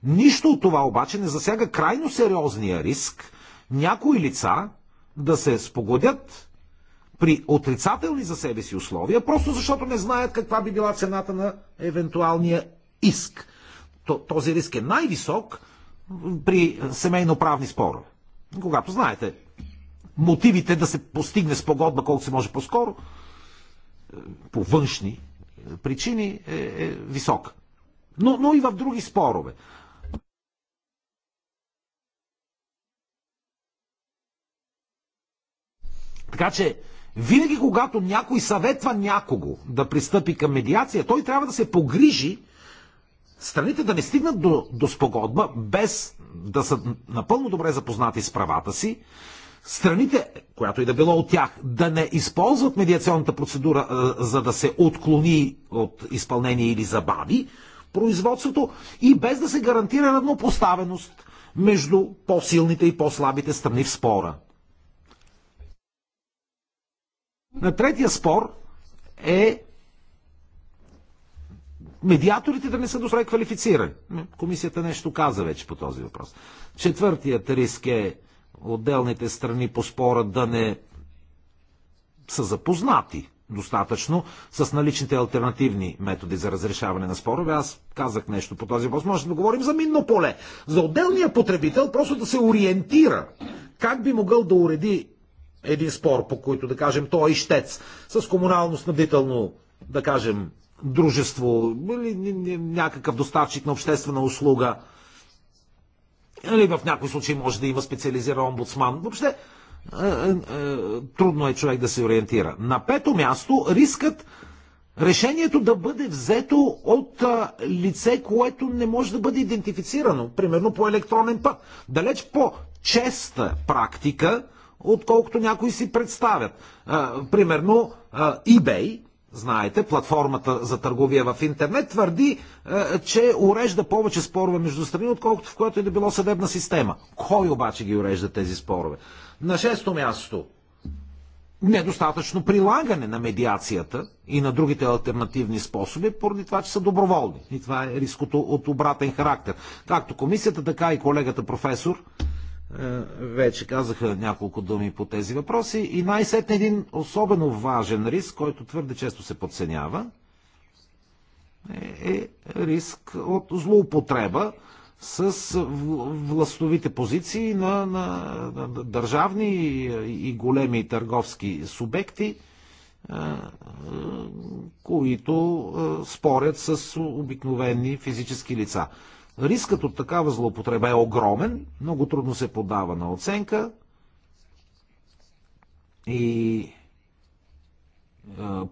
Нищо от това обаче не засяга крайно сериозния риск някои лица да се спогодят при отрицателни за себе си условия, просто защото не знаят каква би била цената на евентуалния иск. Този риск е най-висок при семейно-правни спорове. Когато знаете мотивите да се постигне спогодба колкото се може по-скоро, по външни е, причини е, е висока. Но, но и в други спорове. Така че, винаги когато някой съветва някого да пристъпи към медиация, той трябва да се погрижи страните да не стигнат до, до спогодба, без да са напълно добре запознати с правата си страните, която и да било от тях, да не използват медиационната процедура, за да се отклони от изпълнение или забави производството и без да се гарантира равнопоставеност между по-силните и по-слабите страни в спора. На третия спор е медиаторите да не са добре квалифицирани. Комисията нещо каза вече по този въпрос. Четвъртият риск е отделните страни по спора да не са запознати достатъчно с наличните альтернативни методи за разрешаване на спорове. Аз казах нещо по този въпрос. Може да говорим за минно поле. За отделния потребител просто да се ориентира как би могъл да уреди един спор, по който да кажем той е ищец с комунално снабдително, да кажем, дружество или някакъв доставчик на обществена услуга – или в някои случаи може да има специализиран омбудсман. Въобще, е, е, е, трудно е човек да се ориентира. На пето място, рискът решението да бъде взето от а, лице, което не може да бъде идентифицирано, примерно по електронен път. Далеч по-честа практика, отколкото някои си представят. А, примерно а, eBay знаете, платформата за търговия в интернет, твърди, е, че урежда повече спорове между страни, отколкото в която и е да било съдебна система. Кой обаче ги урежда тези спорове? На шесто място, недостатъчно прилагане на медиацията и на другите альтернативни способи, поради това, че са доброволни. И това е риското от обратен характер. Както комисията, така и колегата професор е, вече казаха няколко думи по тези въпроси. И най-сетне един особено важен риск, който твърде често се подценява, е, е риск от злоупотреба с властовите позиции на, на, на държавни и големи търговски субекти, е, които спорят с обикновени физически лица. Рискът от такава злоупотреба е огромен, много трудно се подава на оценка и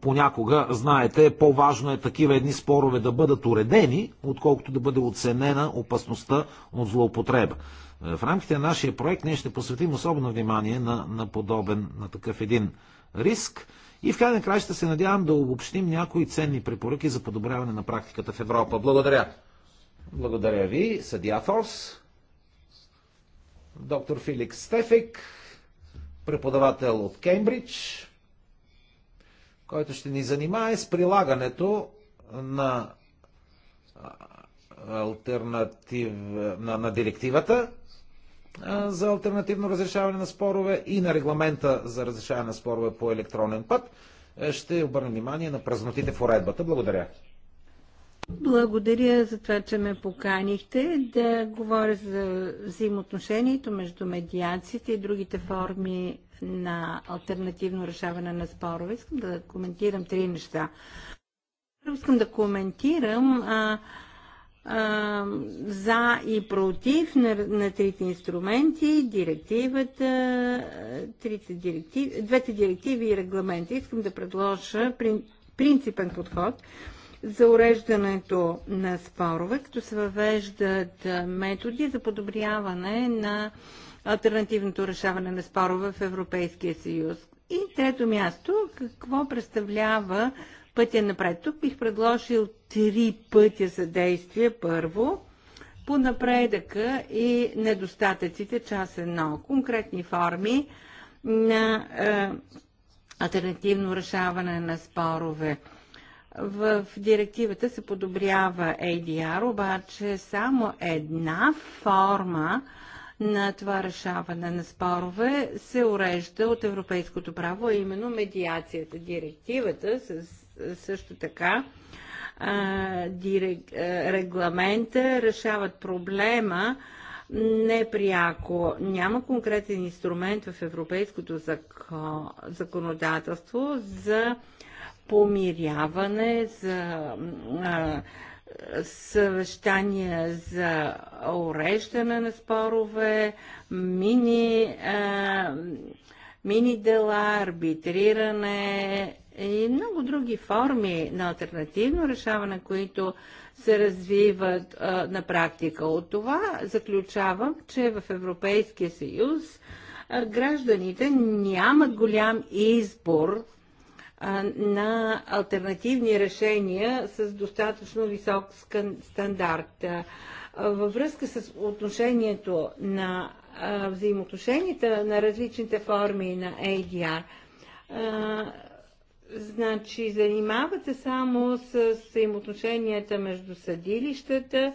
понякога, знаете, по-важно е такива едни спорове да бъдат уредени, отколкото да бъде оценена опасността от злоупотреба. Е, в рамките на нашия проект ние ще посветим особено внимание на, на подобен, на такъв един риск. И в край ще се надявам да обобщим някои ценни препоръки за подобряване на практиката в Европа. Благодаря! Благодаря ви, съдия Форс. Доктор Филикс Стефик, преподавател от Кембридж, който ще ни занимае с прилагането на альтернатив, на, на директивата за альтернативно разрешаване на спорове и на регламента за разрешаване на спорове по електронен път. Ще обърна внимание на празнотите в уредбата. Благодаря. Благодаря за това, че ме поканихте да говоря за взаимоотношението между медиацията и другите форми на альтернативно решаване на спорове. Искам да коментирам три неща. Първо искам да коментирам а, а, за и против на, на трите инструменти, директивата, трите директив, двете директиви и регламента. Искам да предложа прин, принципен подход за уреждането на спорове, като се въвеждат методи за подобряване на альтернативното решаване на спорове в Европейския съюз. И трето място, какво представлява пътя напред? Тук бих предложил три пътя за действие. Първо, по напредъка и недостатъците, част едно, конкретни форми на альтернативно решаване на спорове. В директивата се подобрява ADR, обаче само една форма на това решаване на спорове се урежда от европейското право, а именно медиацията. Директивата също така регламента решават проблема непряко. Няма конкретен инструмент в европейското законодателство за помиряване, за съвещания за уреждане на спорове, мини, а, мини дела, арбитриране и много други форми на альтернативно решаване, които се развиват а, на практика. От това заключавам, че в Европейския съюз а, гражданите нямат голям избор на альтернативни решения с достатъчно висок стандарт. Във връзка с отношението на взаимоотношенията на различните форми на ADR, значи занимавате само с взаимоотношенията между съдилищата,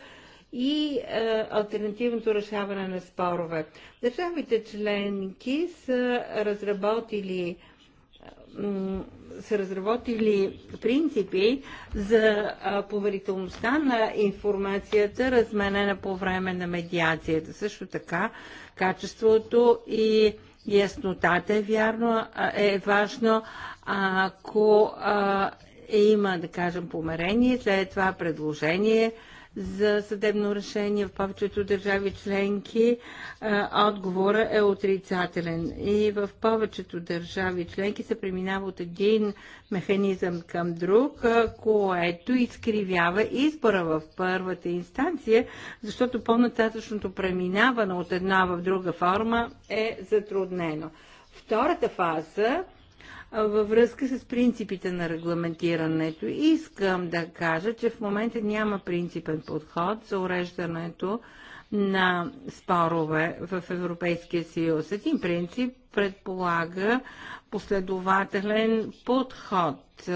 и е, альтернативното решаване на спорове. Държавите членки са разработили са разработили принципи за поверителността на информацията, разменена по време на медиацията. Също така, качеството и яснотата е, вярно, е важно, ако има, да кажем, померение, след това предложение – за съдебно решение в повечето държави членки е, отговора е отрицателен. И в повечето държави членки се преминава от един механизъм към друг, е, което изкривява избора в първата инстанция, защото по-нататъчното преминаване от една в друга форма е затруднено. Втората фаза във връзка с принципите на регламентирането. Искам да кажа, че в момента няма принципен подход за уреждането на спорове в Европейския съюз. Един принцип предполага последователен подход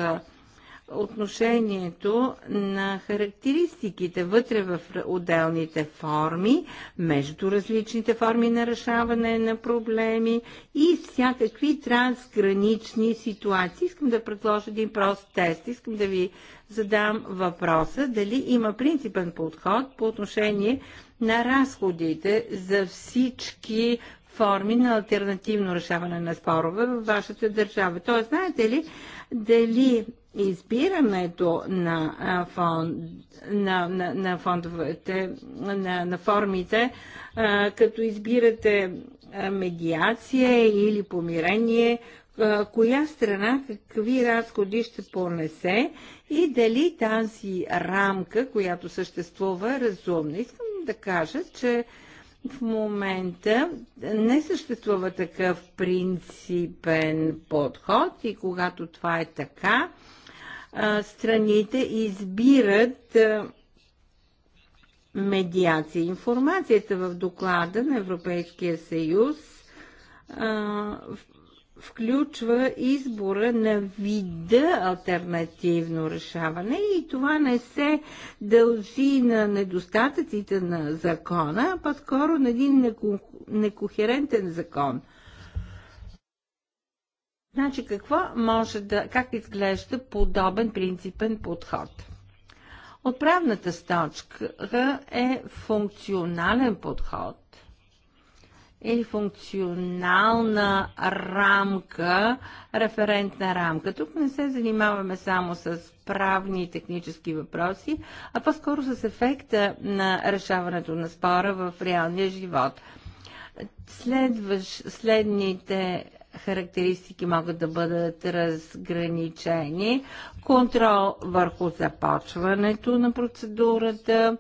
отношението на характеристиките вътре в отделните форми, между различните форми на решаване на проблеми и всякакви трансгранични ситуации. Искам да предложа един прост тест. Искам да ви задам въпроса дали има принципен подход по отношение на разходите за всички форми на альтернативно решаване на спорове във вашата държава. Тоест, знаете ли, дали избирането на, фон, на, на, на фондовете, на, на формите, като избирате медиация или помирение, коя страна какви разходи ще понесе и дали тази рамка, която съществува, е разумна. Искам да кажа, че в момента не съществува такъв принципен подход и когато това е така, страните избират медиация. Информацията в доклада на Европейския съюз включва избора на вида альтернативно решаване и това не се дължи на недостатъците на закона, а по-скоро на един некохерентен закон – Значи какво може да, как изглежда подобен принципен подход? Отправната точка е функционален подход или функционална рамка, референтна рамка. Тук не се занимаваме само с правни и технически въпроси, а по-скоро с ефекта на решаването на спора в реалния живот. Следваш следните характеристики могат да бъдат разграничени. Контрол върху започването на процедурата,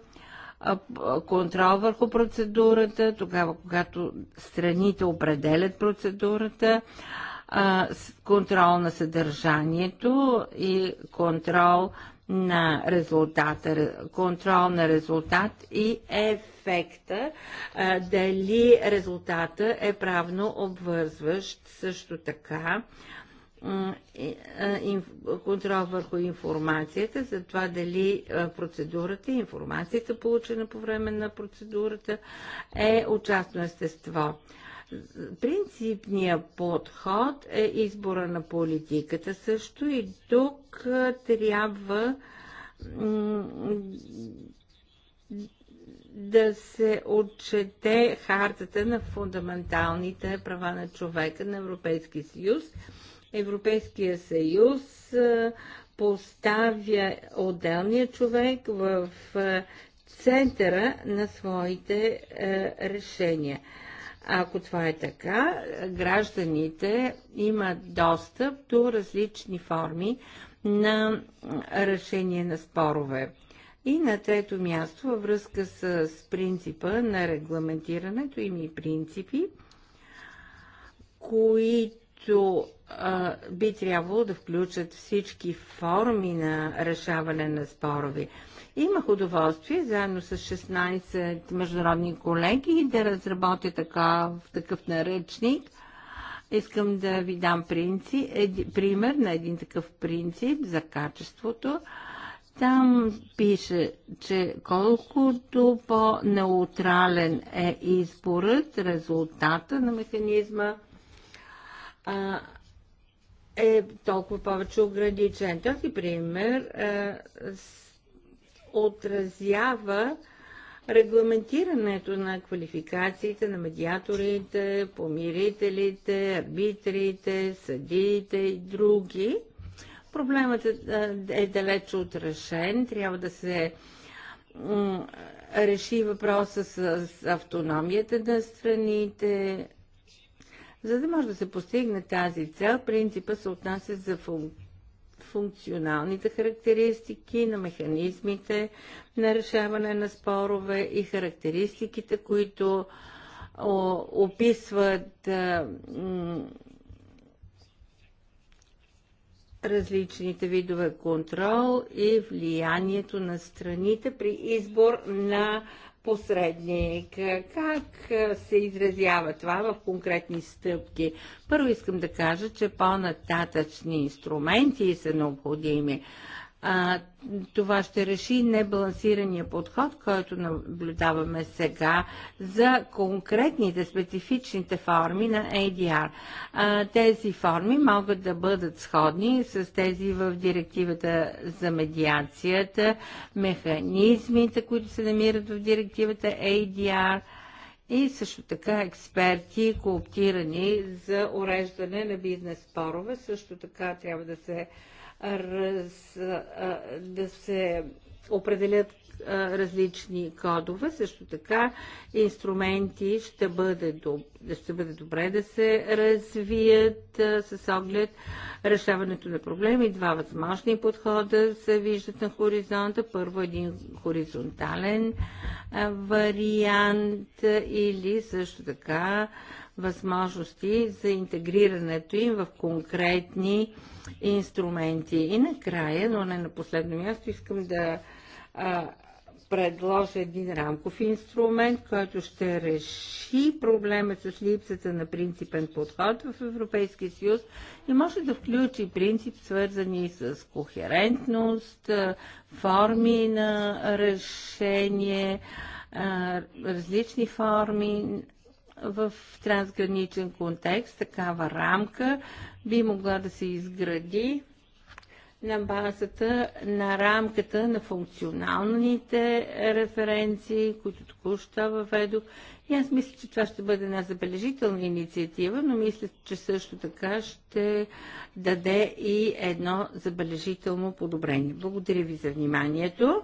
контрол върху процедурата, тогава когато страните определят процедурата, контрол на съдържанието и контрол на резултата, контрол на резултат и ефекта, дали резултата е правно обвързващ също така контрол върху информацията, за това дали процедурата, информацията, получена по време на процедурата, е от частно естество. Принципният подход е избора на политиката. Също и тук трябва да се отчете хартата на фундаменталните права на човека на Европейския съюз. Европейския съюз поставя отделния човек в центъра на своите решения. Ако това е така, гражданите имат достъп до различни форми на решение на спорове. И на трето място, във връзка с принципа на регламентирането, има и принципи, които а, би трябвало да включат всички форми на решаване на спорови. Имах удоволствие заедно с 16 международни колеги да разработя такъв, такъв наръчник. Искам да ви дам принци, еди, пример на един такъв принцип за качеството. Там пише, че колкото по-неутрален е изборът, резултата на механизма а, е толкова повече ограничен. Този пример е, отразява регламентирането на квалификациите на медиаторите, помирителите, арбитрите, съдиите и други. Проблемът е, е, е далеч от решен. Трябва да се реши въпроса с автономията на страните. За да може да се постигне тази цел, принципа се отнася за функ функционалните характеристики на механизмите на решаване на спорове и характеристиките, които описват различните видове контрол и влиянието на страните при избор на посредник. Как се изразява това в конкретни стъпки? Първо искам да кажа, че по-нататъчни инструменти са необходими а, това ще реши небалансирания подход, който наблюдаваме сега за конкретните, специфичните форми на ADR. А, тези форми могат да бъдат сходни с тези в директивата за медиацията, механизмите, които се намират в директивата ADR и също така експерти, кооптирани за уреждане на бизнес спорове. Също така трябва да се раз, да се определят различни кодове. Също така инструменти ще бъде, доб... ще бъде добре да се развият а, с оглед решаването на проблеми. Два възможни подхода се виждат на хоризонта. Първо един хоризонтален а, вариант а, или също така възможности за интегрирането им в конкретни инструменти. И накрая, но не на последно място, искам да а, предложа един рамков инструмент, който ще реши проблема с липсата на принципен подход в Европейския съюз и може да включи принцип, свързани с кохерентност, форми на решение, различни форми в трансграничен контекст, такава рамка би могла да се изгради на базата на рамката на функционалните референции, които току-що въведох. И аз мисля, че това ще бъде една забележителна инициатива, но мисля, че също така ще даде и едно забележително подобрение. Благодаря ви за вниманието.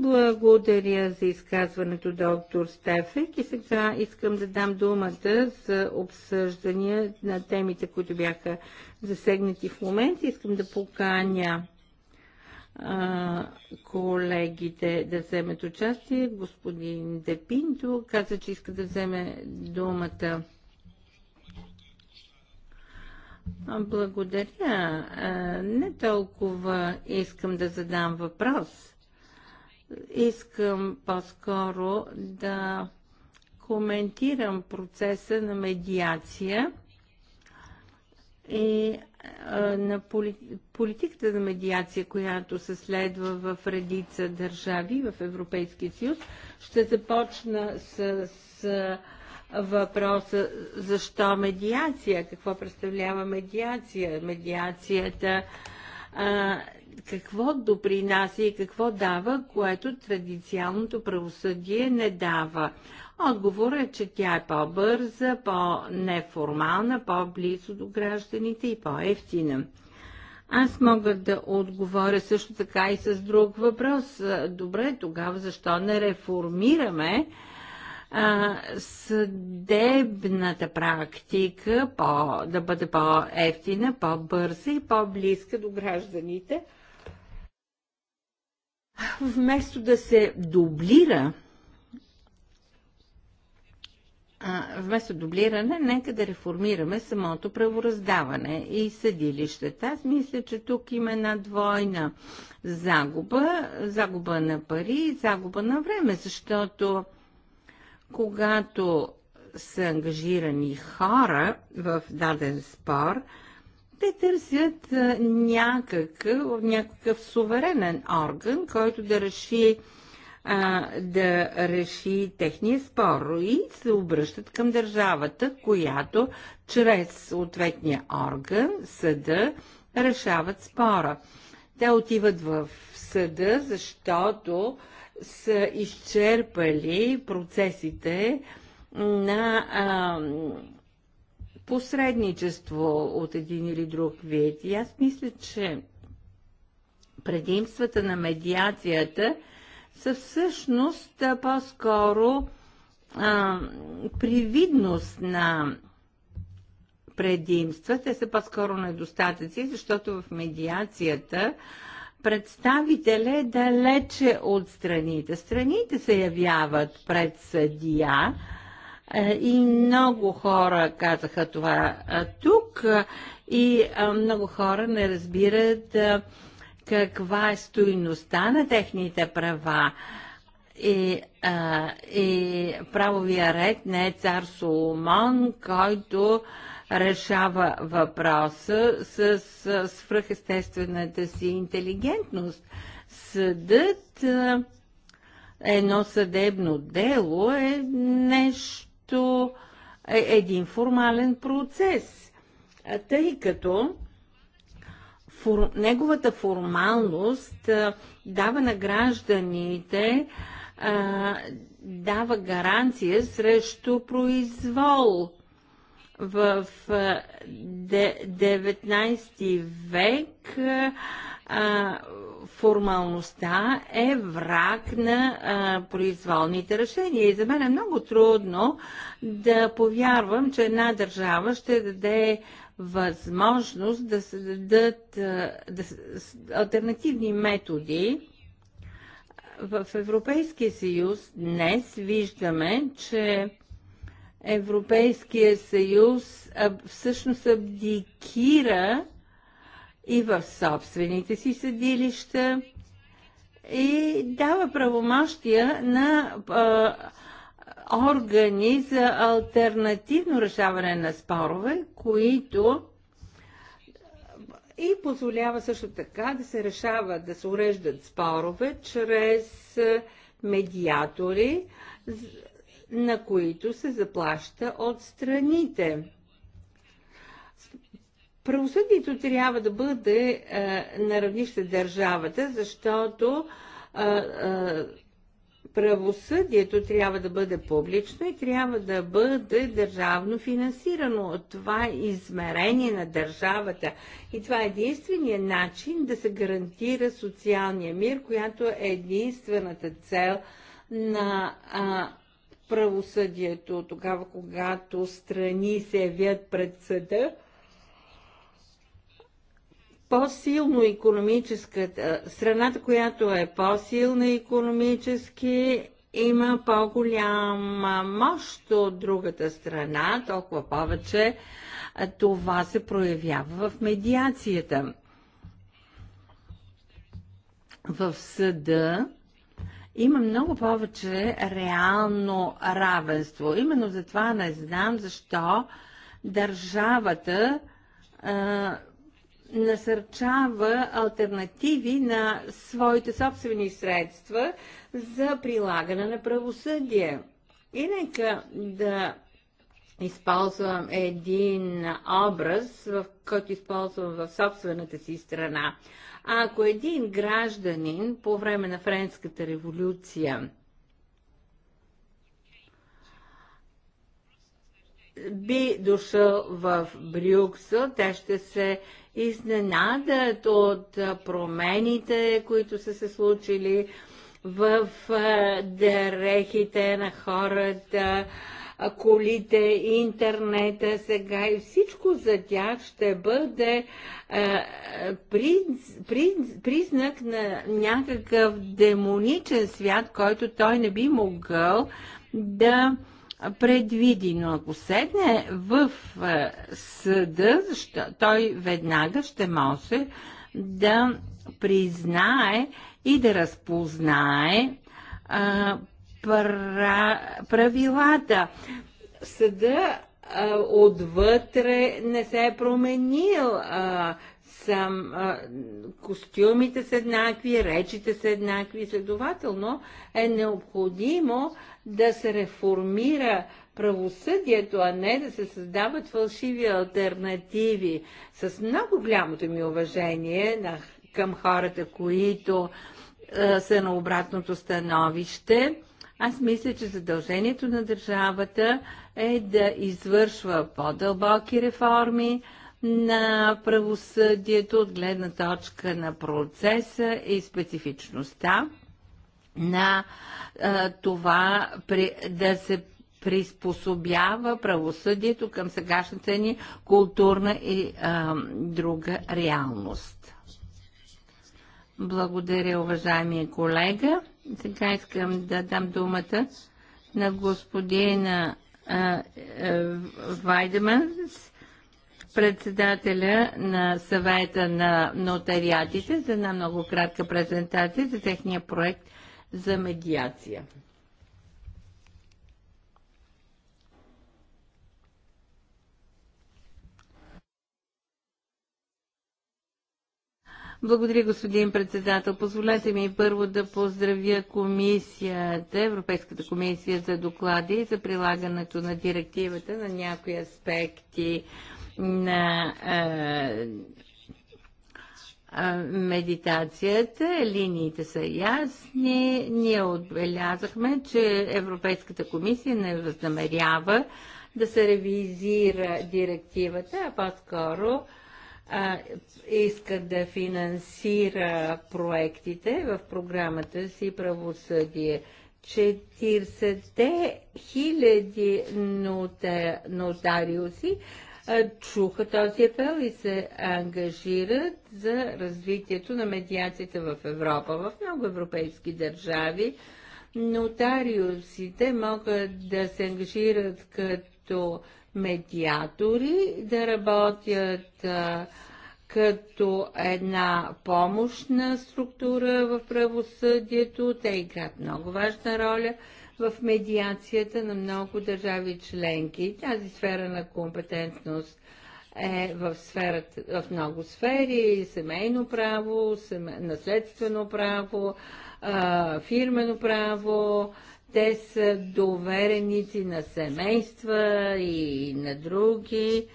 Благодаря за изказването, доктор Стефек. И сега искам да дам думата за обсъждания на темите, които бяха засегнати в момента. Искам да поканя а, колегите да вземат участие. Господин Депинто каза, че иска да вземе думата. Благодаря. Не толкова искам да задам въпрос Искам по-скоро да коментирам процеса на медиация и на политиката на медиация, която се следва в редица държави в Европейския съюз. Ще започна с, с въпроса защо медиация, какво представлява медиация. Медиацията а, какво допринася и какво дава, което традиционното правосъдие не дава. Отговорът е, че тя е по-бърза, по-неформална, по-близо до гражданите и по-ефтина. Аз мога да отговоря също така и с друг въпрос. Добре, тогава защо не реформираме а, съдебната практика по, да бъде по-ефтина, по-бърза и по-близка до гражданите – вместо да се дублира вместо дублиране, нека да реформираме самото правораздаване и съдилищата. Аз мисля, че тук има една двойна загуба, загуба на пари и загуба на време, защото когато са ангажирани хора в даден спор, те търсят някакъв, някакъв суверенен орган, който да реши а, да реши техния спор и се обръщат към държавата, която чрез ответния орган, съда, решават спора. Те отиват в съда, защото са изчерпали процесите на а, посредничество от един или друг вид. И аз мисля, че предимствата на медиацията са всъщност по-скоро привидност на предимства, те са по-скоро недостатъци, защото в медиацията представителя е далече от страните. Страните се явяват пред съдия, е, и много хора казаха това тук и много хора не разбират каква е стоиността на техните права. И, и правовия ред не е цар Соломон, който решава въпроса с, с свръхестествената си интелигентност. Съдът, едно съдебно дело е нещо като е един формален процес, тъй като фор, неговата формалност дава на гражданите дава гаранция срещу произвол. В 19 век формалността е враг на а, произволните решения. И за мен е много трудно да повярвам, че една държава ще даде възможност да се дадат да, альтернативни методи. В Европейския съюз днес виждаме, че Европейския съюз а, всъщност абдикира и в собствените си съдилища и дава правомощия на а, органи за альтернативно решаване на спорове, които и позволява също така да се решават, да се уреждат спорове чрез медиатори, на които се заплаща от страните. Правосъдието трябва да бъде а, е, на равнище държавата, защото а, е, а, е, правосъдието трябва да бъде публично и трябва да бъде държавно финансирано. това е измерение на държавата. И това е единствения начин да се гарантира социалния мир, която е единствената цел на а, правосъдието. Тогава, когато страни се явят пред съда, по-силно економическата, страната, която е по-силна економически, има по-голяма мощ от другата страна, толкова повече това се проявява в медиацията. В съда има много повече реално равенство. Именно затова не знам защо държавата насърчава альтернативи на своите собствени средства за прилагане на правосъдие. И нека да използвам един образ, в който използвам в собствената си страна. Ако един гражданин по време на Френската революция би дошъл в Брюксел, те ще се изненадат от промените, които са се случили в дрехите на хората, колите, интернета сега и всичко за тях ще бъде е, приз, приз, признак на някакъв демоничен свят, който той не би могъл да е, предвиди, но ако седне в е, съда, той веднага ще може да признае и да разпознае правилата. Съда отвътре не се е променил. сам, костюмите са еднакви, речите са еднакви, следователно е необходимо да се реформира правосъдието, а не да се създават фалшиви альтернативи. С много голямото ми уважение на, към хората, които е, са на обратното становище, аз мисля, че задължението на държавата е да извършва по-дълбоки реформи на правосъдието от гледна точка на процеса и специфичността на а, това при, да се приспособява правосъдието към сегашната ни културна и а, друга реалност. Благодаря, уважаеми колега. Сега искам да дам думата на господина е, Вайдеманс, председателя на съвета на нотариатите, за една много кратка презентация за техния проект – за медиация. Благодаря, господин председател. Позволете ми първо да поздравя комисията, Европейската комисия за доклади и за прилагането на директивата на някои аспекти на е, медитацията, линиите са ясни. Ние отбелязахме, че Европейската комисия не възнамерява да се ревизира директивата, а по-скоро иска да финансира проектите в програмата си правосъдие. 40 хиляди нота, нотариуси е, чуха този апел и се ангажират за развитието на медиацията в Европа. В много европейски държави нотариусите могат да се ангажират като медиатори, да работят а, като една помощна структура в правосъдието. Те играят много важна роля в медиацията на много държави членки. Тази сфера на компетентност е в, сферата, в много сфери, семейно право, семе, наследствено право, а, фирмено право, те са довереници на семейства и на други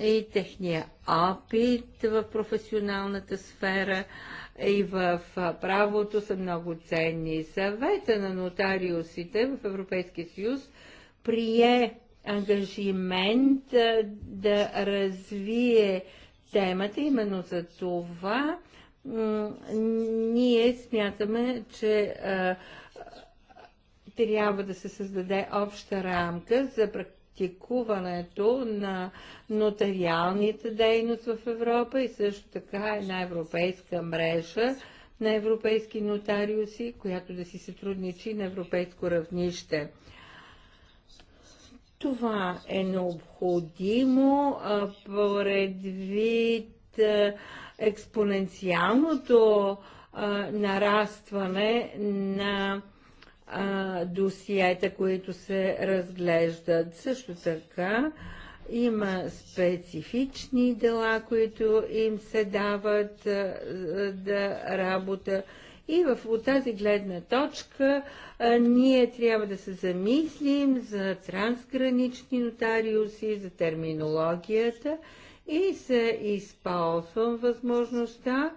и техния опит в професионалната сфера и в правото са много ценни. Съвета на нотариусите в Европейския съюз прие ангажимент да развие темата. Именно за това ние смятаме, че трябва да се създаде обща рамка за практика практикуването на нотариалните дейност в Европа и също така една европейска мрежа на европейски нотариуси, която да си сътрудничи на европейско равнище. Това е необходимо предвид експоненциалното нарастване на а, досиета, които се разглеждат. Също така има специфични дела, които им се дават а, да работа. И в, от тази гледна точка а, ние трябва да се замислим за трансгранични нотариуси, за терминологията и се използвам възможността,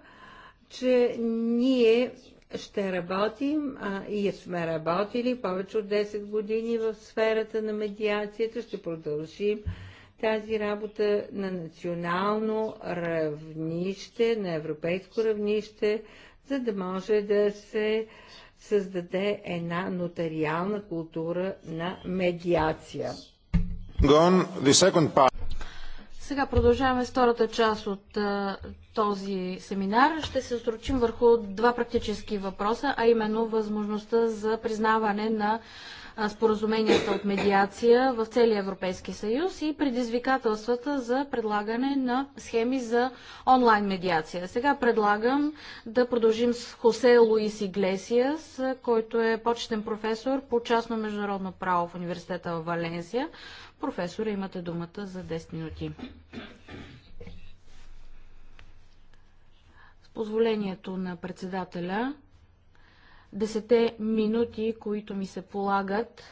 че ние ще работим а, и сме работили повече от 10 години в сферата на медиацията. Ще продължим тази работа на национално равнище, на европейско равнище, за да може да се създаде една нотариална култура на медиация. Сега продължаваме втората част от а, този семинар. Ще се строчим върху два практически въпроса, а именно възможността за признаване на споразуменията от медиация в целия Европейски съюз и предизвикателствата за предлагане на схеми за онлайн медиация. Сега предлагам да продължим с Хосе Луис Иглесиас, който е почетен професор по частно международно право в университета в Валенсия. Професора, имате думата за 10 минути. С позволението на председателя десете минути, които ми се полагат,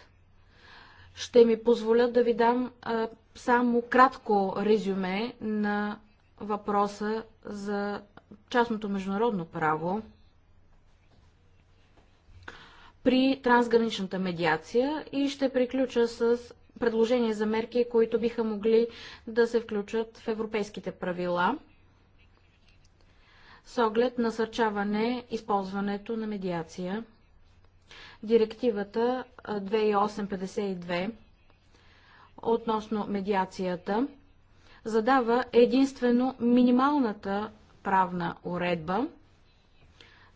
ще ми позволят да ви дам а, само кратко резюме на въпроса за частното международно право при трансграничната медиация и ще приключа с предложения за мерки, които биха могли да се включат в европейските правила с оглед насърчаване използването на медиация. Директивата 2852 относно медиацията задава единствено минималната правна уредба,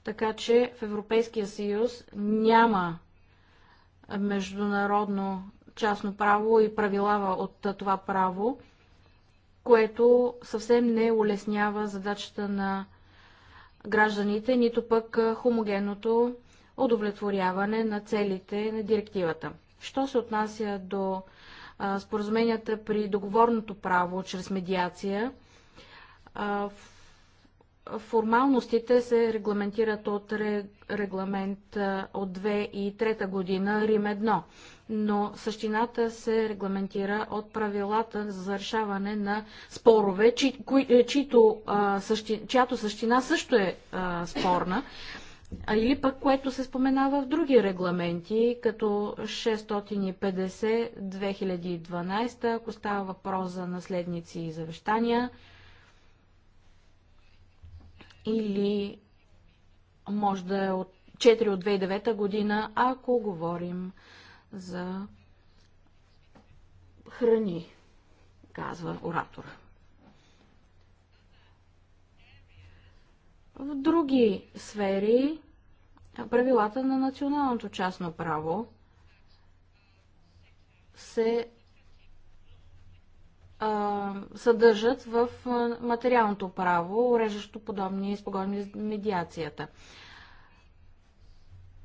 така че в Европейския съюз няма международно частно право и правила от това право, което съвсем не улеснява задачата на гражданите, нито пък хомогенното удовлетворяване на целите на директивата. Що се отнася до споразуменията при договорното право чрез медиация, в Формалностите се регламентират от регламент от 2003 година Рим 1, но същината се регламентира от правилата за решаване на спорове, е, чието, чиято същина също е спорна. или пък което се споменава в други регламенти, като 650-2012, ако става въпрос за наследници и завещания, или може да е от 4 от 2009 година, ако говорим за храни, казва оратор. В други сфери правилата на националното частно право се съдържат в материалното право, уреждащо подобни спогодби с медиацията.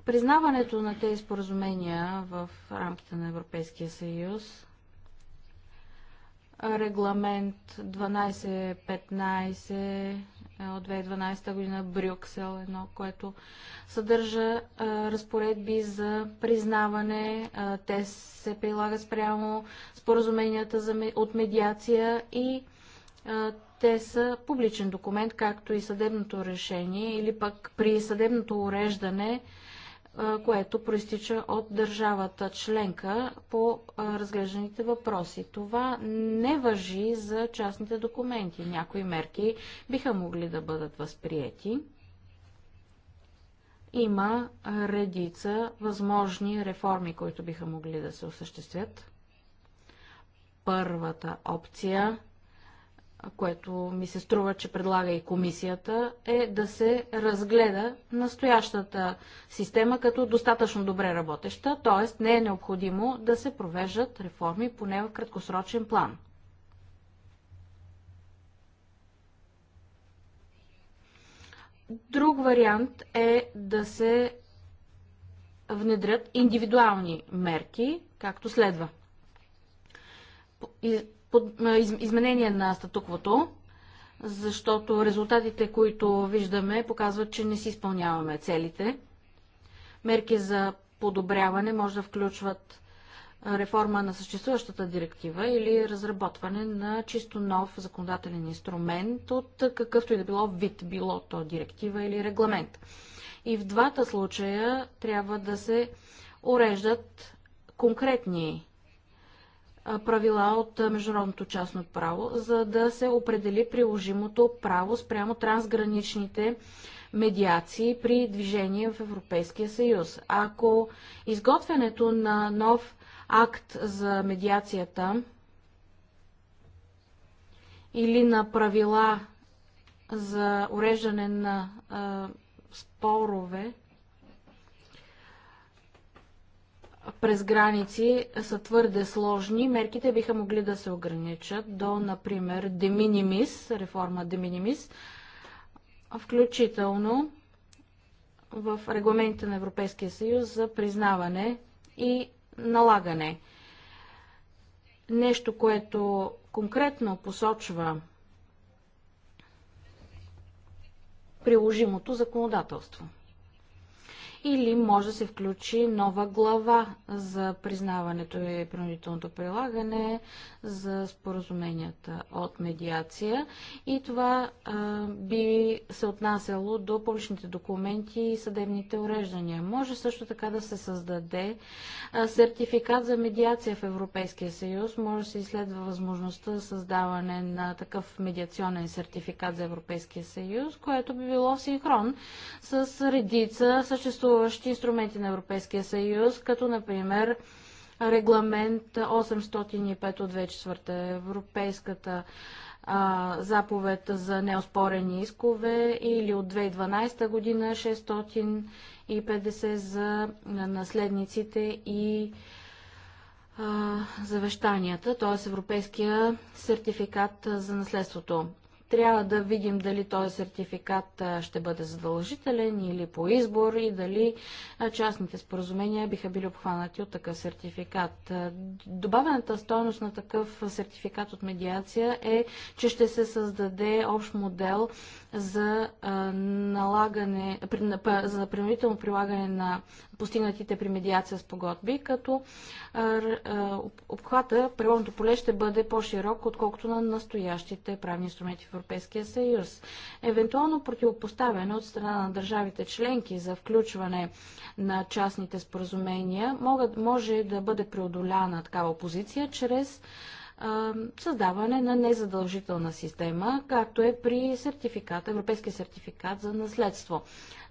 Признаването на тези споразумения в рамките на Европейския съюз, регламент 1215 е, от 2012 година Брюксел, е едно, което съдържа а, е, разпоредби за признаване. А, те се прилагат спрямо споразуменията за, от медиация и а, те са публичен документ, както и съдебното решение или пък при съдебното уреждане което проистича от държавата членка по разглежданите въпроси. Това не въжи за частните документи. Някои мерки биха могли да бъдат възприяти. Има редица възможни реформи, които биха могли да се осъществят. Първата опция което ми се струва, че предлага и комисията, е да се разгледа настоящата система като достатъчно добре работеща, т.е. не е необходимо да се провеждат реформи поне в краткосрочен план. Друг вариант е да се внедрят индивидуални мерки, както следва под, из, изменение на статуквото, защото резултатите, които виждаме, показват, че не си изпълняваме целите. Мерки за подобряване може да включват реформа на съществуващата директива или разработване на чисто нов законодателен инструмент от какъвто и да било вид, било то директива или регламент. И в двата случая трябва да се уреждат конкретни правила от международното частно право, за да се определи приложимото право спрямо трансграничните медиации при движение в Европейския съюз. Ако изготвянето на нов акт за медиацията или на правила за уреждане на а, спорове през граници са твърде сложни, мерките биха могли да се ограничат до, например, de minimis, реформа de minimis, включително в регламентите на Европейския съюз за признаване и налагане. Нещо, което конкретно посочва приложимото законодателство или може да се включи нова глава за признаването и принудителното прилагане за споразуменията от медиация и това а, би се отнасяло до публичните документи и съдебните уреждания. Може също така да се създаде а, сертификат за медиация в Европейския съюз. Може да се изследва възможността за създаване на такъв медиационен сертификат за Европейския съюз, което би било синхрон с редица съществуващи съществуващи инструменти на Европейския съюз, като например регламент 805 от 2004, Европейската а, заповед за неоспорени искове или от 2012 година 650 за наследниците и завещанията, т.е. европейския сертификат за наследството. Трябва да видим дали този сертификат ще бъде задължителен или по избор и дали частните споразумения биха били обхванати от такъв сертификат. Добавената стоеност на такъв сертификат от медиация е, че ще се създаде общ модел за налагане, за принудително прилагане на постигнатите при медиация с погодби, като обхвата, приложното поле ще бъде по-широк, отколкото на настоящите правни инструменти в Европейския съюз. Евентуално противопоставяне от страна на държавите членки за включване на частните споразумения може да бъде преодоляна такава опозиция чрез създаване на незадължителна система, както е при сертификат, европейски сертификат за наследство.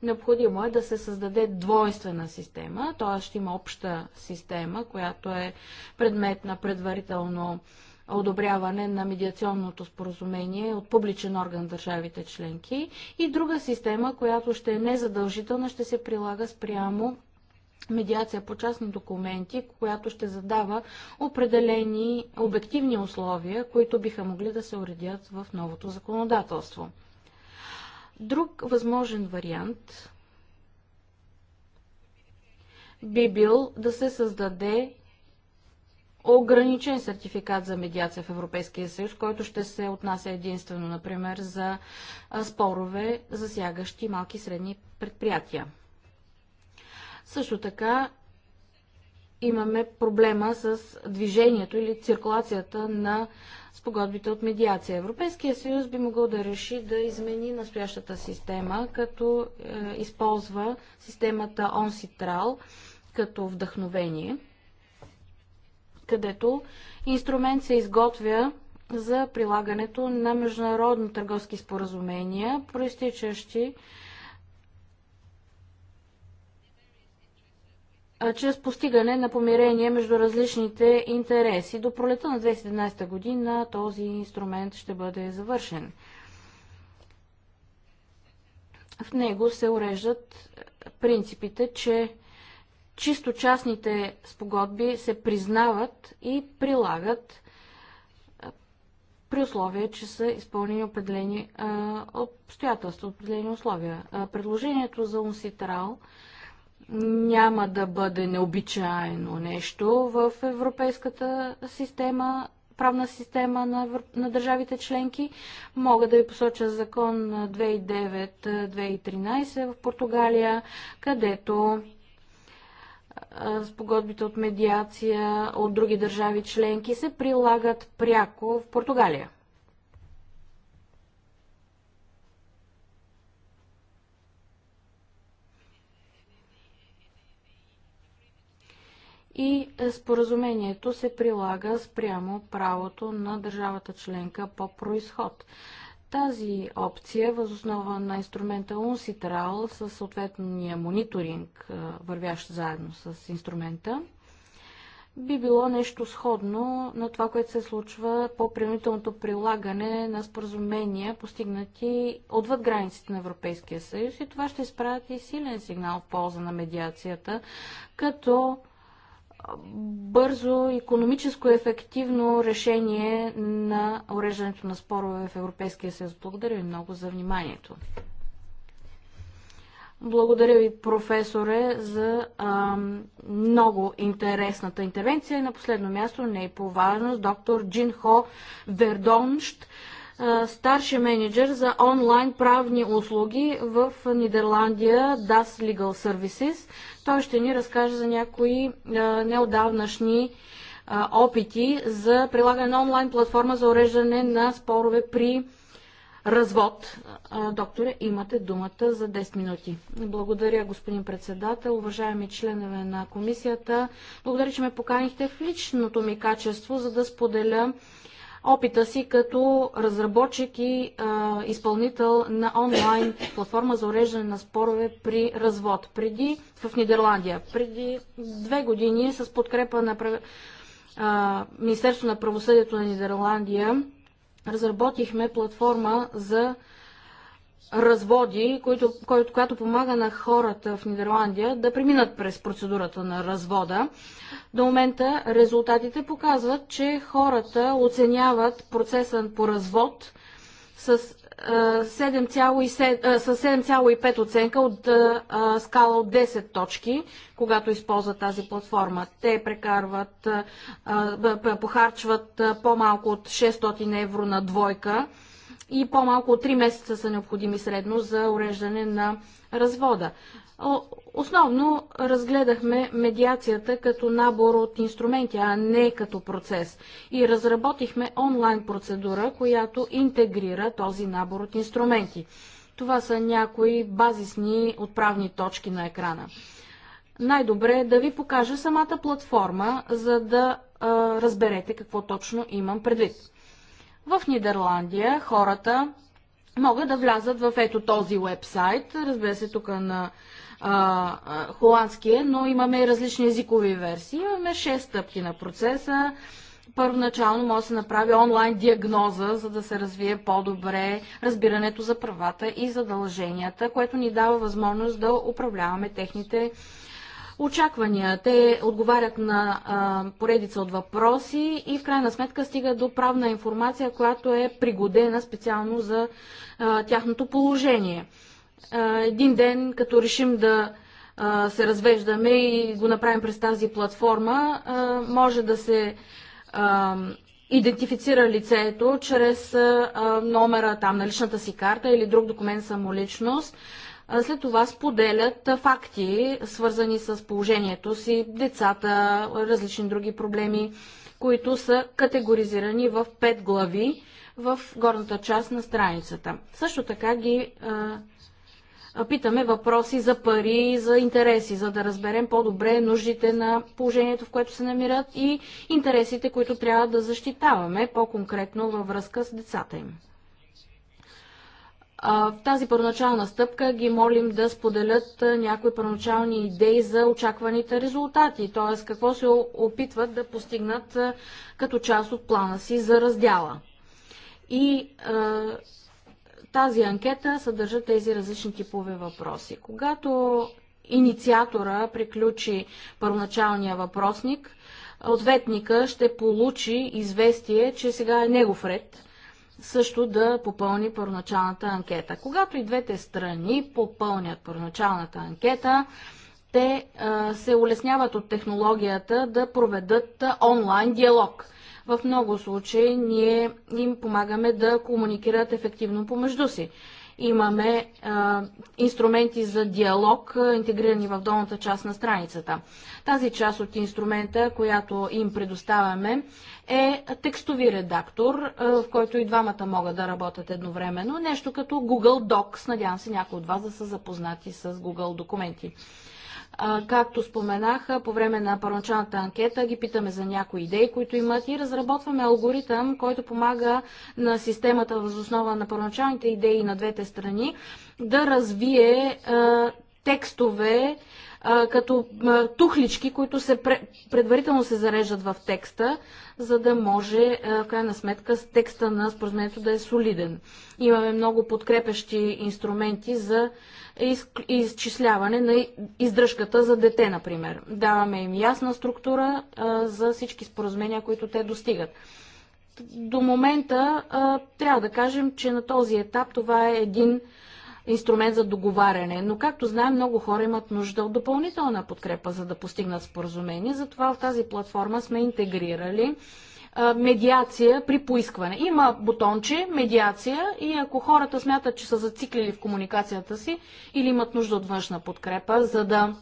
Необходимо е да се създаде двойствена система, т.е. ще има обща система, която е предмет на предварително одобряване на медиационното споразумение от публичен орган държавите членки и друга система, която ще е незадължителна, ще се прилага спрямо медиация по частни документи, която ще задава определени обективни условия, които биха могли да се уредят в новото законодателство. Друг възможен вариант би бил да се създаде ограничен сертификат за медиация в Европейския съюз, който ще се отнася единствено, например, за спорове, засягащи малки и средни предприятия. Също така имаме проблема с движението или циркулацията на спогодбите от медиация. Европейския съюз би могъл да реши да измени настоящата система, като е, използва системата OnCitral като вдъхновение, където инструмент се изготвя за прилагането на международни търговски споразумения, проистичащи чрез постигане на помирение между различните интереси. До пролета на 2017 година този инструмент ще бъде завършен. В него се уреждат принципите, че чисто частните спогодби се признават и прилагат при условие, че са изпълнени определени а, обстоятелства, определени условия. А, предложението за Унситрал няма да бъде необичайно нещо в европейската система, правна система на, на държавите членки. Мога да ви посоча закон 2009-2013 в Португалия, където с погодбите от медиация от други държави членки се прилагат пряко в Португалия. и споразумението се прилага спрямо правото на държавата членка по происход. Тази опция, възоснова на инструмента UNCITRAL, със съответния мониторинг, вървящ заедно с инструмента, би било нещо сходно на това, което се случва по принудителното прилагане на споразумения, постигнати отвъд границите на Европейския съюз. И това ще изпрати силен сигнал в полза на медиацията, като бързо, економическо и ефективно решение на уреждането на спорове в Европейския съюз. Благодаря ви много за вниманието. Благодаря ви, професоре, за а, много интересната интервенция. И на последно място, не е по важност, доктор Джин Хо Вердонщ, старши менеджер за онлайн правни услуги в Нидерландия Das Legal Services. Той ще ни разкаже за някои неодавнашни опити за прилагане на онлайн платформа за уреждане на спорове при развод. Докторе, имате думата за 10 минути. Благодаря, господин председател, уважаеми членове на комисията. Благодаря, че ме поканихте в личното ми качество, за да споделя опита си като разработчик и а, изпълнител на онлайн платформа за уреждане на спорове при развод. Преди в Нидерландия, преди две години с подкрепа на а, Министерство на правосъдието на Нидерландия разработихме платформа за разводи, които, който, която помага на хората в Нидерландия да преминат през процедурата на развода. До момента резултатите показват, че хората оценяват процеса по развод с 7,5 оценка от а, скала от 10 точки, когато използват тази платформа. Те прекарват, а, похарчват по-малко от 600 евро на двойка и по-малко от 3 месеца са необходими средно за уреждане на развода. Основно разгледахме медиацията като набор от инструменти, а не като процес. И разработихме онлайн процедура, която интегрира този набор от инструменти. Това са някои базисни отправни точки на екрана. Най-добре е да ви покажа самата платформа, за да а, разберете какво точно имам предвид. В Нидерландия хората могат да влязат в ето този вебсайт, разбира се тук на а, а, холандския, но имаме и различни езикови версии. Имаме 6 стъпки на процеса. Първоначално може да се направи онлайн диагноза, за да се развие по-добре разбирането за правата и задълженията, което ни дава възможност да управляваме техните очаквания. Те отговарят на а, поредица от въпроси и в крайна сметка стига до правна информация, която е пригодена специално за а, тяхното положение. А, един ден, като решим да а, се развеждаме и го направим през тази платформа, а, може да се а, идентифицира лицето чрез а, номера там на личната си карта или друг документ самоличност. личност след това споделят факти, свързани с положението си, децата, различни други проблеми, които са категоризирани в пет глави в горната част на страницата. Също така ги а, питаме въпроси за пари, за интереси, за да разберем по-добре нуждите на положението, в което се намират и интересите, които трябва да защитаваме по-конкретно във връзка с децата им. В тази първоначална стъпка ги молим да споделят някои първоначални идеи за очакваните резултати, т.е. какво се опитват да постигнат като част от плана си за раздяла. И тази анкета съдържа тези различни типове въпроси. Когато инициатора приключи първоначалния въпросник, ответника ще получи известие, че сега е негов ред също да попълни първоначалната анкета. Когато и двете страни попълнят първоначалната анкета, те а, се улесняват от технологията да проведат онлайн диалог. В много случаи ние им помагаме да комуникират ефективно помежду си. Имаме а, инструменти за диалог, интегрирани в долната част на страницата. Тази част от инструмента, която им предоставяме, е текстови редактор, е, в който и двамата могат да работят едновременно. Нещо като Google Docs. Надявам се някои от вас да са запознати с Google документи. Както споменах, по време на първоначалната анкета ги питаме за някои идеи, които имат и разработваме алгоритъм, който помага на системата въз основа на първоначалните идеи на двете страни да развие текстове, а, като а, тухлички, които се предварително се зареждат в текста, за да може а, в крайна сметка текста на споразумението да е солиден. Имаме много подкрепещи инструменти за из, изчисляване на издръжката за дете, например. Даваме им ясна структура а, за всички споразумения, които те достигат. До момента а, трябва да кажем, че на този етап това е един инструмент за договаряне. Но, както знаем, много хора имат нужда от допълнителна подкрепа, за да постигнат споразумение. Затова в тази платформа сме интегрирали медиация при поискване. Има бутонче медиация и ако хората смятат, че са зациклили в комуникацията си или имат нужда от външна подкрепа, за да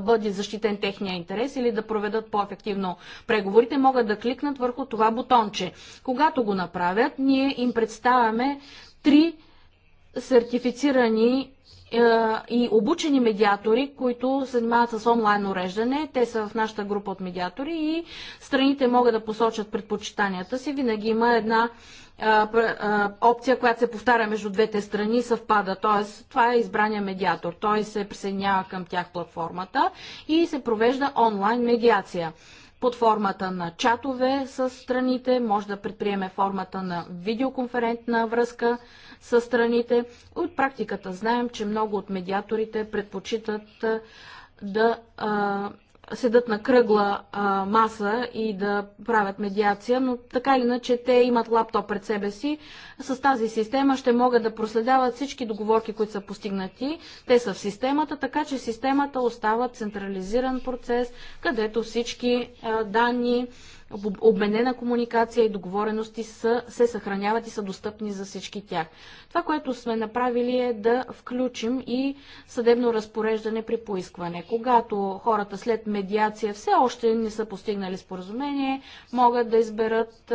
бъде защитен техния интерес или да проведат по-ефективно преговорите, могат да кликнат върху това бутонче. Когато го направят, ние им представяме три сертифицирани е, и обучени медиатори, които се занимават с онлайн уреждане. Те са в нашата група от медиатори и страните могат да посочат предпочитанията си. Винаги има една е, е, опция, която се повтаря между двете страни съвпада. Т.е. това е избрания медиатор. Той се присъединява към тях платформата и се провежда онлайн медиация под формата на чатове с страните, може да предприеме формата на видеоконферентна връзка с страните. От практиката знаем, че много от медиаторите предпочитат да а, седат на кръгла а, маса и да правят медиация, но така или иначе те имат лаптоп пред себе си. С тази система ще могат да проследяват всички договорки, които са постигнати. Те са в системата, така че системата остава централизиран процес, където всички а, данни обменена комуникация и договорености са, се съхраняват и са достъпни за всички тях. Това, което сме направили е да включим и съдебно разпореждане при поискване. Когато хората след медиация все още не са постигнали споразумение, могат да изберат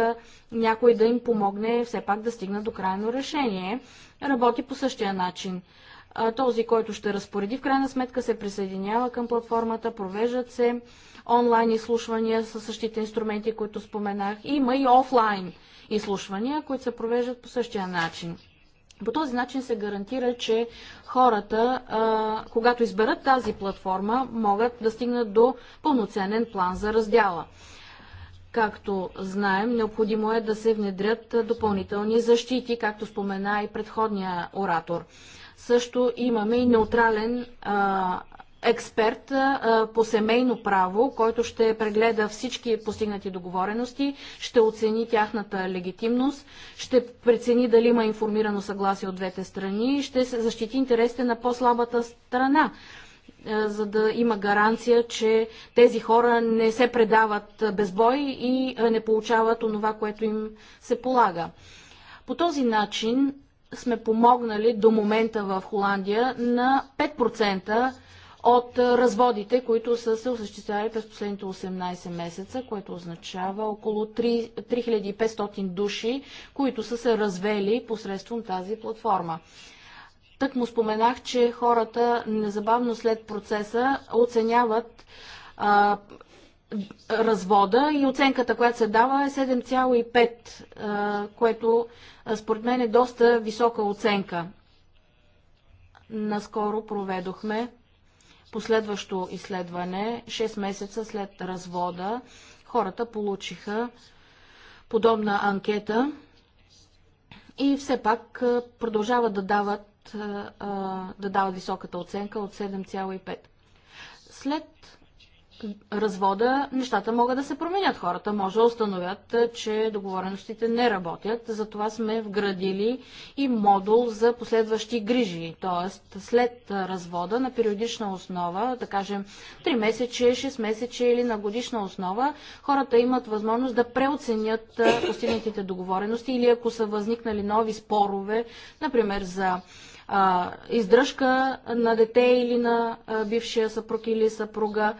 някой да им помогне все пак да стигнат до крайно решение. Работи по същия начин. Този, който ще разпореди, в крайна сметка се присъединява към платформата, провеждат се онлайн изслушвания със същите инструменти, които споменах. Има и офлайн изслушвания, които се провеждат по същия начин. По този начин се гарантира, че хората, когато изберат тази платформа, могат да стигнат до пълноценен план за раздяла. Както знаем, необходимо е да се внедрят допълнителни защити, както спомена и предходния оратор. Също имаме и неутрален а, експерт а, по семейно право, който ще прегледа всички постигнати договорености, ще оцени тяхната легитимност, ще прецени дали има информирано съгласие от двете страни и ще се защити интересите на по-слабата страна за да има гаранция, че тези хора не се предават без бой и не получават онова, което им се полага. По този начин сме помогнали до момента в Холандия на 5% от разводите, които са се осъществявали през последните 18 месеца, което означава около 3, 3500 души, които са се развели посредством тази платформа. Тък му споменах, че хората незабавно след процеса оценяват а, развода и оценката, която се дава е 7,5, което според мен е доста висока оценка. Наскоро проведохме последващо изследване. 6 месеца след развода хората получиха подобна анкета и все пак продължават да дават, да дават високата оценка от 7,5. След развода нещата могат да се променят. Хората може да установят, че договореностите не работят. Затова сме вградили и модул за последващи грижи. Тоест, след развода на периодична основа, да кажем 3 месече, 6 месече или на годишна основа, хората имат възможност да преоценят постигнатите договорености или ако са възникнали нови спорове, например за а, издръжка на дете или на а, бившия съпруг или съпруга,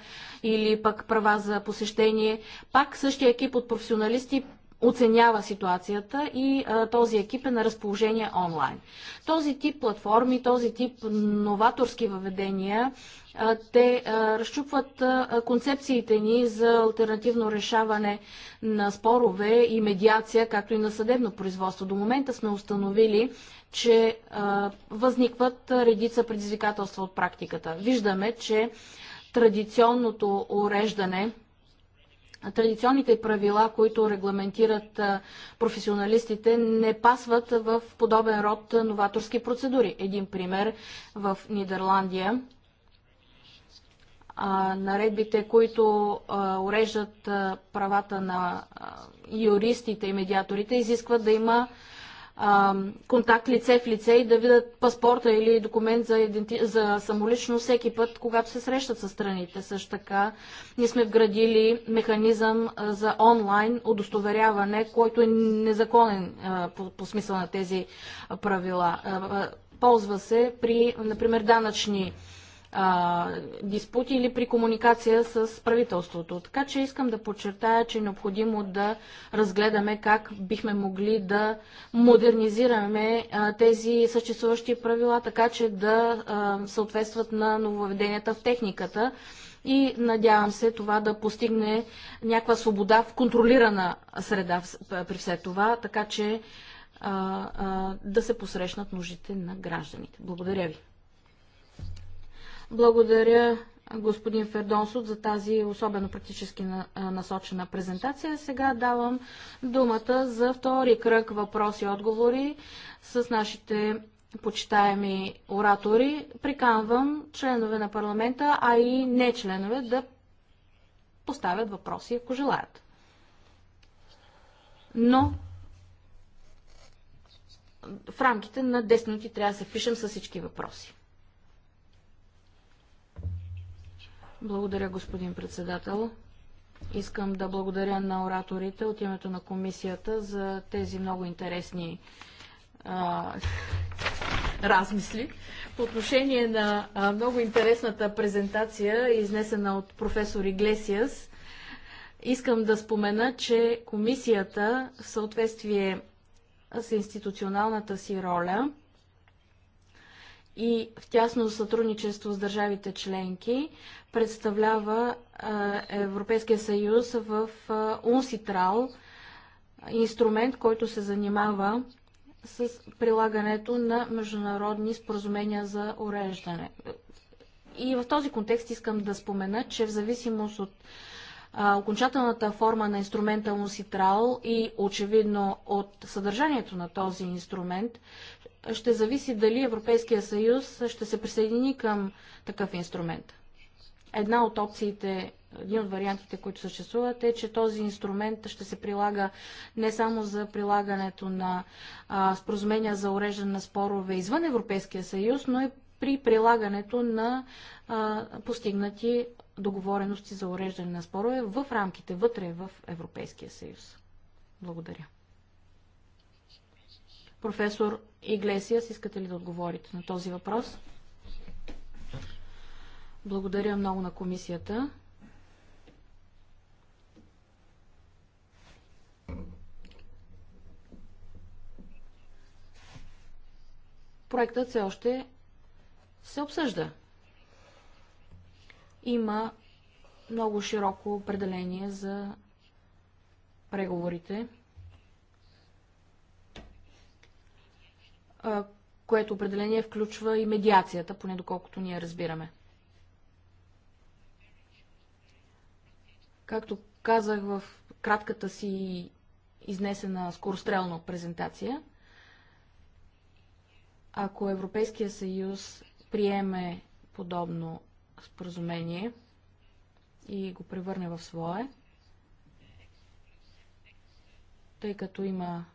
или пък права за посещение. Пак същия екип от професионалисти оценява ситуацията и а, този екип е на разположение онлайн. Този тип платформи, този тип новаторски въведения, а, те а, разчупват а, концепциите ни за альтернативно решаване на спорове и медиация, както и на съдебно производство. До момента сме установили, че а, възникват редица предизвикателства от практиката. Виждаме, че традиционното уреждане традиционните правила, които регламентират професионалистите, не пасват в подобен род новаторски процедури. Един пример в Нидерландия. Наредбите, които уреждат правата на юристите и медиаторите, изискват да има контакт лице в лице и да видят паспорта или документ за, иденти... за самолично всеки път, когато се срещат с страните. Също така ние сме вградили механизъм за онлайн удостоверяване, който е незаконен по, по смисъл на тези правила. ползва се при, например, данъчни а, диспути или при комуникация с правителството. Така че искам да подчертая, че е необходимо да разгледаме как бихме могли да модернизираме а, тези съществуващи правила, така че да а, съответстват на нововведенията в техниката и надявам се това да постигне някаква свобода в контролирана среда при все това, така че а, а, да се посрещнат нуждите на гражданите. Благодаря ви. Благодаря господин Фердонсов за тази особено практически насочена презентация. Сега давам думата за втори кръг въпроси и отговори с нашите почитаеми оратори. Приканвам членове на парламента, а и не членове да поставят въпроси, ако желаят. Но в рамките на 10 минути трябва да се впишем с всички въпроси. Благодаря, господин председател. Искам да благодаря на ораторите от името на комисията за тези много интересни а, размисли. По отношение на а, много интересната презентация, изнесена от професор Иглесиас, искам да спомена, че комисията в съответствие с институционалната си роля – и в тясно сътрудничество с държавите членки представлява Европейския съюз в УНСИТРАЛ, инструмент, който се занимава с прилагането на международни споразумения за уреждане. И в този контекст искам да спомена, че в зависимост от а, окончателната форма на инструмента Унситрал и очевидно от съдържанието на този инструмент ще зависи дали Европейския съюз ще се присъедини към такъв инструмент. Една от опциите, един от вариантите, които съществуват, е, че този инструмент ще се прилага не само за прилагането на споразумения за уреждане на спорове извън Европейския съюз, но и при прилагането на постигнати договорености за уреждане на спорове в рамките вътре в Европейския съюз. Благодаря. Професор Иглесиас, искате ли да отговорите на този въпрос? Благодаря много на комисията. Проектът все още се обсъжда. Има много широко определение за преговорите. което определение включва и медиацията, поне доколкото ние разбираме. Както казах в кратката си изнесена скорострелна презентация, ако Европейския съюз приеме подобно споразумение и го превърне в свое, тъй като има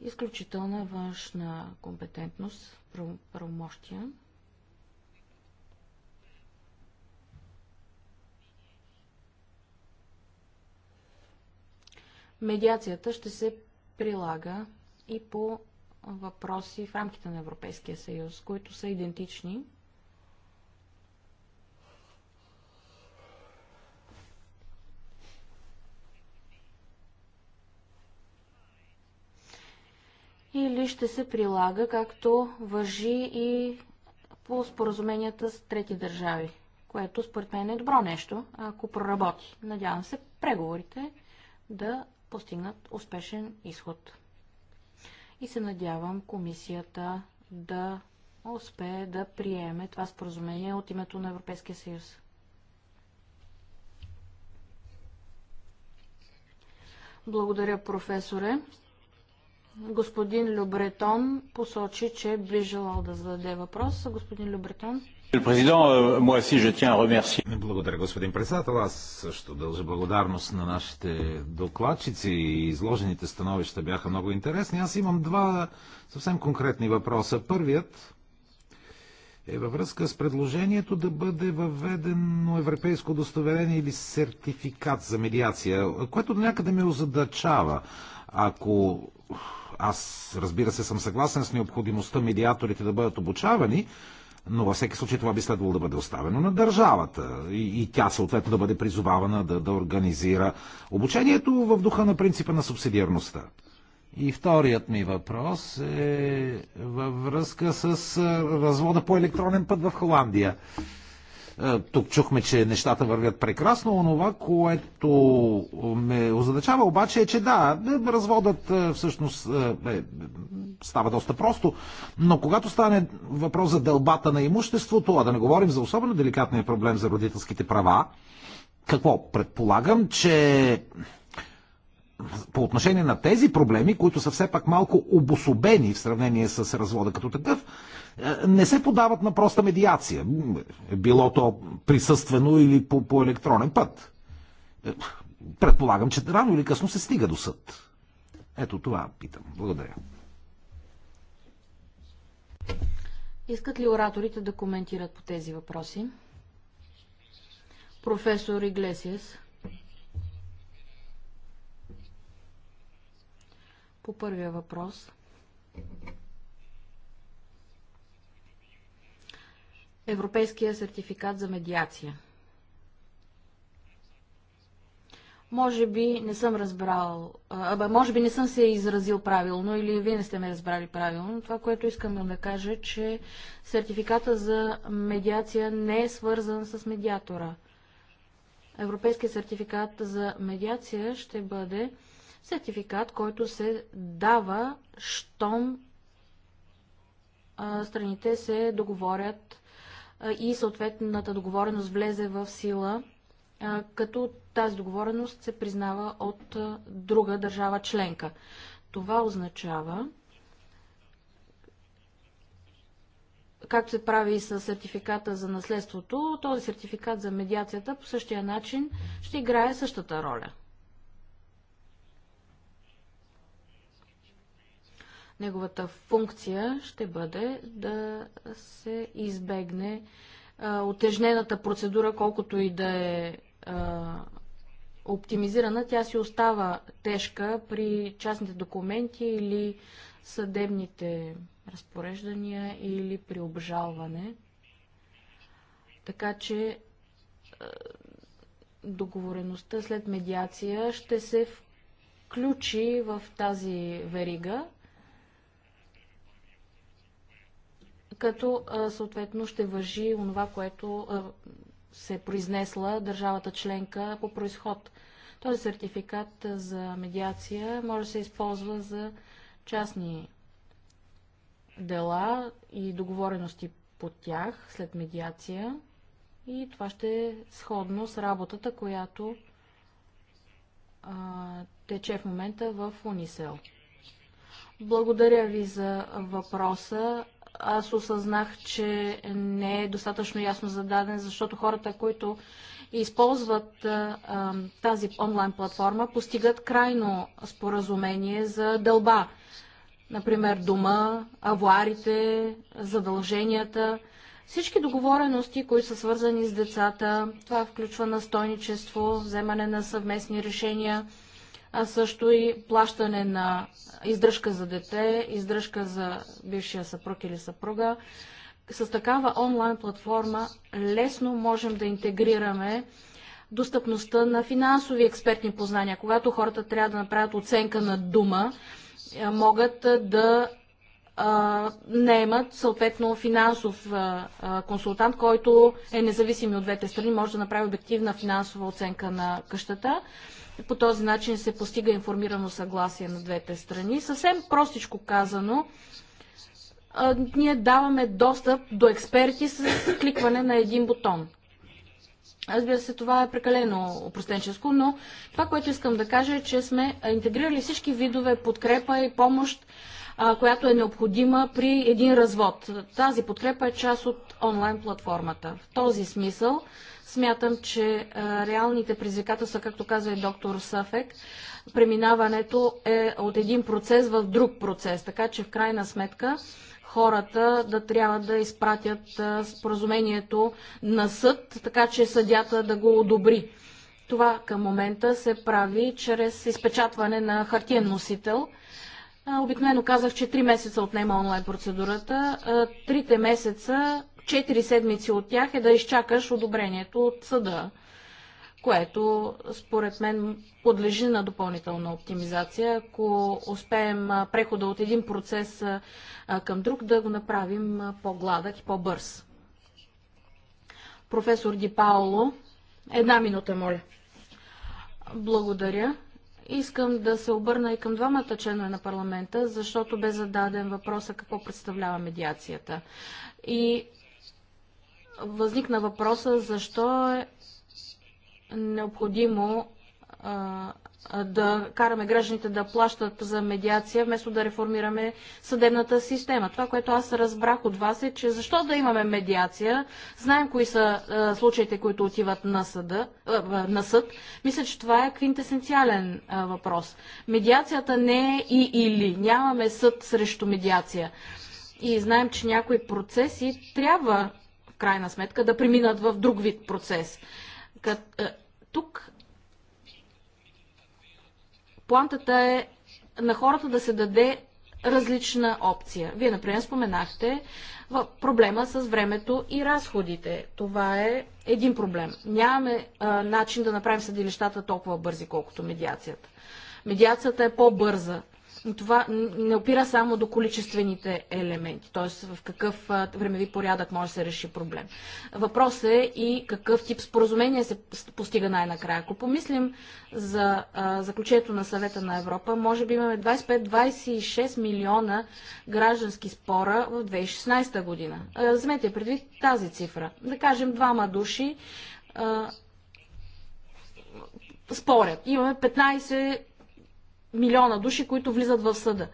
изключителна е външна компетентност, правомощия. Медиацията ще се прилага и по въпроси в рамките на Европейския съюз, които са идентични или ще се прилага както въжи и по споразуменията с трети държави, което според мен е добро нещо, ако проработи. Надявам се преговорите да постигнат успешен изход. И се надявам комисията да успее да приеме това споразумение от името на Европейския съюз. Благодаря, професоре. Господин Любретон посочи, че е би желал да зададе въпрос. Господин Любретон. Euh, Благодаря, господин председател. Аз също дължа благодарност на нашите докладчици и изложените становища бяха много интересни. Аз имам два съвсем конкретни въпроса. Първият е във връзка с предложението да бъде въведено европейско удостоверение или сертификат за медиация, което някъде ме озадачава. Ако аз, разбира се, съм съгласен с необходимостта медиаторите да бъдат обучавани, но във всеки случай това би следвало да бъде оставено на държавата и, и тя съответно да бъде призовавана да, да организира обучението в духа на принципа на субсидиарността. И вторият ми въпрос е във връзка с развода по електронен път в Холандия. Е, тук чухме, че нещата вървят прекрасно. Онова, което ме озадачава обаче е, че да, разводът е, всъщност е, е, става доста просто, но когато стане въпрос за дълбата на имуществото, а да не говорим за особено деликатния проблем за родителските права, какво? Предполагам, че по отношение на тези проблеми, които са все пак малко обособени в сравнение с развода като такъв, е, не се подават на проста медиация. Е, било то присъствено или по, по електронен път. Е, предполагам, че рано или късно се стига до съд. Ето това питам. Благодаря. Искат ли ораторите да коментират по тези въпроси? Професор Иглесиас. По първия въпрос. Европейския сертификат за медиация. Може би не съм разбрал, а, може би не съм се изразил правилно или вие не сте ме разбрали правилно. Това, което искам да кажа, че сертификата за медиация не е свързан с медиатора. Европейския сертификат за медиация ще бъде сертификат, който се дава, щом страните се договорят и съответната договореност влезе в сила, като тази договореност се признава от друга държава членка. Това означава, както се прави и с сертификата за наследството, този сертификат за медиацията по същия начин ще играе същата роля – Неговата функция ще бъде да се избегне а, отежнената процедура, колкото и да е а, оптимизирана, тя си остава тежка при частните документи или съдебните разпореждания или при обжалване. Така че договореността след медиация ще се включи в тази верига като съответно ще въжи онова, което се произнесла държавата членка по происход. Този сертификат за медиация може да се използва за частни дела и договорености по тях след медиация и това ще е сходно с работата, която а, тече в момента в Унисел. Благодаря ви за въпроса аз осъзнах, че не е достатъчно ясно зададен, защото хората, които използват а, тази онлайн платформа, постигат крайно споразумение за дълба. Например, дома, авуарите, задълженията, всички договорености, които са свързани с децата. Това включва настойничество, вземане на съвместни решения – а също и плащане на издръжка за дете, издръжка за бившия съпруг или съпруга. С такава онлайн платформа лесно можем да интегрираме достъпността на финансови експертни познания. Когато хората трябва да направят оценка на дума, е, могат е, да наемат съответно финансов консултант, който е независим от двете страни, може да направи обективна финансова оценка на къщата. По този начин се постига информирано съгласие на двете страни. Съвсем простичко казано, ние даваме достъп до експерти с кликване на един бутон. Разбира се, това е прекалено простенческо, но това, което искам да кажа е, че сме интегрирали всички видове подкрепа и помощ която е необходима при един развод. Тази подкрепа е част от онлайн платформата. В този смисъл смятам, че реалните предизвикателства, както каза и доктор Сафек, преминаването е от един процес в друг процес. Така че в крайна сметка хората да трябва да изпратят споразумението на съд, така че съдята да го одобри. Това към момента се прави чрез изпечатване на хартиен носител – Обикновено казах, че 3 месеца отнема онлайн процедурата. Трите месеца, 4 седмици от тях е да изчакаш одобрението от съда, което според мен подлежи на допълнителна оптимизация. Ако успеем прехода от един процес към друг, да го направим по-гладък и по-бърз. Професор Ди Паоло, една минута, моля. Благодаря. Искам да се обърна и към двамата членове на парламента, защото бе зададен въпроса какво представлява медиацията. И възникна въпроса защо е необходимо а, да караме гражданите да плащат за медиация, вместо да реформираме съдебната система. Това, което аз разбрах от вас е, че защо да имаме медиация, знаем кои са случаите, които отиват на, съда, на съд. Мисля, че това е квинтесенциален въпрос. Медиацията не е и или. Нямаме съд срещу медиация. И знаем, че някои процеси трябва, в крайна сметка, да преминат в друг вид процес. Кът, тук плантата е на хората да се даде различна опция. Вие, например, споменахте проблема с времето и разходите. Това е един проблем. Нямаме а, начин да направим съдилищата толкова бързи, колкото медиацията. Медиацията е по-бърза, това не опира само до количествените елементи, т.е. в какъв времеви порядък може да се реши проблем. Въпрос е и какъв тип споразумение се постига най-накрая. Ако помислим за заключението на съвета на Европа, може би имаме 25-26 милиона граждански спора в 2016 година. Вземете предвид тази цифра. Да кажем, двама души спорят. Имаме 15 милиона души, които влизат в съда.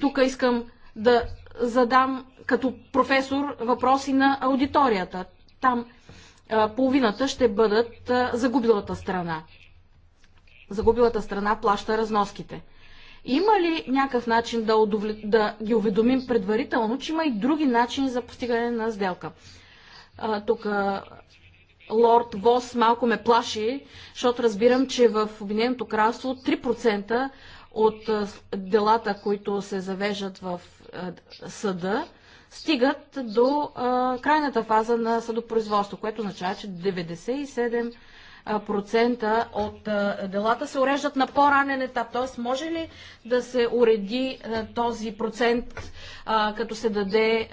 Тук искам да задам като професор въпроси на аудиторията. Там половината ще бъдат загубилата страна. Загубилата страна плаща разноските. Има ли някакъв начин да, удовле... да ги уведомим предварително, че има и други начини за постигане на сделка? тук лорд Вос малко ме плаши, защото разбирам, че в Обединеното кралство 3% от делата, които се завеждат в съда, стигат до крайната фаза на съдопроизводство, което означава, че 97% от делата се уреждат на по-ранен етап. Т.е. може ли да се уреди този процент, като се даде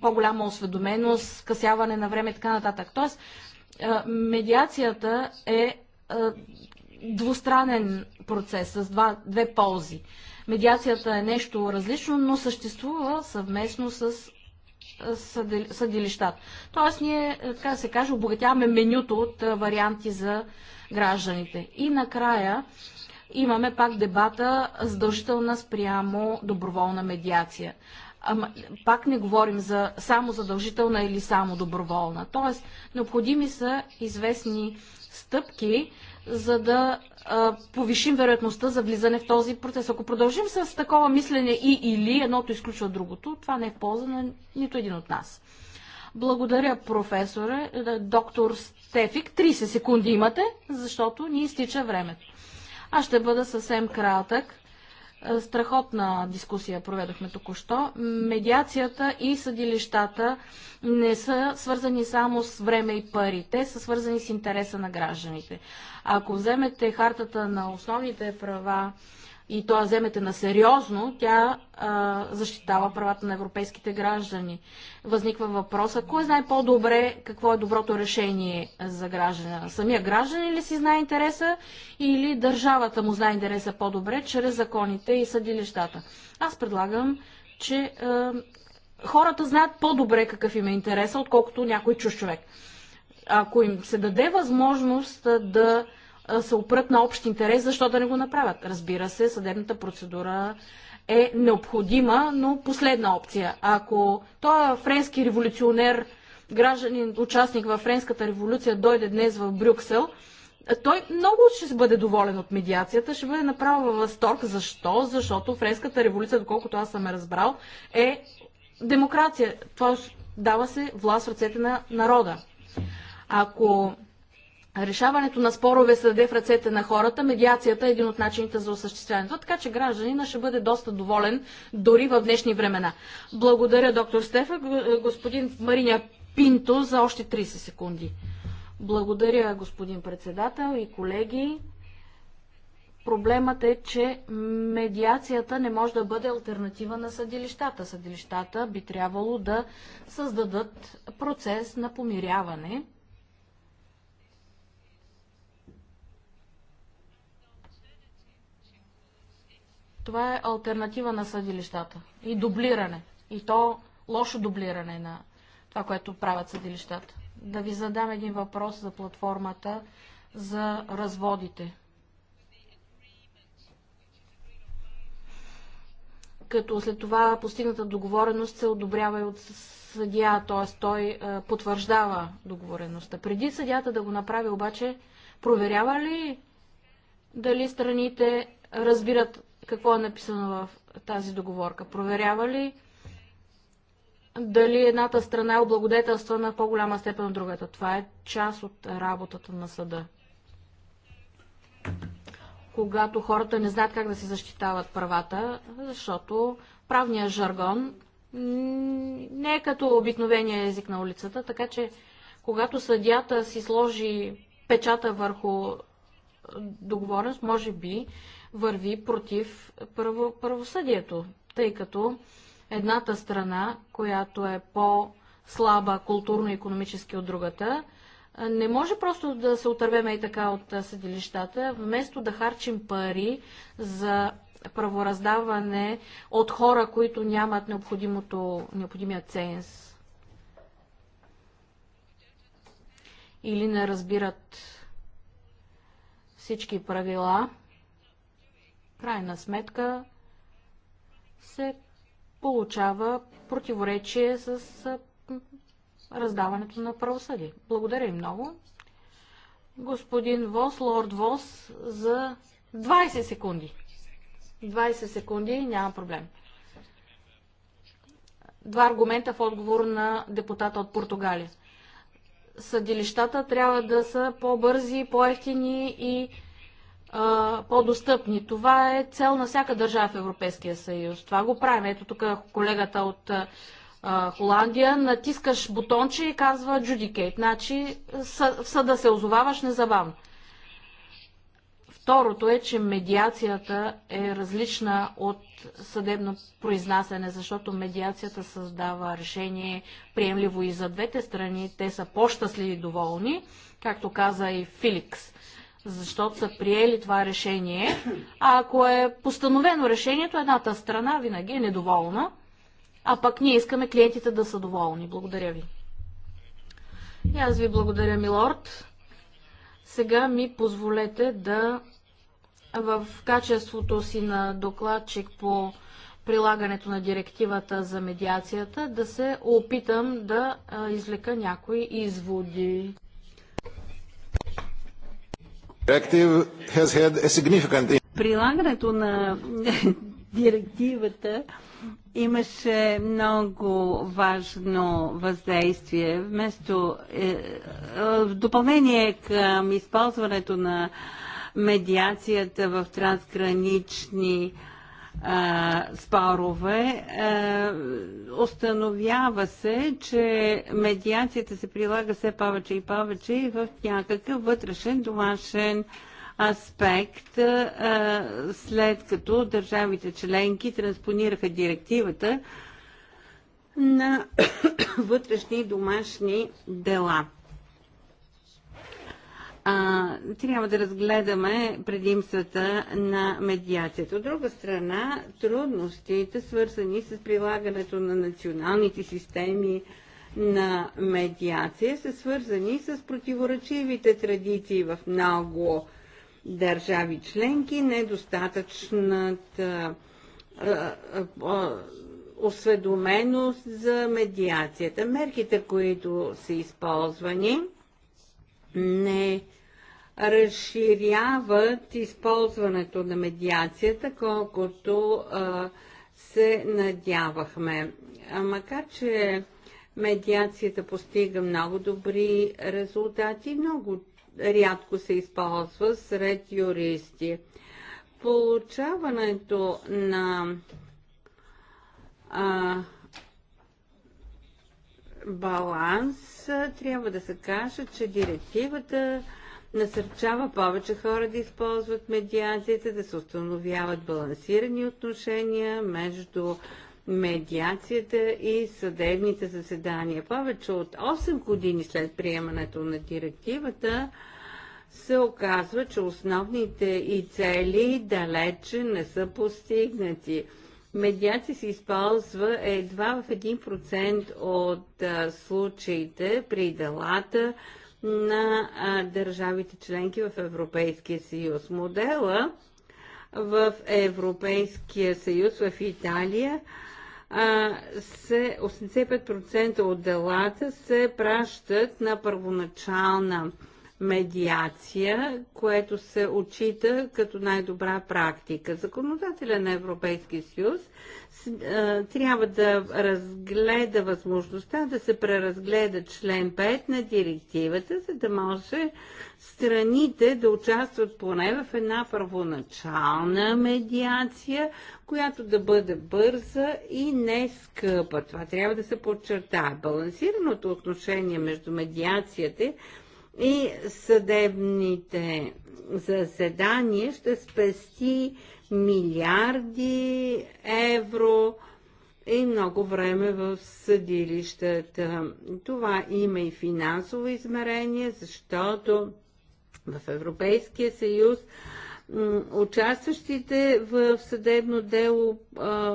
по-голяма осведоменост, скъсяване на време и така нататък? Т.е медиацията е двустранен процес с два, две ползи. Медиацията е нещо различно, но съществува съвместно с съдилищата. Тоест ние, така да се каже, обогатяваме менюто от варианти за гражданите. И накрая имаме пак дебата задължителна спрямо доброволна медиация. Ама, пак не говорим за само задължителна или само доброволна. Тоест, необходими са известни стъпки, за да а, повишим вероятността за влизане в този процес. Ако продължим с такова мислене и или едното изключва другото, това не е в полза на нито един от нас. Благодаря, професоре, е, доктор Стефик. 30 секунди имате, защото ни изтича времето. Аз ще бъда съвсем кратък. Е, страхотна дискусия проведохме току-що. Медиацията и съдилищата не са свързани само с време и пари. Те са свързани с интереса на гражданите. Ако вземете хартата на основните права и то я вземете на сериозно, тя а, защитава правата на европейските граждани. Възниква въпроса, кой знае по-добре какво е доброто решение за граждана? Самия гражданин ли си знае интереса или държавата му знае интереса по-добре чрез законите и съдилищата? Аз предлагам, че а, хората знаят по-добре какъв им е интереса, отколкото някой чуж човек. Ако им се даде възможност да се опрат на общ интерес, защо да не го направят? Разбира се, съдебната процедура е необходима, но последна опция. Ако той е френски революционер, гражданин, участник във Френската революция, дойде днес в Брюксел, той много ще бъде доволен от медиацията, ще бъде направо във възторг. Защо? Защото Френската революция, доколкото аз съм е разбрал, е демокрация. Това дава се власт в ръцете на народа. Ако Решаването на спорове съде в ръцете на хората. Медиацията е един от начините за осъществяването, така че гражданина ще бъде доста доволен дори в днешни времена. Благодаря, доктор Стефа. Е, господин Мариня Пинто за още 30 секунди. Благодаря, господин председател и колеги. Проблемът е, че медиацията не може да бъде альтернатива на съдилищата. Съдилищата би трябвало да създадат процес на помиряване – Това е альтернатива на съдилищата и дублиране. И то лошо дублиране на това, което правят съдилищата. Да ви задам един въпрос за платформата за разводите. Като след това постигната договореност се одобрява и от съдия, т.е. той е, потвърждава договореността. Преди съдията да го направи обаче, проверява ли дали страните разбират какво е написано в тази договорка? Проверява ли дали едната страна е облагодетелствана в по-голяма степен от другата? Това е част от работата на съда. Когато хората не знаят как да се защитават правата, защото правният жаргон не е като обикновения език на улицата, така че когато съдята си сложи печата върху договорност, може би върви против право, правосъдието, тъй като едната страна, която е по-слаба културно-економически от другата, не може просто да се отървеме и така от съдилищата, вместо да харчим пари за правораздаване от хора, които нямат необходимото, необходимия ценз или не разбират всички правила крайна сметка се получава противоречие с раздаването на правосъдие. Благодаря и много. Господин Вос, лорд Вос, за 20 секунди. 20 секунди, няма проблем. Два аргумента в отговор на депутата от Португалия. Съдилищата трябва да са по-бързи, по-ефтини и по-достъпни. Това е цел на всяка държава в Европейския съюз. Това го правим. Ето тук колегата от а, Холандия, натискаш бутонче и казва Judicate. Значи в съда се озоваваш незабавно. Второто е, че медиацията е различна от съдебно произнасяне, защото медиацията създава решение приемливо и за двете страни. Те са по-щастливи и доволни, както каза и Филикс защото са приели това решение. А ако е постановено решението, едната страна винаги е недоволна, а пък ние искаме клиентите да са доволни. Благодаря ви. И аз ви благодаря, милорд. Сега ми позволете да в качеството си на докладчик по прилагането на директивата за медиацията, да се опитам да извлека някои изводи. Прилагането на директивата имаше много важно въздействие. Вместо е, е, в допълнение към използването на медиацията в трансгранични спорове. установява се, че медиацията се прилага все повече и повече и в някакъв вътрешен домашен аспект, след като държавите членки транспонираха директивата на вътрешни домашни дела а, трябва да разгледаме предимствата на медиацията. От друга страна, трудностите, свързани с прилагането на националните системи на медиация, са свързани с противоречивите традиции в много държави членки, недостатъчната осведоменост за медиацията. Мерките, които са използвани – не разширяват използването на медиацията, колкото а, се надявахме. А, макар, че медиацията постига много добри резултати, много рядко се използва сред юристи. Получаването на а, баланс, трябва да се каже, че директивата насърчава повече хора да използват медиацията, да се установяват балансирани отношения между медиацията и съдебните заседания. Повече от 8 години след приемането на директивата се оказва, че основните и цели далече не са постигнати. Медиация се използва едва в 1% от а, случаите при делата на а, държавите членки в Европейския съюз. Модела в Европейския съюз, в Италия, а, се 85% от делата се пращат на първоначална медиация, което се отчита като най-добра практика. Законодателя на Европейския съюз трябва да разгледа възможността да се преразгледа член 5 на директивата, за да може страните да участват поне в една първоначална медиация, която да бъде бърза и не скъпа. Това трябва да се подчертае. Балансираното отношение между медиацията и съдебните заседания ще спести милиарди евро и много време в съдилищата. Това има и финансово измерение, защото в Европейския съюз участващите в съдебно дело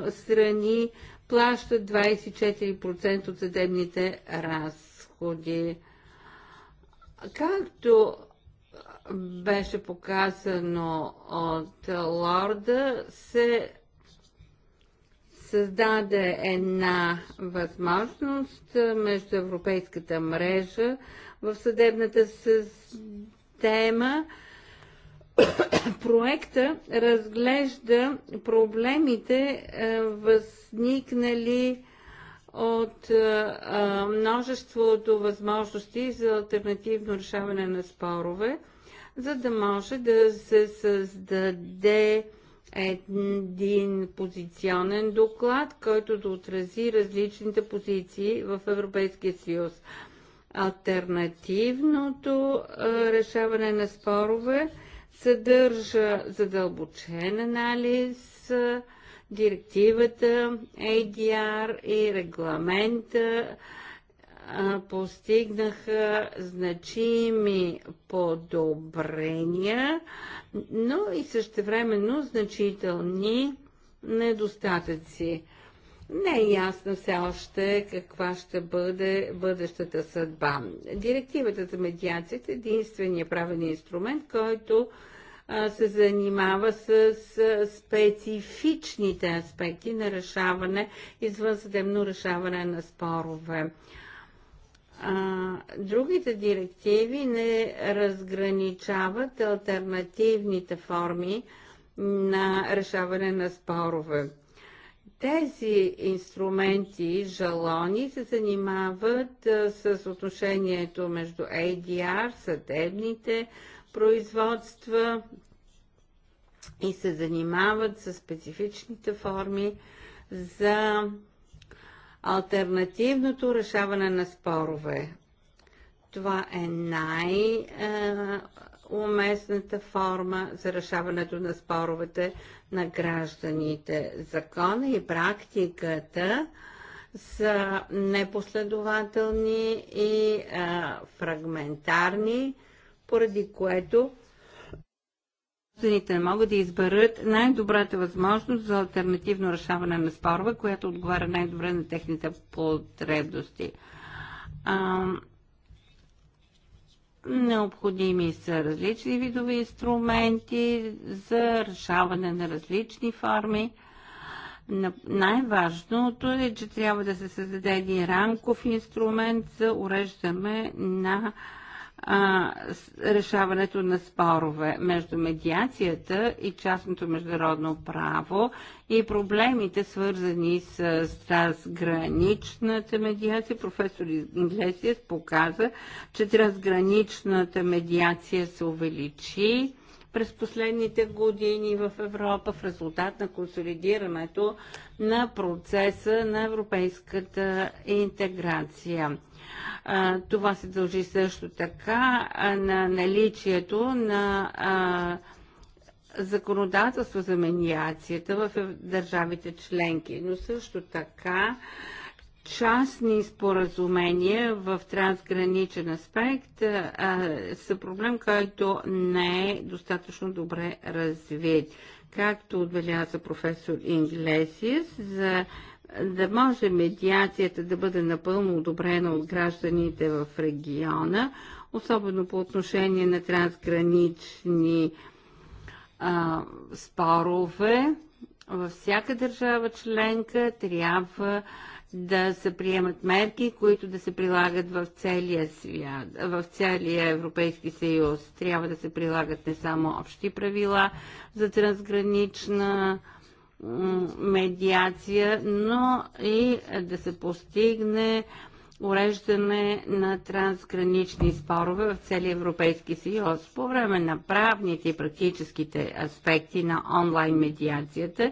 страни плащат 24% от съдебните разходи. Както беше показано от Лорда, се създаде една възможност между Европейската мрежа в съдебната система. Проекта разглежда проблемите, възникнали от а, множеството възможности за альтернативно решаване на спорове, за да може да се създаде един позиционен доклад, който да отрази различните позиции в Европейския съюз. Альтернативното решаване на спорове съдържа задълбочен анализ а, директивата ADR и регламента постигнаха значими подобрения, но и същевременно значителни недостатъци. Не е ясно все още каква ще бъде бъдещата съдба. Директивата за медиацията е единствения правен инструмент, който се занимава с специфичните аспекти на решаване, извънсъдебно решаване на спорове. другите директиви не разграничават альтернативните форми на решаване на спорове. Тези инструменти, жалони, се занимават с отношението между ADR, съдебните, производства и се занимават с специфичните форми за альтернативното решаване на спорове. Това е най- уместната форма за решаването на споровете на гражданите. Закона и практиката са непоследователни и а, фрагментарни поради което гражданите не могат да изберат най-добрата възможност за альтернативно решаване на спорове, която отговаря най-добре на техните потребности. А, необходими са различни видове инструменти за решаване на различни форми. Най-важното е, че трябва да се създаде един рамков инструмент за уреждане на а, решаването на спорове между медиацията и частното международно право и проблемите свързани с трансграничната медиация. Професор Инглесиес показа, че трансграничната медиация се увеличи през последните години в Европа в резултат на консолидирането на процеса на европейската интеграция. Това се дължи също така на наличието на законодателство за медиацията в държавите членки, но също така частни споразумения в трансграничен аспект са проблем, който не е достатъчно добре развит. Както отбеляза професор Инглесиес, за да може медиацията да бъде напълно одобрена от гражданите в региона, особено по отношение на трансгранични а, спорове. Във всяка държава членка трябва да се приемат мерки, които да се прилагат в целия свят, в целия Европейски съюз. Трябва да се прилагат не само общи правила за трансгранична медиация, но и да се постигне уреждане на трансгранични спорове в целия Европейски съюз. По време на правните и практическите аспекти на онлайн медиацията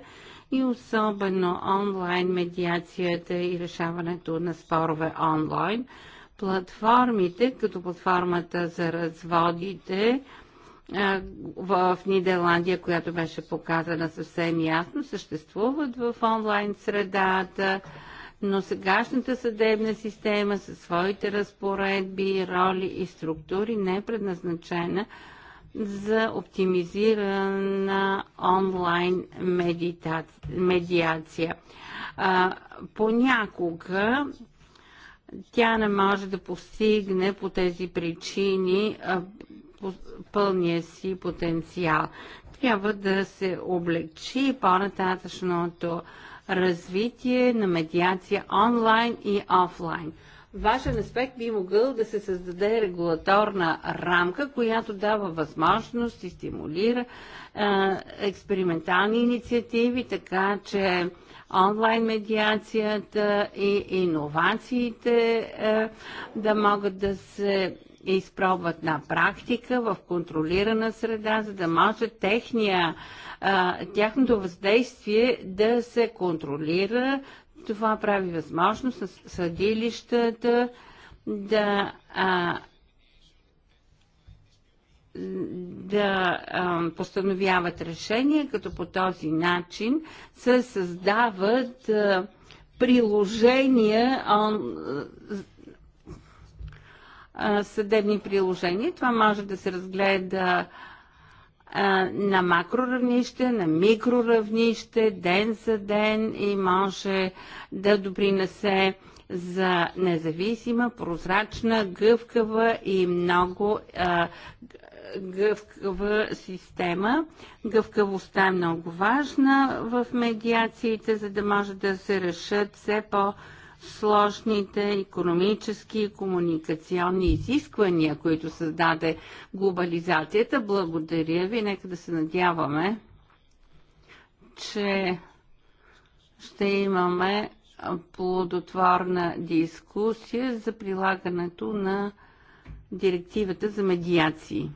и особено онлайн медиацията и решаването на спорове онлайн, платформите, като платформата за разводите, в Нидерландия, която беше показана съвсем ясно, съществуват в онлайн средата, но сегашната съдебна система със своите разпоредби, роли и структури не е предназначена за оптимизирана онлайн медиация. А, понякога тя не може да постигне по тези причини пълния си потенциал. Трябва да се облегчи по-нататъчното развитие на медиация онлайн и офлайн. Важен аспект би могъл да се създаде регулаторна рамка, която дава възможност и стимулира е, експериментални инициативи, така че онлайн медиацията и иновациите е, да могат да се изпробват на практика в контролирана среда, за да може техния, тяхното въздействие да се контролира. Това прави възможност съдилищата да да постановяват решения, като по този начин се създават приложения съдебни приложения. Това може да се разгледа на макроравнище, на микроравнище, ден за ден и може да допринесе за независима, прозрачна, гъвкава и много а, гъвкава система. Гъвкавостта е много важна в медиациите, за да може да се решат все по- сложните економически и комуникационни изисквания, които създаде глобализацията. Благодаря ви. Нека да се надяваме, че ще имаме плодотворна дискусия за прилагането на директивата за медиации.